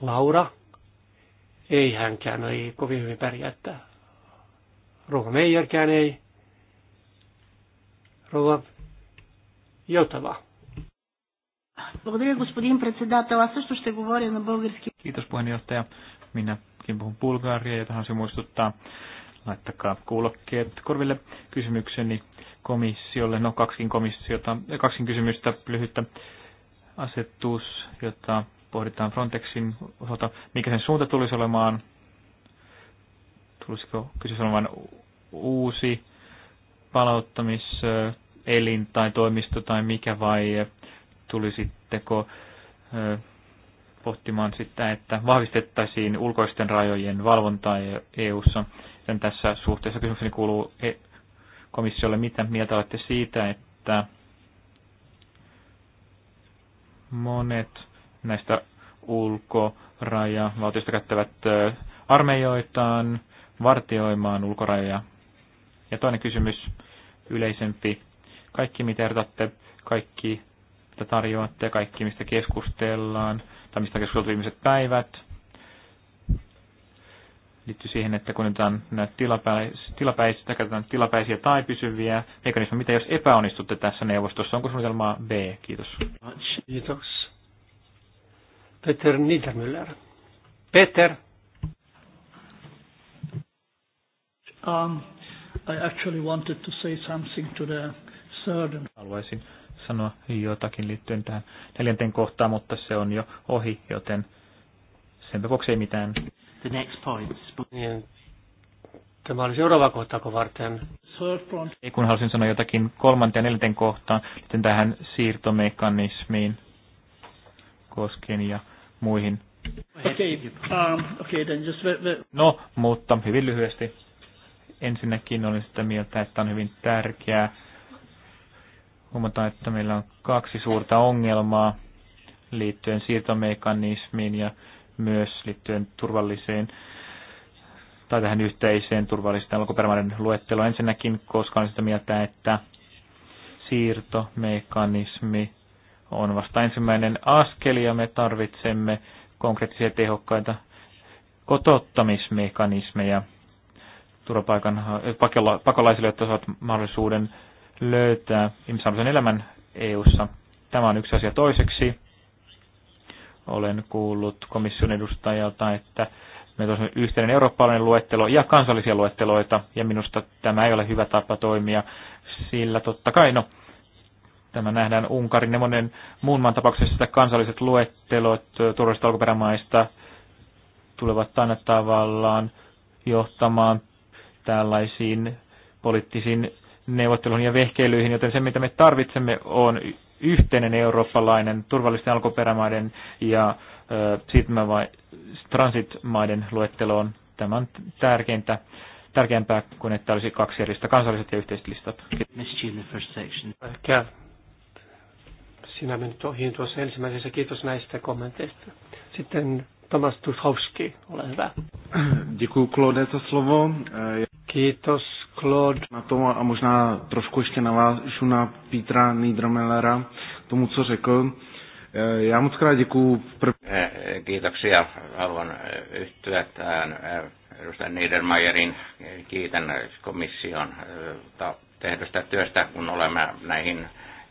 Laura ei hänkään no ei kovin hyvin pärjää. Rouva Meijerkään ei. Rouva Jotava. Kiitos puheenjohtaja. Minäkin puhun bulgaaria, tähän se muistuttaa. Laittakaa kuulokkeet korville kysymykseni komissiolle. No kaksin, komissiota, kaksin kysymystä lyhyttä asetus, jota pohditaan Frontexin osalta, mikä sen suunta tulisi olemaan, tulisiko kyseessä olemaan uusi palauttamiselin tai toimisto tai mikä vai tulisitteko pohtimaan sitä, että vahvistettaisiin ulkoisten rajojen valvontaa EU-ssa. Sen tässä suhteessa kysymykseni kuuluu e, komissiolle, mitä mieltä olette siitä, että monet näistä ulkorajavaltioista käyttävät armeijoitaan vartioimaan ulkorajoja. Ja toinen kysymys, yleisempi. Kaikki mitä erotatte, kaikki mitä tarjoatte, kaikki mistä keskustellaan, tai mistä keskustellaan viimeiset päivät, liittyy siihen, että kun näitä tilapäis, tilapäisiä, tilapäisiä tai pysyviä mekanismeja, mitä jos epäonnistutte tässä neuvostossa, onko suunnitelmaa B? Kiitos. Kiitos. Peter Niedermüller. Peter. Um, I actually wanted to say something to the third. Haluaisin sanoa jotakin liittyen tähän neljänteen kohtaan, mutta se on jo ohi, joten sen vuoksi ei mitään. The next point. Niin. Tämä oli seuraava kohtaako varten. Ei kun halusin sanoa jotakin kolmanteen ja neljänteen kohtaan, sitten tähän siirtomekanismiin koskien ja muihin. Okay. Um, okay, then just... No, mutta hyvin lyhyesti. Ensinnäkin olin sitä mieltä, että on hyvin tärkeää huomata, että meillä on kaksi suurta ongelmaa liittyen siirtomekanismiin ja myös liittyen turvalliseen tai tähän yhteiseen turvalliseen alkuperämaiden luetteloon. Ensinnäkin, koska olen sitä mieltä, että siirtomekanismi on vasta ensimmäinen askel ja me tarvitsemme konkreettisia tehokkaita kotottamismekanismeja turvapaikan äh, pakolaisille, jotta saat mahdollisuuden löytää ihmisarvoisen elämän EU-ssa. Tämä on yksi asia toiseksi. Olen kuullut komission edustajalta, että me tosiaan yhteinen eurooppalainen luettelo ja kansallisia luetteloita, ja minusta tämä ei ole hyvä tapa toimia, sillä totta kai, no, Tämä nähdään Unkarin ja monen muun maan tapauksessa, että kansalliset luettelot turvallisista alkuperämaista tulevat aina tavallaan johtamaan tällaisiin poliittisiin neuvotteluihin ja vehkeilyihin, joten se mitä me tarvitsemme on yhteinen eurooppalainen turvallisten alkuperämaiden ja transitmaiden luettelo on tämän tärkeintä, tärkeämpää kuin että olisi kaksi eristä kansalliset ja yhteiset listat siinä meni ohi tuossa ensimmäisessä. Kiitos näistä kommenteista. Sitten Tomas Tuchowski, ole hyvä. Děkuji, Claude, za slovo. Eh, Kiitos, Claude. Na to a možná trošku ještě navážu na Petra Niedermellera, tomu, co řekl. Eh, já moc krát děkuji. Eh, kiitoksia. Haluan yhtyä tähän edustaja Niedermayerin kiitän komission tehdystä työstä, kun olemme näihin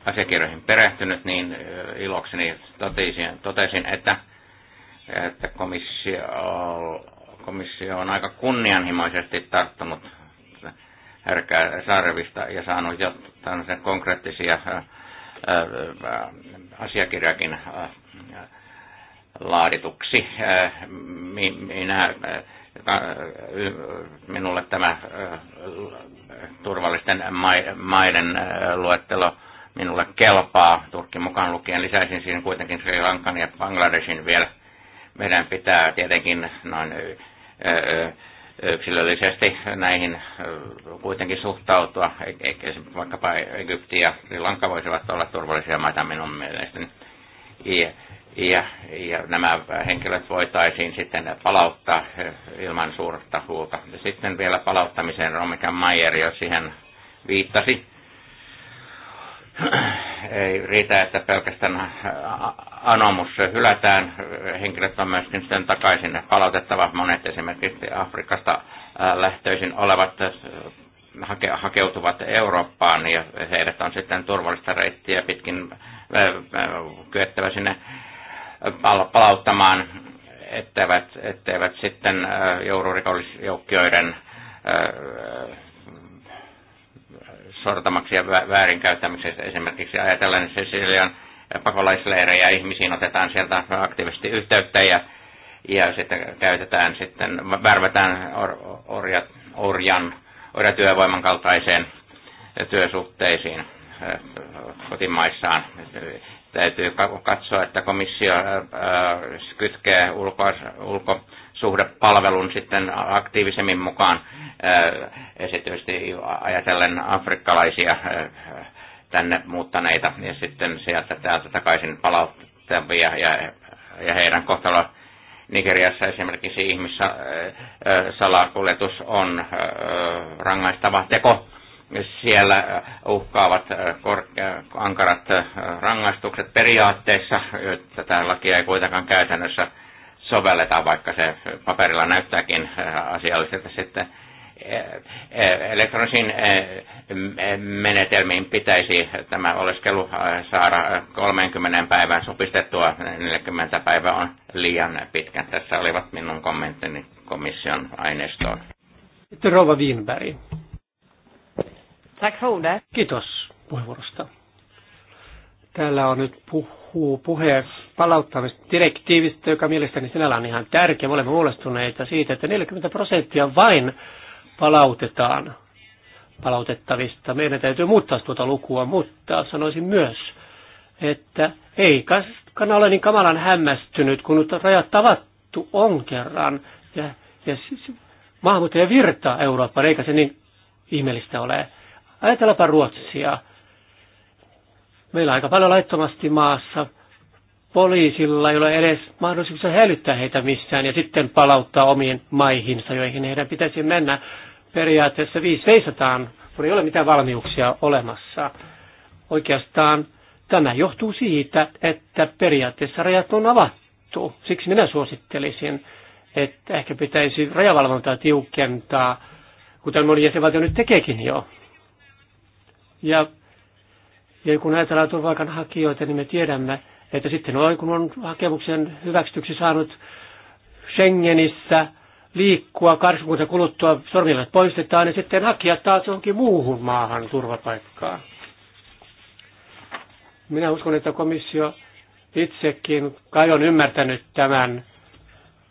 asiakirjoihin perehtynyt, niin ilokseni totesin, totesin että, että komissio, komissio on aika kunnianhimoisesti tarttunut härkää sarvista ja saanut jo tämmöisen konkreettisia asiakirjakin laadituksi. Minä, minulle tämä turvallisten maiden luettelo minulle kelpaa, Turkki mukaan lukien. Lisäisin siinä kuitenkin Sri Lankan ja Bangladesin vielä. Meidän pitää tietenkin noin yksilöllisesti näihin kuitenkin suhtautua, e, e, vaikkapa Egypti ja Sri Lanka voisivat olla turvallisia maita minun mielestäni. Ja, ja, ja nämä henkilöt voitaisiin sitten palauttaa ilman suurta huolta. Ja sitten vielä palauttamiseen Romikan Mayer jo siihen viittasi ei riitä, että pelkästään äh, anomus hylätään. Henkilöt on myöskin sen takaisin palautettava. Monet esimerkiksi Afrikasta äh, lähtöisin olevat äh, hake, hakeutuvat Eurooppaan ja heidät on sitten turvallista reittiä pitkin kyettävä sinne palauttamaan, etteivät, etteivät sitten joudu rikollisjoukkioiden sortamaksi ja väärinkäyttämiseksi. Esimerkiksi ajatellaan Sisilian pakolaisleirejä, ihmisiin otetaan sieltä aktiivisesti yhteyttä ja, ja sitten käytetään sitten, värvätään or, orjat, orjan, orjatyövoiman kaltaiseen työsuhteisiin äh, kotimaissaan. Täytyy katsoa, että komissio äh, äh, kytkee ulko, ulko suhdepalvelun sitten aktiivisemmin mukaan, äh, esityisesti ajatellen afrikkalaisia äh, tänne muuttaneita ja sitten sieltä täältä takaisin palauttavia ja, ja heidän kohtalo Nigeriassa esimerkiksi äh, salakuljetus on rangaistava teko. Siellä uhkaavat ankarat rangaistukset periaatteessa. Tätä lakia ei kuitenkaan käytännössä sovelletaan, vaikka se paperilla näyttääkin äh, asialliselta sitten äh, äh, elektronisiin menetelmiin pitäisi tämä oleskelu saada 30 päivään supistettua. 40 päivää on liian pitkä. Tässä olivat minun kommenttini komission aineistoon. Sitten Rova Wienberg. Tack för Kiitos puheenvuorosta. Täällä on nyt puhuu puhe palauttamisdirektiivistä, joka mielestäni sinällä on ihan tärkeä. Me olemme huolestuneita siitä, että 40 prosenttia vain palautetaan palautettavista. Meidän täytyy muuttaa tuota lukua, mutta sanoisin myös, että ei kannata olla niin kamalan hämmästynyt, kun nyt rajat tavattu on kerran. Ja, ja siis, maahanmuuttaja virtaa Eurooppaan, eikä se niin ihmeellistä ole. Ajatellaanpa Ruotsia. Meillä on aika paljon laittomasti maassa. Poliisilla ei ole edes mahdollisuus hälyttää heitä missään ja sitten palauttaa omiin maihinsa, joihin heidän pitäisi mennä. Periaatteessa 500, kun ei ole mitään valmiuksia olemassa. Oikeastaan tämä johtuu siitä, että periaatteessa rajat on avattu. Siksi minä suosittelisin, että ehkä pitäisi rajavalvontaa tiukentaa, kuten moni jäsenvaltio nyt tekeekin jo. Ja ja kun ajatellaan turvapaikanhakijoita, niin me tiedämme, että sitten on, kun on hakemuksen hyväksytyksi saanut Schengenissä liikkua 80 kuluttua sormilat poistetaan, niin sitten hakijat taas johonkin muuhun maahan turvapaikkaa. Minä uskon, että komissio itsekin kai on ymmärtänyt tämän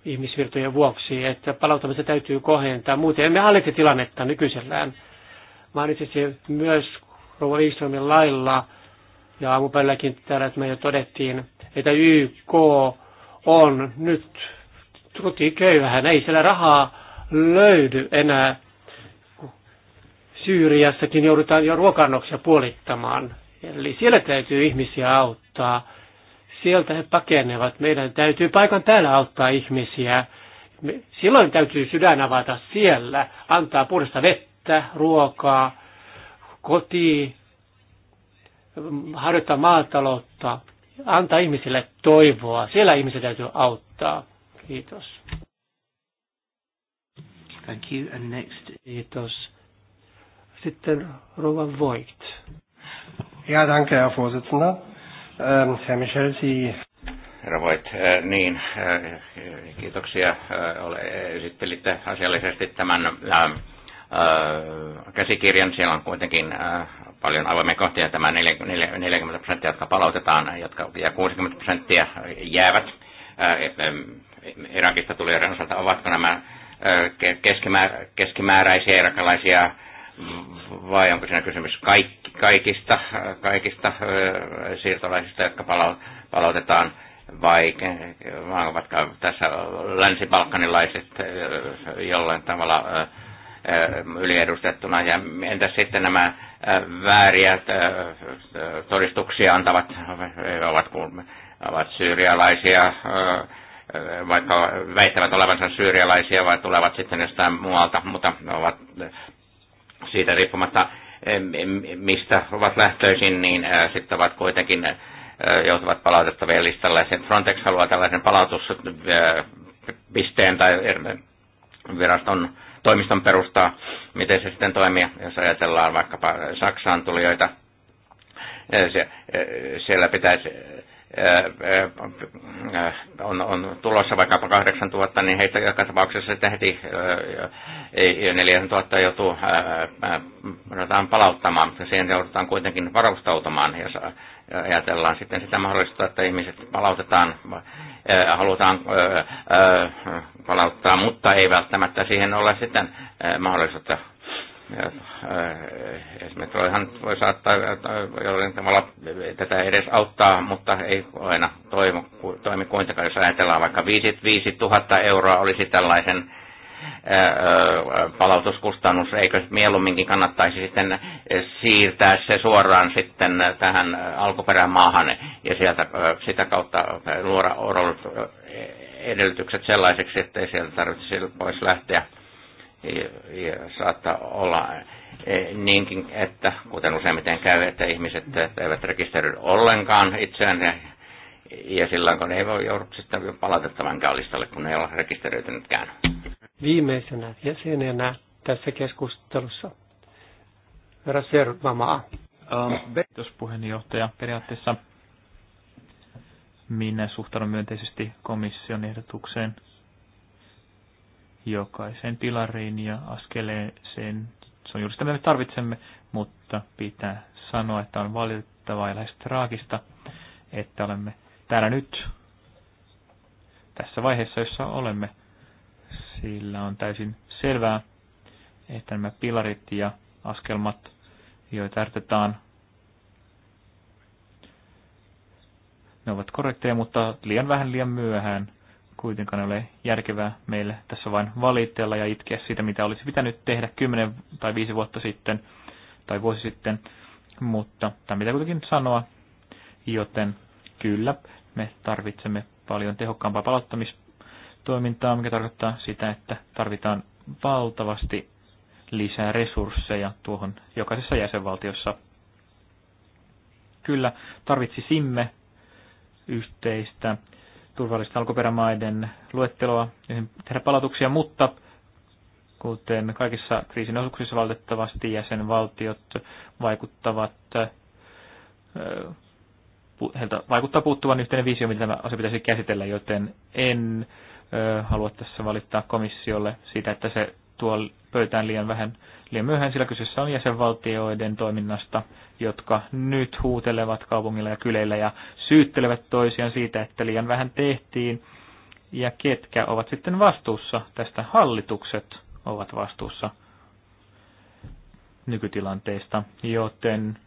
ihmisvirtojen vuoksi, että palautamista täytyy kohentaa. Muuten emme hallitse tilannetta nykyisellään. Mainitsisin myös Rouva Wikströmin lailla, ja aamupäivälläkin täällä että me jo todettiin, että YK on nyt rutiköyhän, ei siellä rahaa löydy enää. Syyriassakin joudutaan jo ruokannoksia puolittamaan. Eli siellä täytyy ihmisiä auttaa. Sieltä he pakenevat. Meidän täytyy paikan päällä auttaa ihmisiä. Silloin täytyy sydän avata siellä, antaa puhdasta vettä, ruokaa, koti, harjoittaa maataloutta, antaa ihmisille toivoa. Siellä ihmisiä täytyy auttaa. Kiitos. Thank you. And next. Kiitos. Sitten Rova Voigt. Ja, danke, Herr Vorsitzender. Ähm, Herr Michel, Sie... Herra Voigt, äh, niin, äh, kiitoksia, äh, esittelitte asiallisesti tämän äh, Äh, käsikirjan. Siellä on kuitenkin äh, paljon avoimia kohtia, tämä 40 prosenttia, jotka palautetaan, jotka, ja 60 prosenttia jäävät. Äh, ähm, Irakista tulijoiden osalta, ovatko nämä keskimääräisiä irakalaisia vai onko siinä kysymys kaikista, kaikista siirtolaisista, jotka palautetaan vai ovatko tässä länsibalkanilaiset jollain tavalla yliedustettuna. Ja entä sitten nämä vääriä todistuksia antavat, ovat, ovat syyrialaisia, vaikka väittävät olevansa syyrialaisia vai tulevat sitten jostain muualta, mutta ovat siitä riippumatta mistä ovat lähtöisin, niin sitten ovat kuitenkin joutuvat palautettavien listalle. Sen Frontex haluaa tällaisen palautuspisteen tai viraston toimiston perustaa, miten se sitten toimii, jos ajatellaan vaikkapa Saksaan tulijoita. Eh, eh, siellä pitäisi eh, on, on tulossa vaikkapa 8000, niin heitä joka tapauksessa sitten heti 4000 joutuu palauttamaan, mutta siihen joudutaan kuitenkin varustautumaan jos ajatellaan sitten sitä mahdollisuutta, että ihmiset palautetaan, halutaan palauttaa, mutta ei välttämättä siihen ole sitten mahdollisuutta. Esimerkiksi hän voi saattaa jollain tavalla tätä edes auttaa, mutta ei aina toimi, toimi kuitenkaan, jos ajatellaan vaikka 5, 000 euroa olisi tällaisen palautuskustannus, eikö mieluumminkin kannattaisi sitten siirtää se suoraan sitten tähän alkuperämaahan ja sieltä sitä kautta luoda edellytykset sellaiseksi, ei sieltä tarvitse pois lähteä. Ja, saattaa olla niinkin, että kuten useimmiten käy, että ihmiset eivät rekisteröidy ollenkaan itseään ja, silloin kun ei voi joudut sitten palautettavan listalle, kun ei ole rekisteröitynytkään viimeisenä jäsenenä tässä keskustelussa. Raservamaa. Ähm, kiitos puheenjohtaja. Periaatteessa minä suhtaudun myönteisesti komission ehdotukseen jokaisen pilariin ja askeleeseen. Se on juuri sitä, mitä me tarvitsemme, mutta pitää sanoa, että on valitettavaa ja lähes traagista, että olemme täällä nyt tässä vaiheessa, jossa olemme – sillä on täysin selvää, että nämä pilarit ja askelmat, joita tarvitaan, ne ovat korrekteja, mutta liian vähän liian myöhään. Kuitenkaan ei ole järkevää meille tässä vain valitella ja itkeä siitä, mitä olisi pitänyt tehdä 10 tai 5 vuotta sitten tai vuosi sitten, mutta tämä mitä kuitenkin sanoa, joten kyllä me tarvitsemme paljon tehokkaampaa palauttamista toimintaa, mikä tarkoittaa sitä, että tarvitaan valtavasti lisää resursseja tuohon jokaisessa jäsenvaltiossa. Kyllä tarvitsisimme yhteistä turvallista alkuperämaiden luetteloa, joihin tehdä palautuksia, mutta kuten kaikissa kriisin osuuksissa valitettavasti jäsenvaltiot vaikuttavat, heiltä vaikuttaa puuttuvan yhteinen visio, mitä tämä asia pitäisi käsitellä, joten en halua tässä valittaa komissiolle siitä, että se tuo pöytään liian vähän liian myöhään, sillä kyseessä on jäsenvaltioiden toiminnasta, jotka nyt huutelevat kaupungilla ja kyleillä ja syyttelevät toisiaan siitä, että liian vähän tehtiin. Ja ketkä ovat sitten vastuussa tästä? Hallitukset ovat vastuussa nykytilanteesta, joten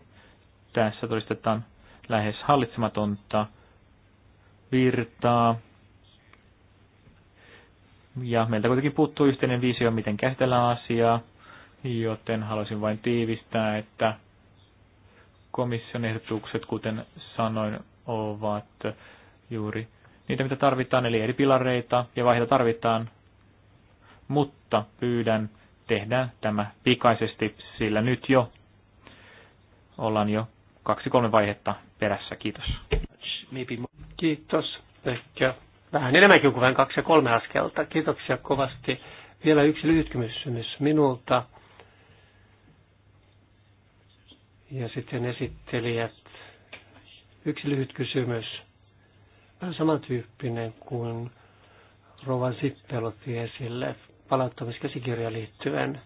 tässä todistetaan lähes hallitsematonta virtaa ja meiltä kuitenkin puuttuu yhteinen visio, miten käsitellään asiaa, joten haluaisin vain tiivistää, että komission ehdotukset, kuten sanoin, ovat juuri niitä, mitä tarvitaan, eli eri pilareita ja vaiheita tarvitaan, mutta pyydän tehdä tämä pikaisesti, sillä nyt jo ollaan jo kaksi-kolme vaihetta perässä. Kiitos. Kiitos. Ehkä vähän enemmänkin kuin vain kaksi ja kolme askelta. Kiitoksia kovasti. Vielä yksi lyhyt kysymys minulta. Ja sitten esittelijät. Yksi lyhyt kysymys. Vähän samantyyppinen kuin Rovan Sippel otti esille palauttamiskäsikirjaan liittyen,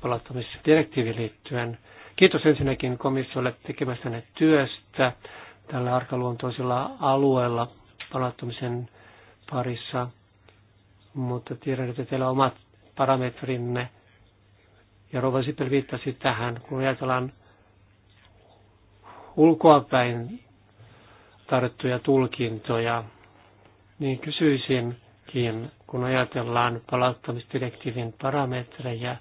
palauttamisdirektiiviin liittyen. Kiitos ensinnäkin komissiolle tekemästänne työstä tällä arkaluontoisella alueella palauttamisen parissa, mutta tiedän, että teillä on omat parametrinne. Ja Rova Sipel viittasi tähän, kun ajatellaan ulkoapäin tarttuja tulkintoja, niin kysyisinkin, kun ajatellaan palauttamisdirektiivin parametreja,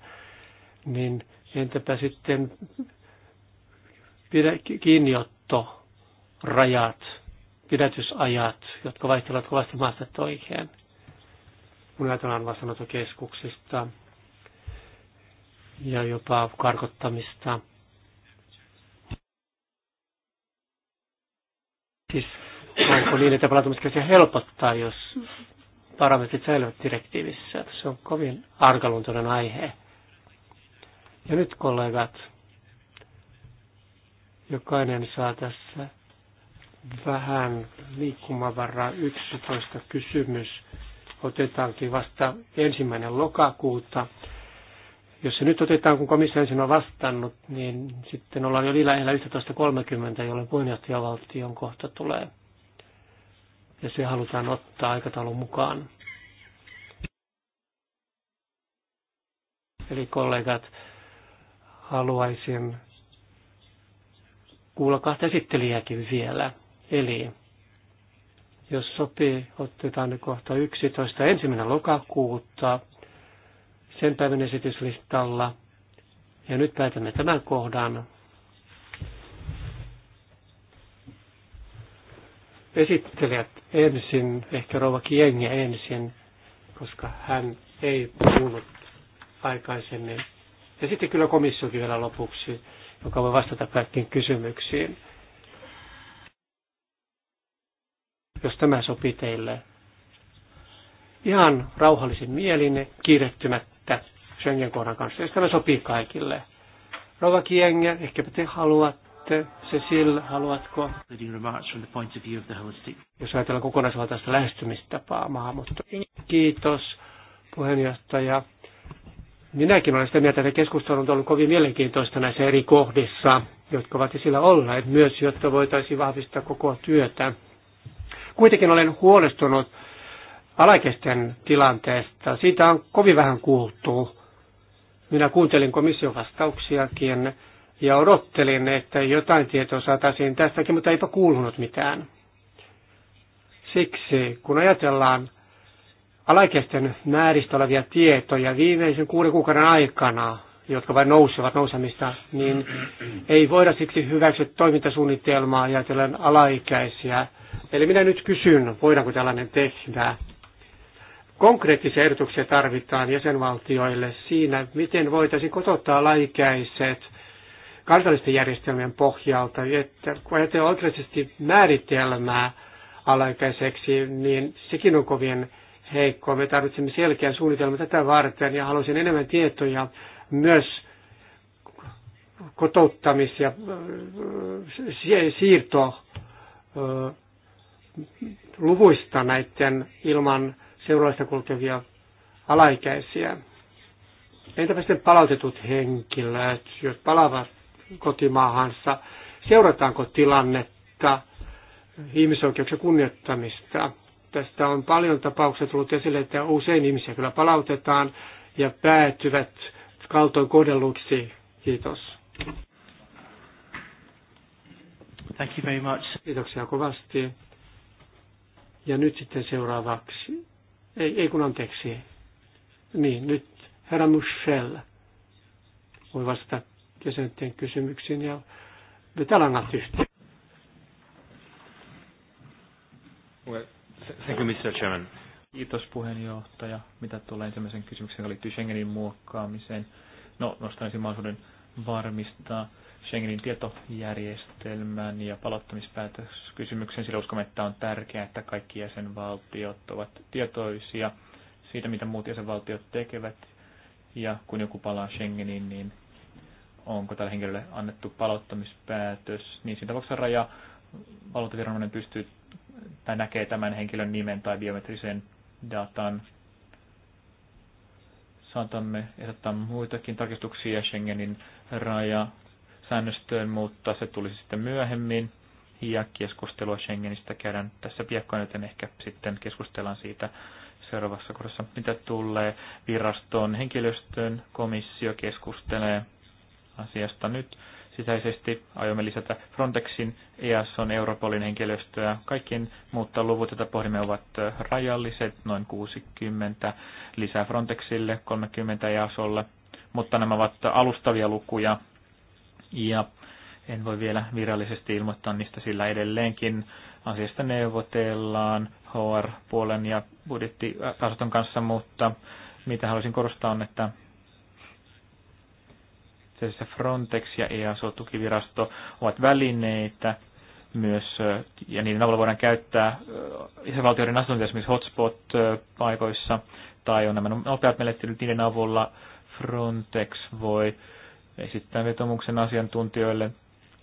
niin entäpä sitten rajat? pidätysajat, jotka vaihtelevat kovasti maasta toiseen. mun ajatellaan vastaanotokeskuksista ja jopa karkottamista. Siis onko niin, että palautumiskäsiä helpottaa, jos parametrit säilyvät direktiivissä. Se on kovin arkaluntoinen aihe. Ja nyt kollegat, jokainen saa tässä vähän liikkumavaraa. 11 kysymys otetaankin vasta ensimmäinen lokakuuta. Jos se nyt otetaan, kun komissio ensin on vastannut, niin sitten ollaan jo lähellä 11.30, jolloin puheenjohtajavaltion kohta tulee. Ja se halutaan ottaa aikataulun mukaan. Eli kollegat, haluaisin kuulla kahta esittelijääkin vielä. Eli jos sopii, otetaan nyt kohta 11. ensimmäinen lokakuuta sen päivän esityslistalla. Ja nyt päätämme tämän kohdan. Esittelijät ensin, ehkä Rova Kienge ensin, koska hän ei puhunut aikaisemmin. Ja sitten kyllä komissiokin vielä lopuksi, joka voi vastata kaikkiin kysymyksiin. jos tämä sopii teille. Ihan rauhallisin mielin, kiirettymättä Schengen-kohdan kanssa, jos tämä sopii kaikille. Rova Kienge, ehkäpä te haluatte, Cecil, haluatko? Jos ajatellaan kokonaisvaltaista lähestymistapaa maahanmuuttoon. Kiitos, puheenjohtaja. Minäkin olen sitä mieltä, että keskustelu on ollut kovin mielenkiintoista näissä eri kohdissa, jotka ovat esillä olleet, myös jotta voitaisiin vahvistaa koko työtä. Kuitenkin olen huolestunut alaikäisten tilanteesta. Siitä on kovin vähän kuultu. Minä kuuntelin komission vastauksiakin ja odottelin, että jotain tietoa saataisiin tästäkin, mutta eipä kuulunut mitään. Siksi, kun ajatellaan alaikäisten määristä olevia tietoja viimeisen kuuden kuukauden aikana, jotka vain nousevat nousemista, niin ei voida siksi hyväksyä toimintasuunnitelmaa ja ajatellen alaikäisiä. Eli minä nyt kysyn, voidaanko tällainen tehdä. Konkreettisia ehdotuksia tarvitaan jäsenvaltioille siinä, miten voitaisiin kotouttaa alaikäiset kansallisten järjestelmien pohjalta, että kun ajatellaan oikeasti määritelmää alaikäiseksi, niin sekin on kovin heikkoa. Me tarvitsemme selkeän suunnitelman tätä varten ja haluaisin enemmän tietoja myös kotouttamis- ja äh, siirto äh, luvuista näiden ilman seuraavista kulkevia alaikäisiä. Entäpä sitten palautetut henkilöt, jos palaavat kotimaahansa, seurataanko tilannetta, ihmisoikeuksien kunnioittamista? Tästä on paljon tapauksia tullut esille, että usein ihmisiä kyllä palautetaan ja päätyvät kaltoin kohdelluksi. Kiitos. Thank you very much. Kiitoksia kovasti. Ja nyt sitten seuraavaksi. Ei, ei kun anteeksi. Niin, nyt herra Michel voi vastata jäsenten kysymyksiin ja vetelanat yhteen. Well, thank you, Mr. Chairman. Kiitos puheenjohtaja. Mitä tulee ensimmäisen kysymykseen, joka liittyy Schengenin muokkaamiseen? No, nostaisin mahdollisuuden varmistaa Schengenin tietojärjestelmän ja palauttamispäätöskysymyksen, sillä uskomme, että on tärkeää, että kaikki jäsenvaltiot ovat tietoisia siitä, mitä muut jäsenvaltiot tekevät. Ja kun joku palaa Schengeniin, niin onko tälle henkilölle annettu palauttamispäätös, niin siinä tapauksessa raja valuuttaviranomainen pystyy tai näkee tämän henkilön nimen tai biometrisen datan. Saatamme ehdottaa muitakin tarkistuksia Schengenin raja säännöstöön, mutta se tulisi sitten myöhemmin. Ja keskustelua Schengenistä käydään tässä piakkoin, joten ehkä sitten keskustellaan siitä seuraavassa kohdassa. Mitä tulee viraston henkilöstön komissio keskustelee asiasta nyt sisäisesti aiomme lisätä Frontexin, EASON, Europolin henkilöstöä. Kaikkien muutta luvut, joita pohdimme, ovat rajalliset, noin 60 lisää Frontexille, 30 EASOlle, mutta nämä ovat alustavia lukuja ja en voi vielä virallisesti ilmoittaa niistä, sillä edelleenkin asiasta neuvotellaan HR-puolen ja budjettiaston kanssa, mutta mitä haluaisin korostaa on, että itse Frontex ja EASO-tukivirasto ovat välineitä myös, ja niiden avulla voidaan käyttää isävaltioiden asuntoja esimerkiksi hotspot-paikoissa, tai on nämä nopeat menettelyt, niiden avulla Frontex voi esittää vetomuksen asiantuntijoille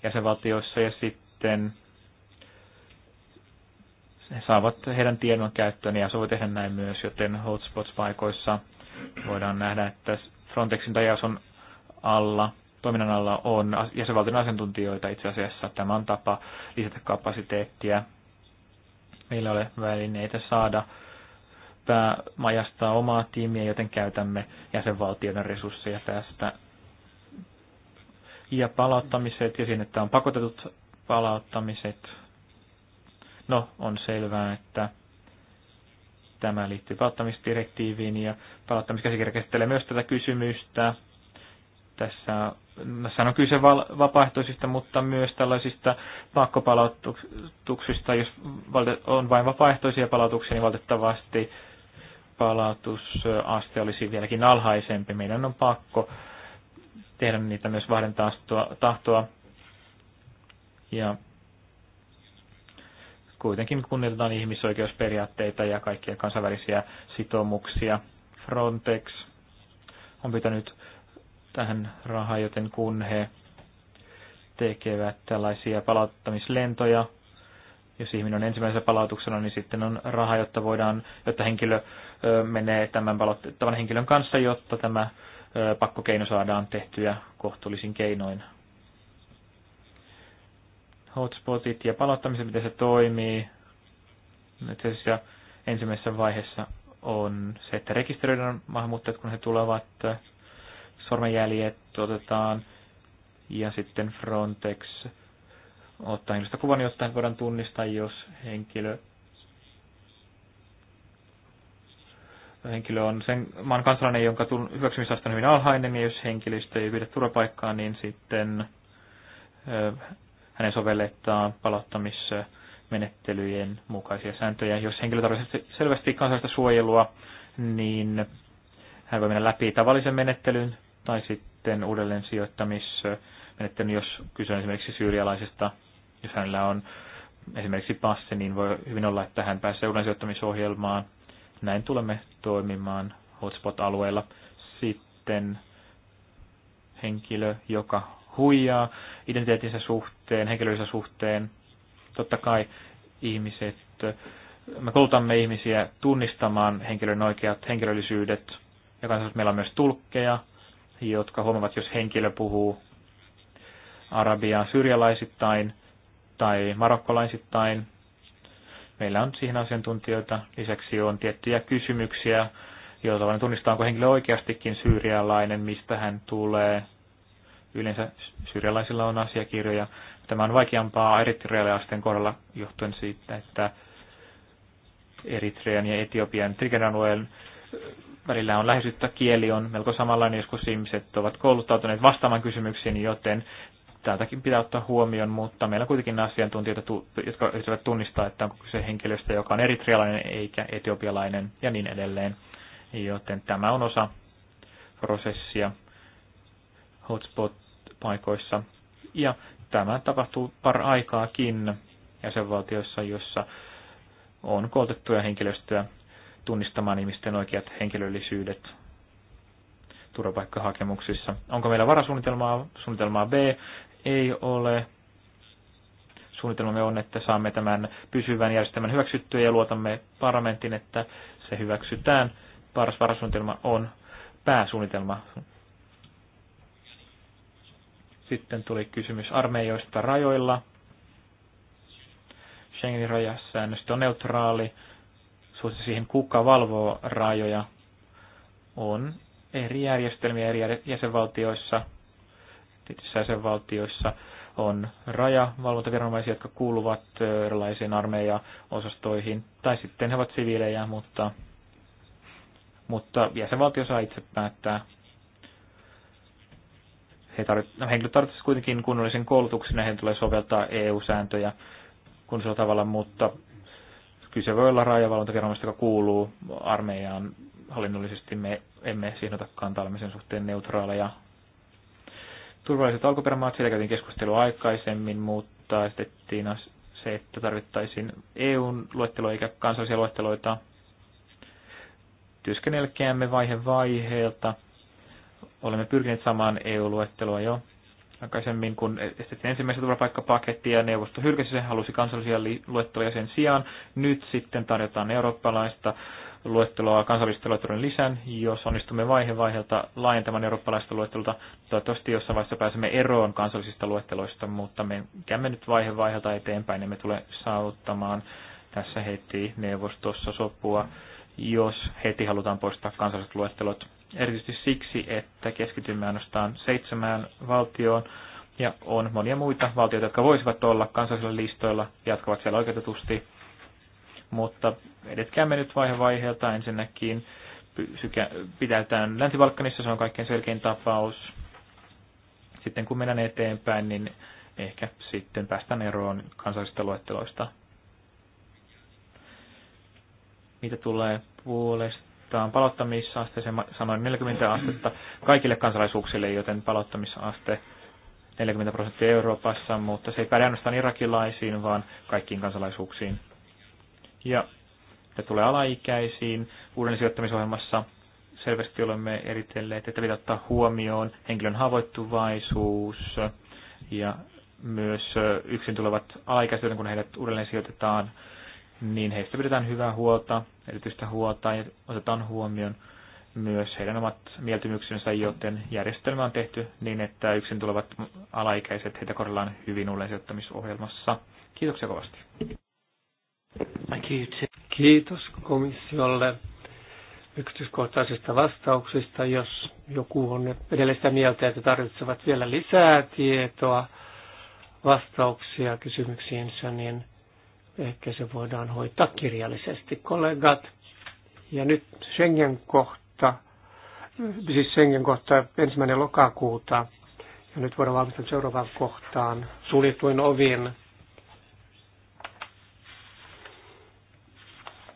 jäsenvaltioissa, ja sitten he saavat heidän tiedon käyttöön, ja se voi tehdä näin myös, joten hotspots-paikoissa voidaan nähdä, että Frontexin tai e on alla, toiminnan alla on jäsenvaltion asiantuntijoita itse asiassa. Tämä on tapa lisätä kapasiteettia. Meillä ei ole välineitä saada majastaa omaa tiimiä, joten käytämme jäsenvaltioiden resursseja tästä. Ja palauttamiset ja siinä, että on pakotetut palauttamiset. No, on selvää, että tämä liittyy palauttamisdirektiiviin ja palauttamiskäsikirja käsittelee myös tätä kysymystä. Tässä, mä on kyse val, vapaaehtoisista, mutta myös tällaisista pakkopalautuksista. Jos on vain vapaaehtoisia palautuksia, niin valitettavasti palautusaste olisi vieläkin alhaisempi. Meidän on pakko tehdä niitä myös vahden tahtoa. tahtoa. Ja kuitenkin kunnioitetaan ihmisoikeusperiaatteita ja kaikkia kansainvälisiä sitoumuksia. Frontex on pitänyt tähän rahaa, joten kun he tekevät tällaisia palauttamislentoja, jos ihminen on ensimmäisellä palautuksella, niin sitten on raha, jotta voidaan, jotta henkilö menee tämän palautettavan henkilön kanssa, jotta tämä pakkokeino saadaan tehtyä kohtuullisin keinoin. Hotspotit ja palauttamisen, miten se toimii. Itse asiassa ensimmäisessä vaiheessa on se, että rekisteröidään maahanmuuttajat, kun he tulevat sormenjäljet otetaan ja sitten Frontex ottaa henkilöstä kuvan, josta voidaan tunnistaa, jos henkilö henkilö on sen maan kansalainen, jonka hyväksymisaste on hyvin alhainen, ja jos henkilöstä ei pidä turvapaikkaa, niin sitten hänen sovelletaan palauttamismenettelyjen mukaisia sääntöjä. Jos henkilö tarvitsee selvästi kansallista suojelua, niin hän voi mennä läpi tavallisen menettelyn tai sitten uudelleen sijoittamismenettely, jos kyse on esimerkiksi syyrialaisesta, jos hänellä on esimerkiksi passe, niin voi hyvin olla, että hän pääsee uudelleen sijoittamisohjelmaan. Näin tulemme toimimaan hotspot-alueella. Sitten henkilö, joka huijaa identiteetinsä suhteen, henkilönsä suhteen. Totta kai ihmiset, me koulutamme ihmisiä tunnistamaan henkilön oikeat henkilöllisyydet, ja meillä on myös tulkkeja, jotka huomavat, jos henkilö puhuu arabiaa syrjalaisittain tai marokkolaisittain. Meillä on siihen asiantuntijoita. Lisäksi on tiettyjä kysymyksiä, joilla tavalla tunnistaa, onko henkilö oikeastikin syyrialainen, mistä hän tulee. Yleensä syyrialaisilla on asiakirjoja. Tämä on vaikeampaa eritrealaisten kohdalla johtuen siitä, että Eritrean ja Etiopian trigeralueen välillä on läheisyyttä, kieli on melko samanlainen, joskus ihmiset ovat kouluttautuneet vastaamaan kysymyksiin, joten täältäkin pitää ottaa huomioon, mutta meillä on kuitenkin asiantuntijoita, jotka yrittävät tunnistaa, että onko se henkilöstä, joka on eritrealainen eikä etiopialainen ja niin edelleen. Joten tämä on osa prosessia hotspot-paikoissa. Ja tämä tapahtuu par aikaakin jäsenvaltioissa, jossa on koulutettuja henkilöstöä tunnistamaan ihmisten oikeat henkilöllisyydet turvapaikkahakemuksissa. Onko meillä varasuunnitelmaa? Suunnitelmaa B ei ole. Suunnitelmamme on, että saamme tämän pysyvän järjestelmän hyväksyttyä ja luotamme parlamentin, että se hyväksytään. Paras varasuunnitelma on pääsuunnitelma. Sitten tuli kysymys armeijoista rajoilla. Schengenin rajasäännöstö on neutraali suhteessa siihen, kuka valvoo rajoja, on eri järjestelmiä eri jäsenvaltioissa. Tietyissä jäsenvaltioissa on rajavalvontaviranomaisia, jotka kuuluvat erilaisiin osastoihin tai sitten he ovat siviilejä, mutta, mutta jäsenvaltio saa itse päättää. He tarvit, no, henkilöt tarvitsevat kuitenkin kunnollisen koulutuksen ja he tulee soveltaa EU-sääntöjä kunnollisella tavalla, mutta se voi olla rajavalvontakerroimista, joka kuuluu armeijaan. Hallinnollisesti me emme siihen ota kantaa, olemme sen suhteen neutraaleja. Turvalliset alkuperämaat, siellä käytiin keskustelua aikaisemmin, mutta esitettiin se, että tarvittaisiin EUn luetteloa eikä kansallisia luetteloita. Työskennelkeämme vaihe vaiheelta. Olemme pyrkineet saamaan EU-luetteloa jo aikaisemmin, kun estettiin ensimmäistä turvapaikkapakettia ja neuvosto hylkäsi sen, halusi kansallisia luetteloja sen sijaan. Nyt sitten tarjotaan eurooppalaista luetteloa kansallisten luettelon lisän, jos onnistumme vaihe vaiheelta laajentamaan eurooppalaista luettelota. Toivottavasti jossain vaiheessa pääsemme eroon kansallisista luetteloista, mutta me käymme nyt vaihe vaiheelta eteenpäin, me tule saavuttamaan tässä heti neuvostossa sopua, jos heti halutaan poistaa kansalliset luettelot erityisesti siksi, että keskitymme ainoastaan seitsemään valtioon ja on monia muita valtioita, jotka voisivat olla kansallisilla listoilla, jatkavat siellä oikeutetusti. Mutta edetkäämme nyt vaihe vaiheelta ensinnäkin. Pitäytään Länsi-Balkanissa, se on kaikkein selkein tapaus. Sitten kun mennään eteenpäin, niin ehkä sitten päästään eroon kansallisista luetteloista. Mitä tulee puolesta asettaan se sanoin 40 astetta kaikille kansalaisuuksille, joten palauttamisaste 40 prosenttia Euroopassa, mutta se ei päde ainoastaan irakilaisiin, vaan kaikkiin kansalaisuuksiin. Ja se tulee alaikäisiin, uuden sijoittamisohjelmassa selvästi olemme eritelleet, että pitää ottaa huomioon henkilön haavoittuvaisuus ja myös yksin tulevat alaikäiset, kun heidät uudelleen sijoitetaan niin heistä pidetään hyvää huolta, erityistä huolta ja otetaan huomioon myös heidän omat mieltymyksensä, joten järjestelmä on tehty niin, että yksin tulevat alaikäiset heitä kohdellaan hyvin yleisöttämisohjelmassa. Kiitoksia kovasti. Kiitos komissiolle yksityiskohtaisista vastauksista. Jos joku on edelleen sitä mieltä, että tarvitsevat vielä lisää tietoa, vastauksia kysymyksiinsä, niin Ehkä se voidaan hoitaa kirjallisesti, kollegat. Ja nyt Schengen-kohta, siis Schengen-kohta ensimmäinen lokakuuta. Ja nyt voidaan valmistaa seuraavaan kohtaan suljetuin ovin.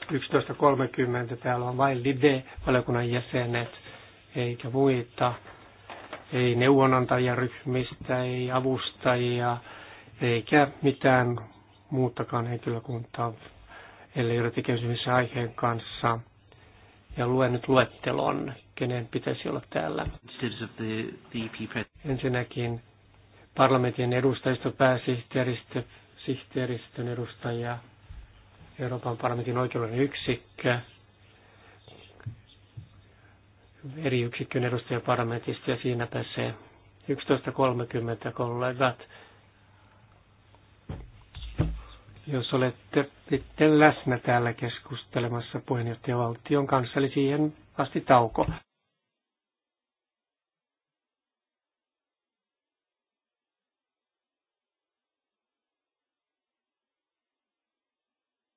11.30 täällä on vain lide valiokunnan jäsenet, eikä muita, ei neuvonantajaryhmistä, ei avustajia, eikä mitään muuttakaan henkilökuntaa, ellei ole tekemisissä aiheen kanssa. Ja luen nyt luettelon, kenen pitäisi olla täällä. Ensinnäkin parlamentin edustajista pääsihteeristö, sihteeristön edustajia, Euroopan parlamentin oikeuden yksikkö, eri yksikön edustaja parlamentista ja siinäpä se 11.30 kollegat jos olette sitten läsnä täällä keskustelemassa puheenjohtajavaltion kanssa, eli siihen asti tauko.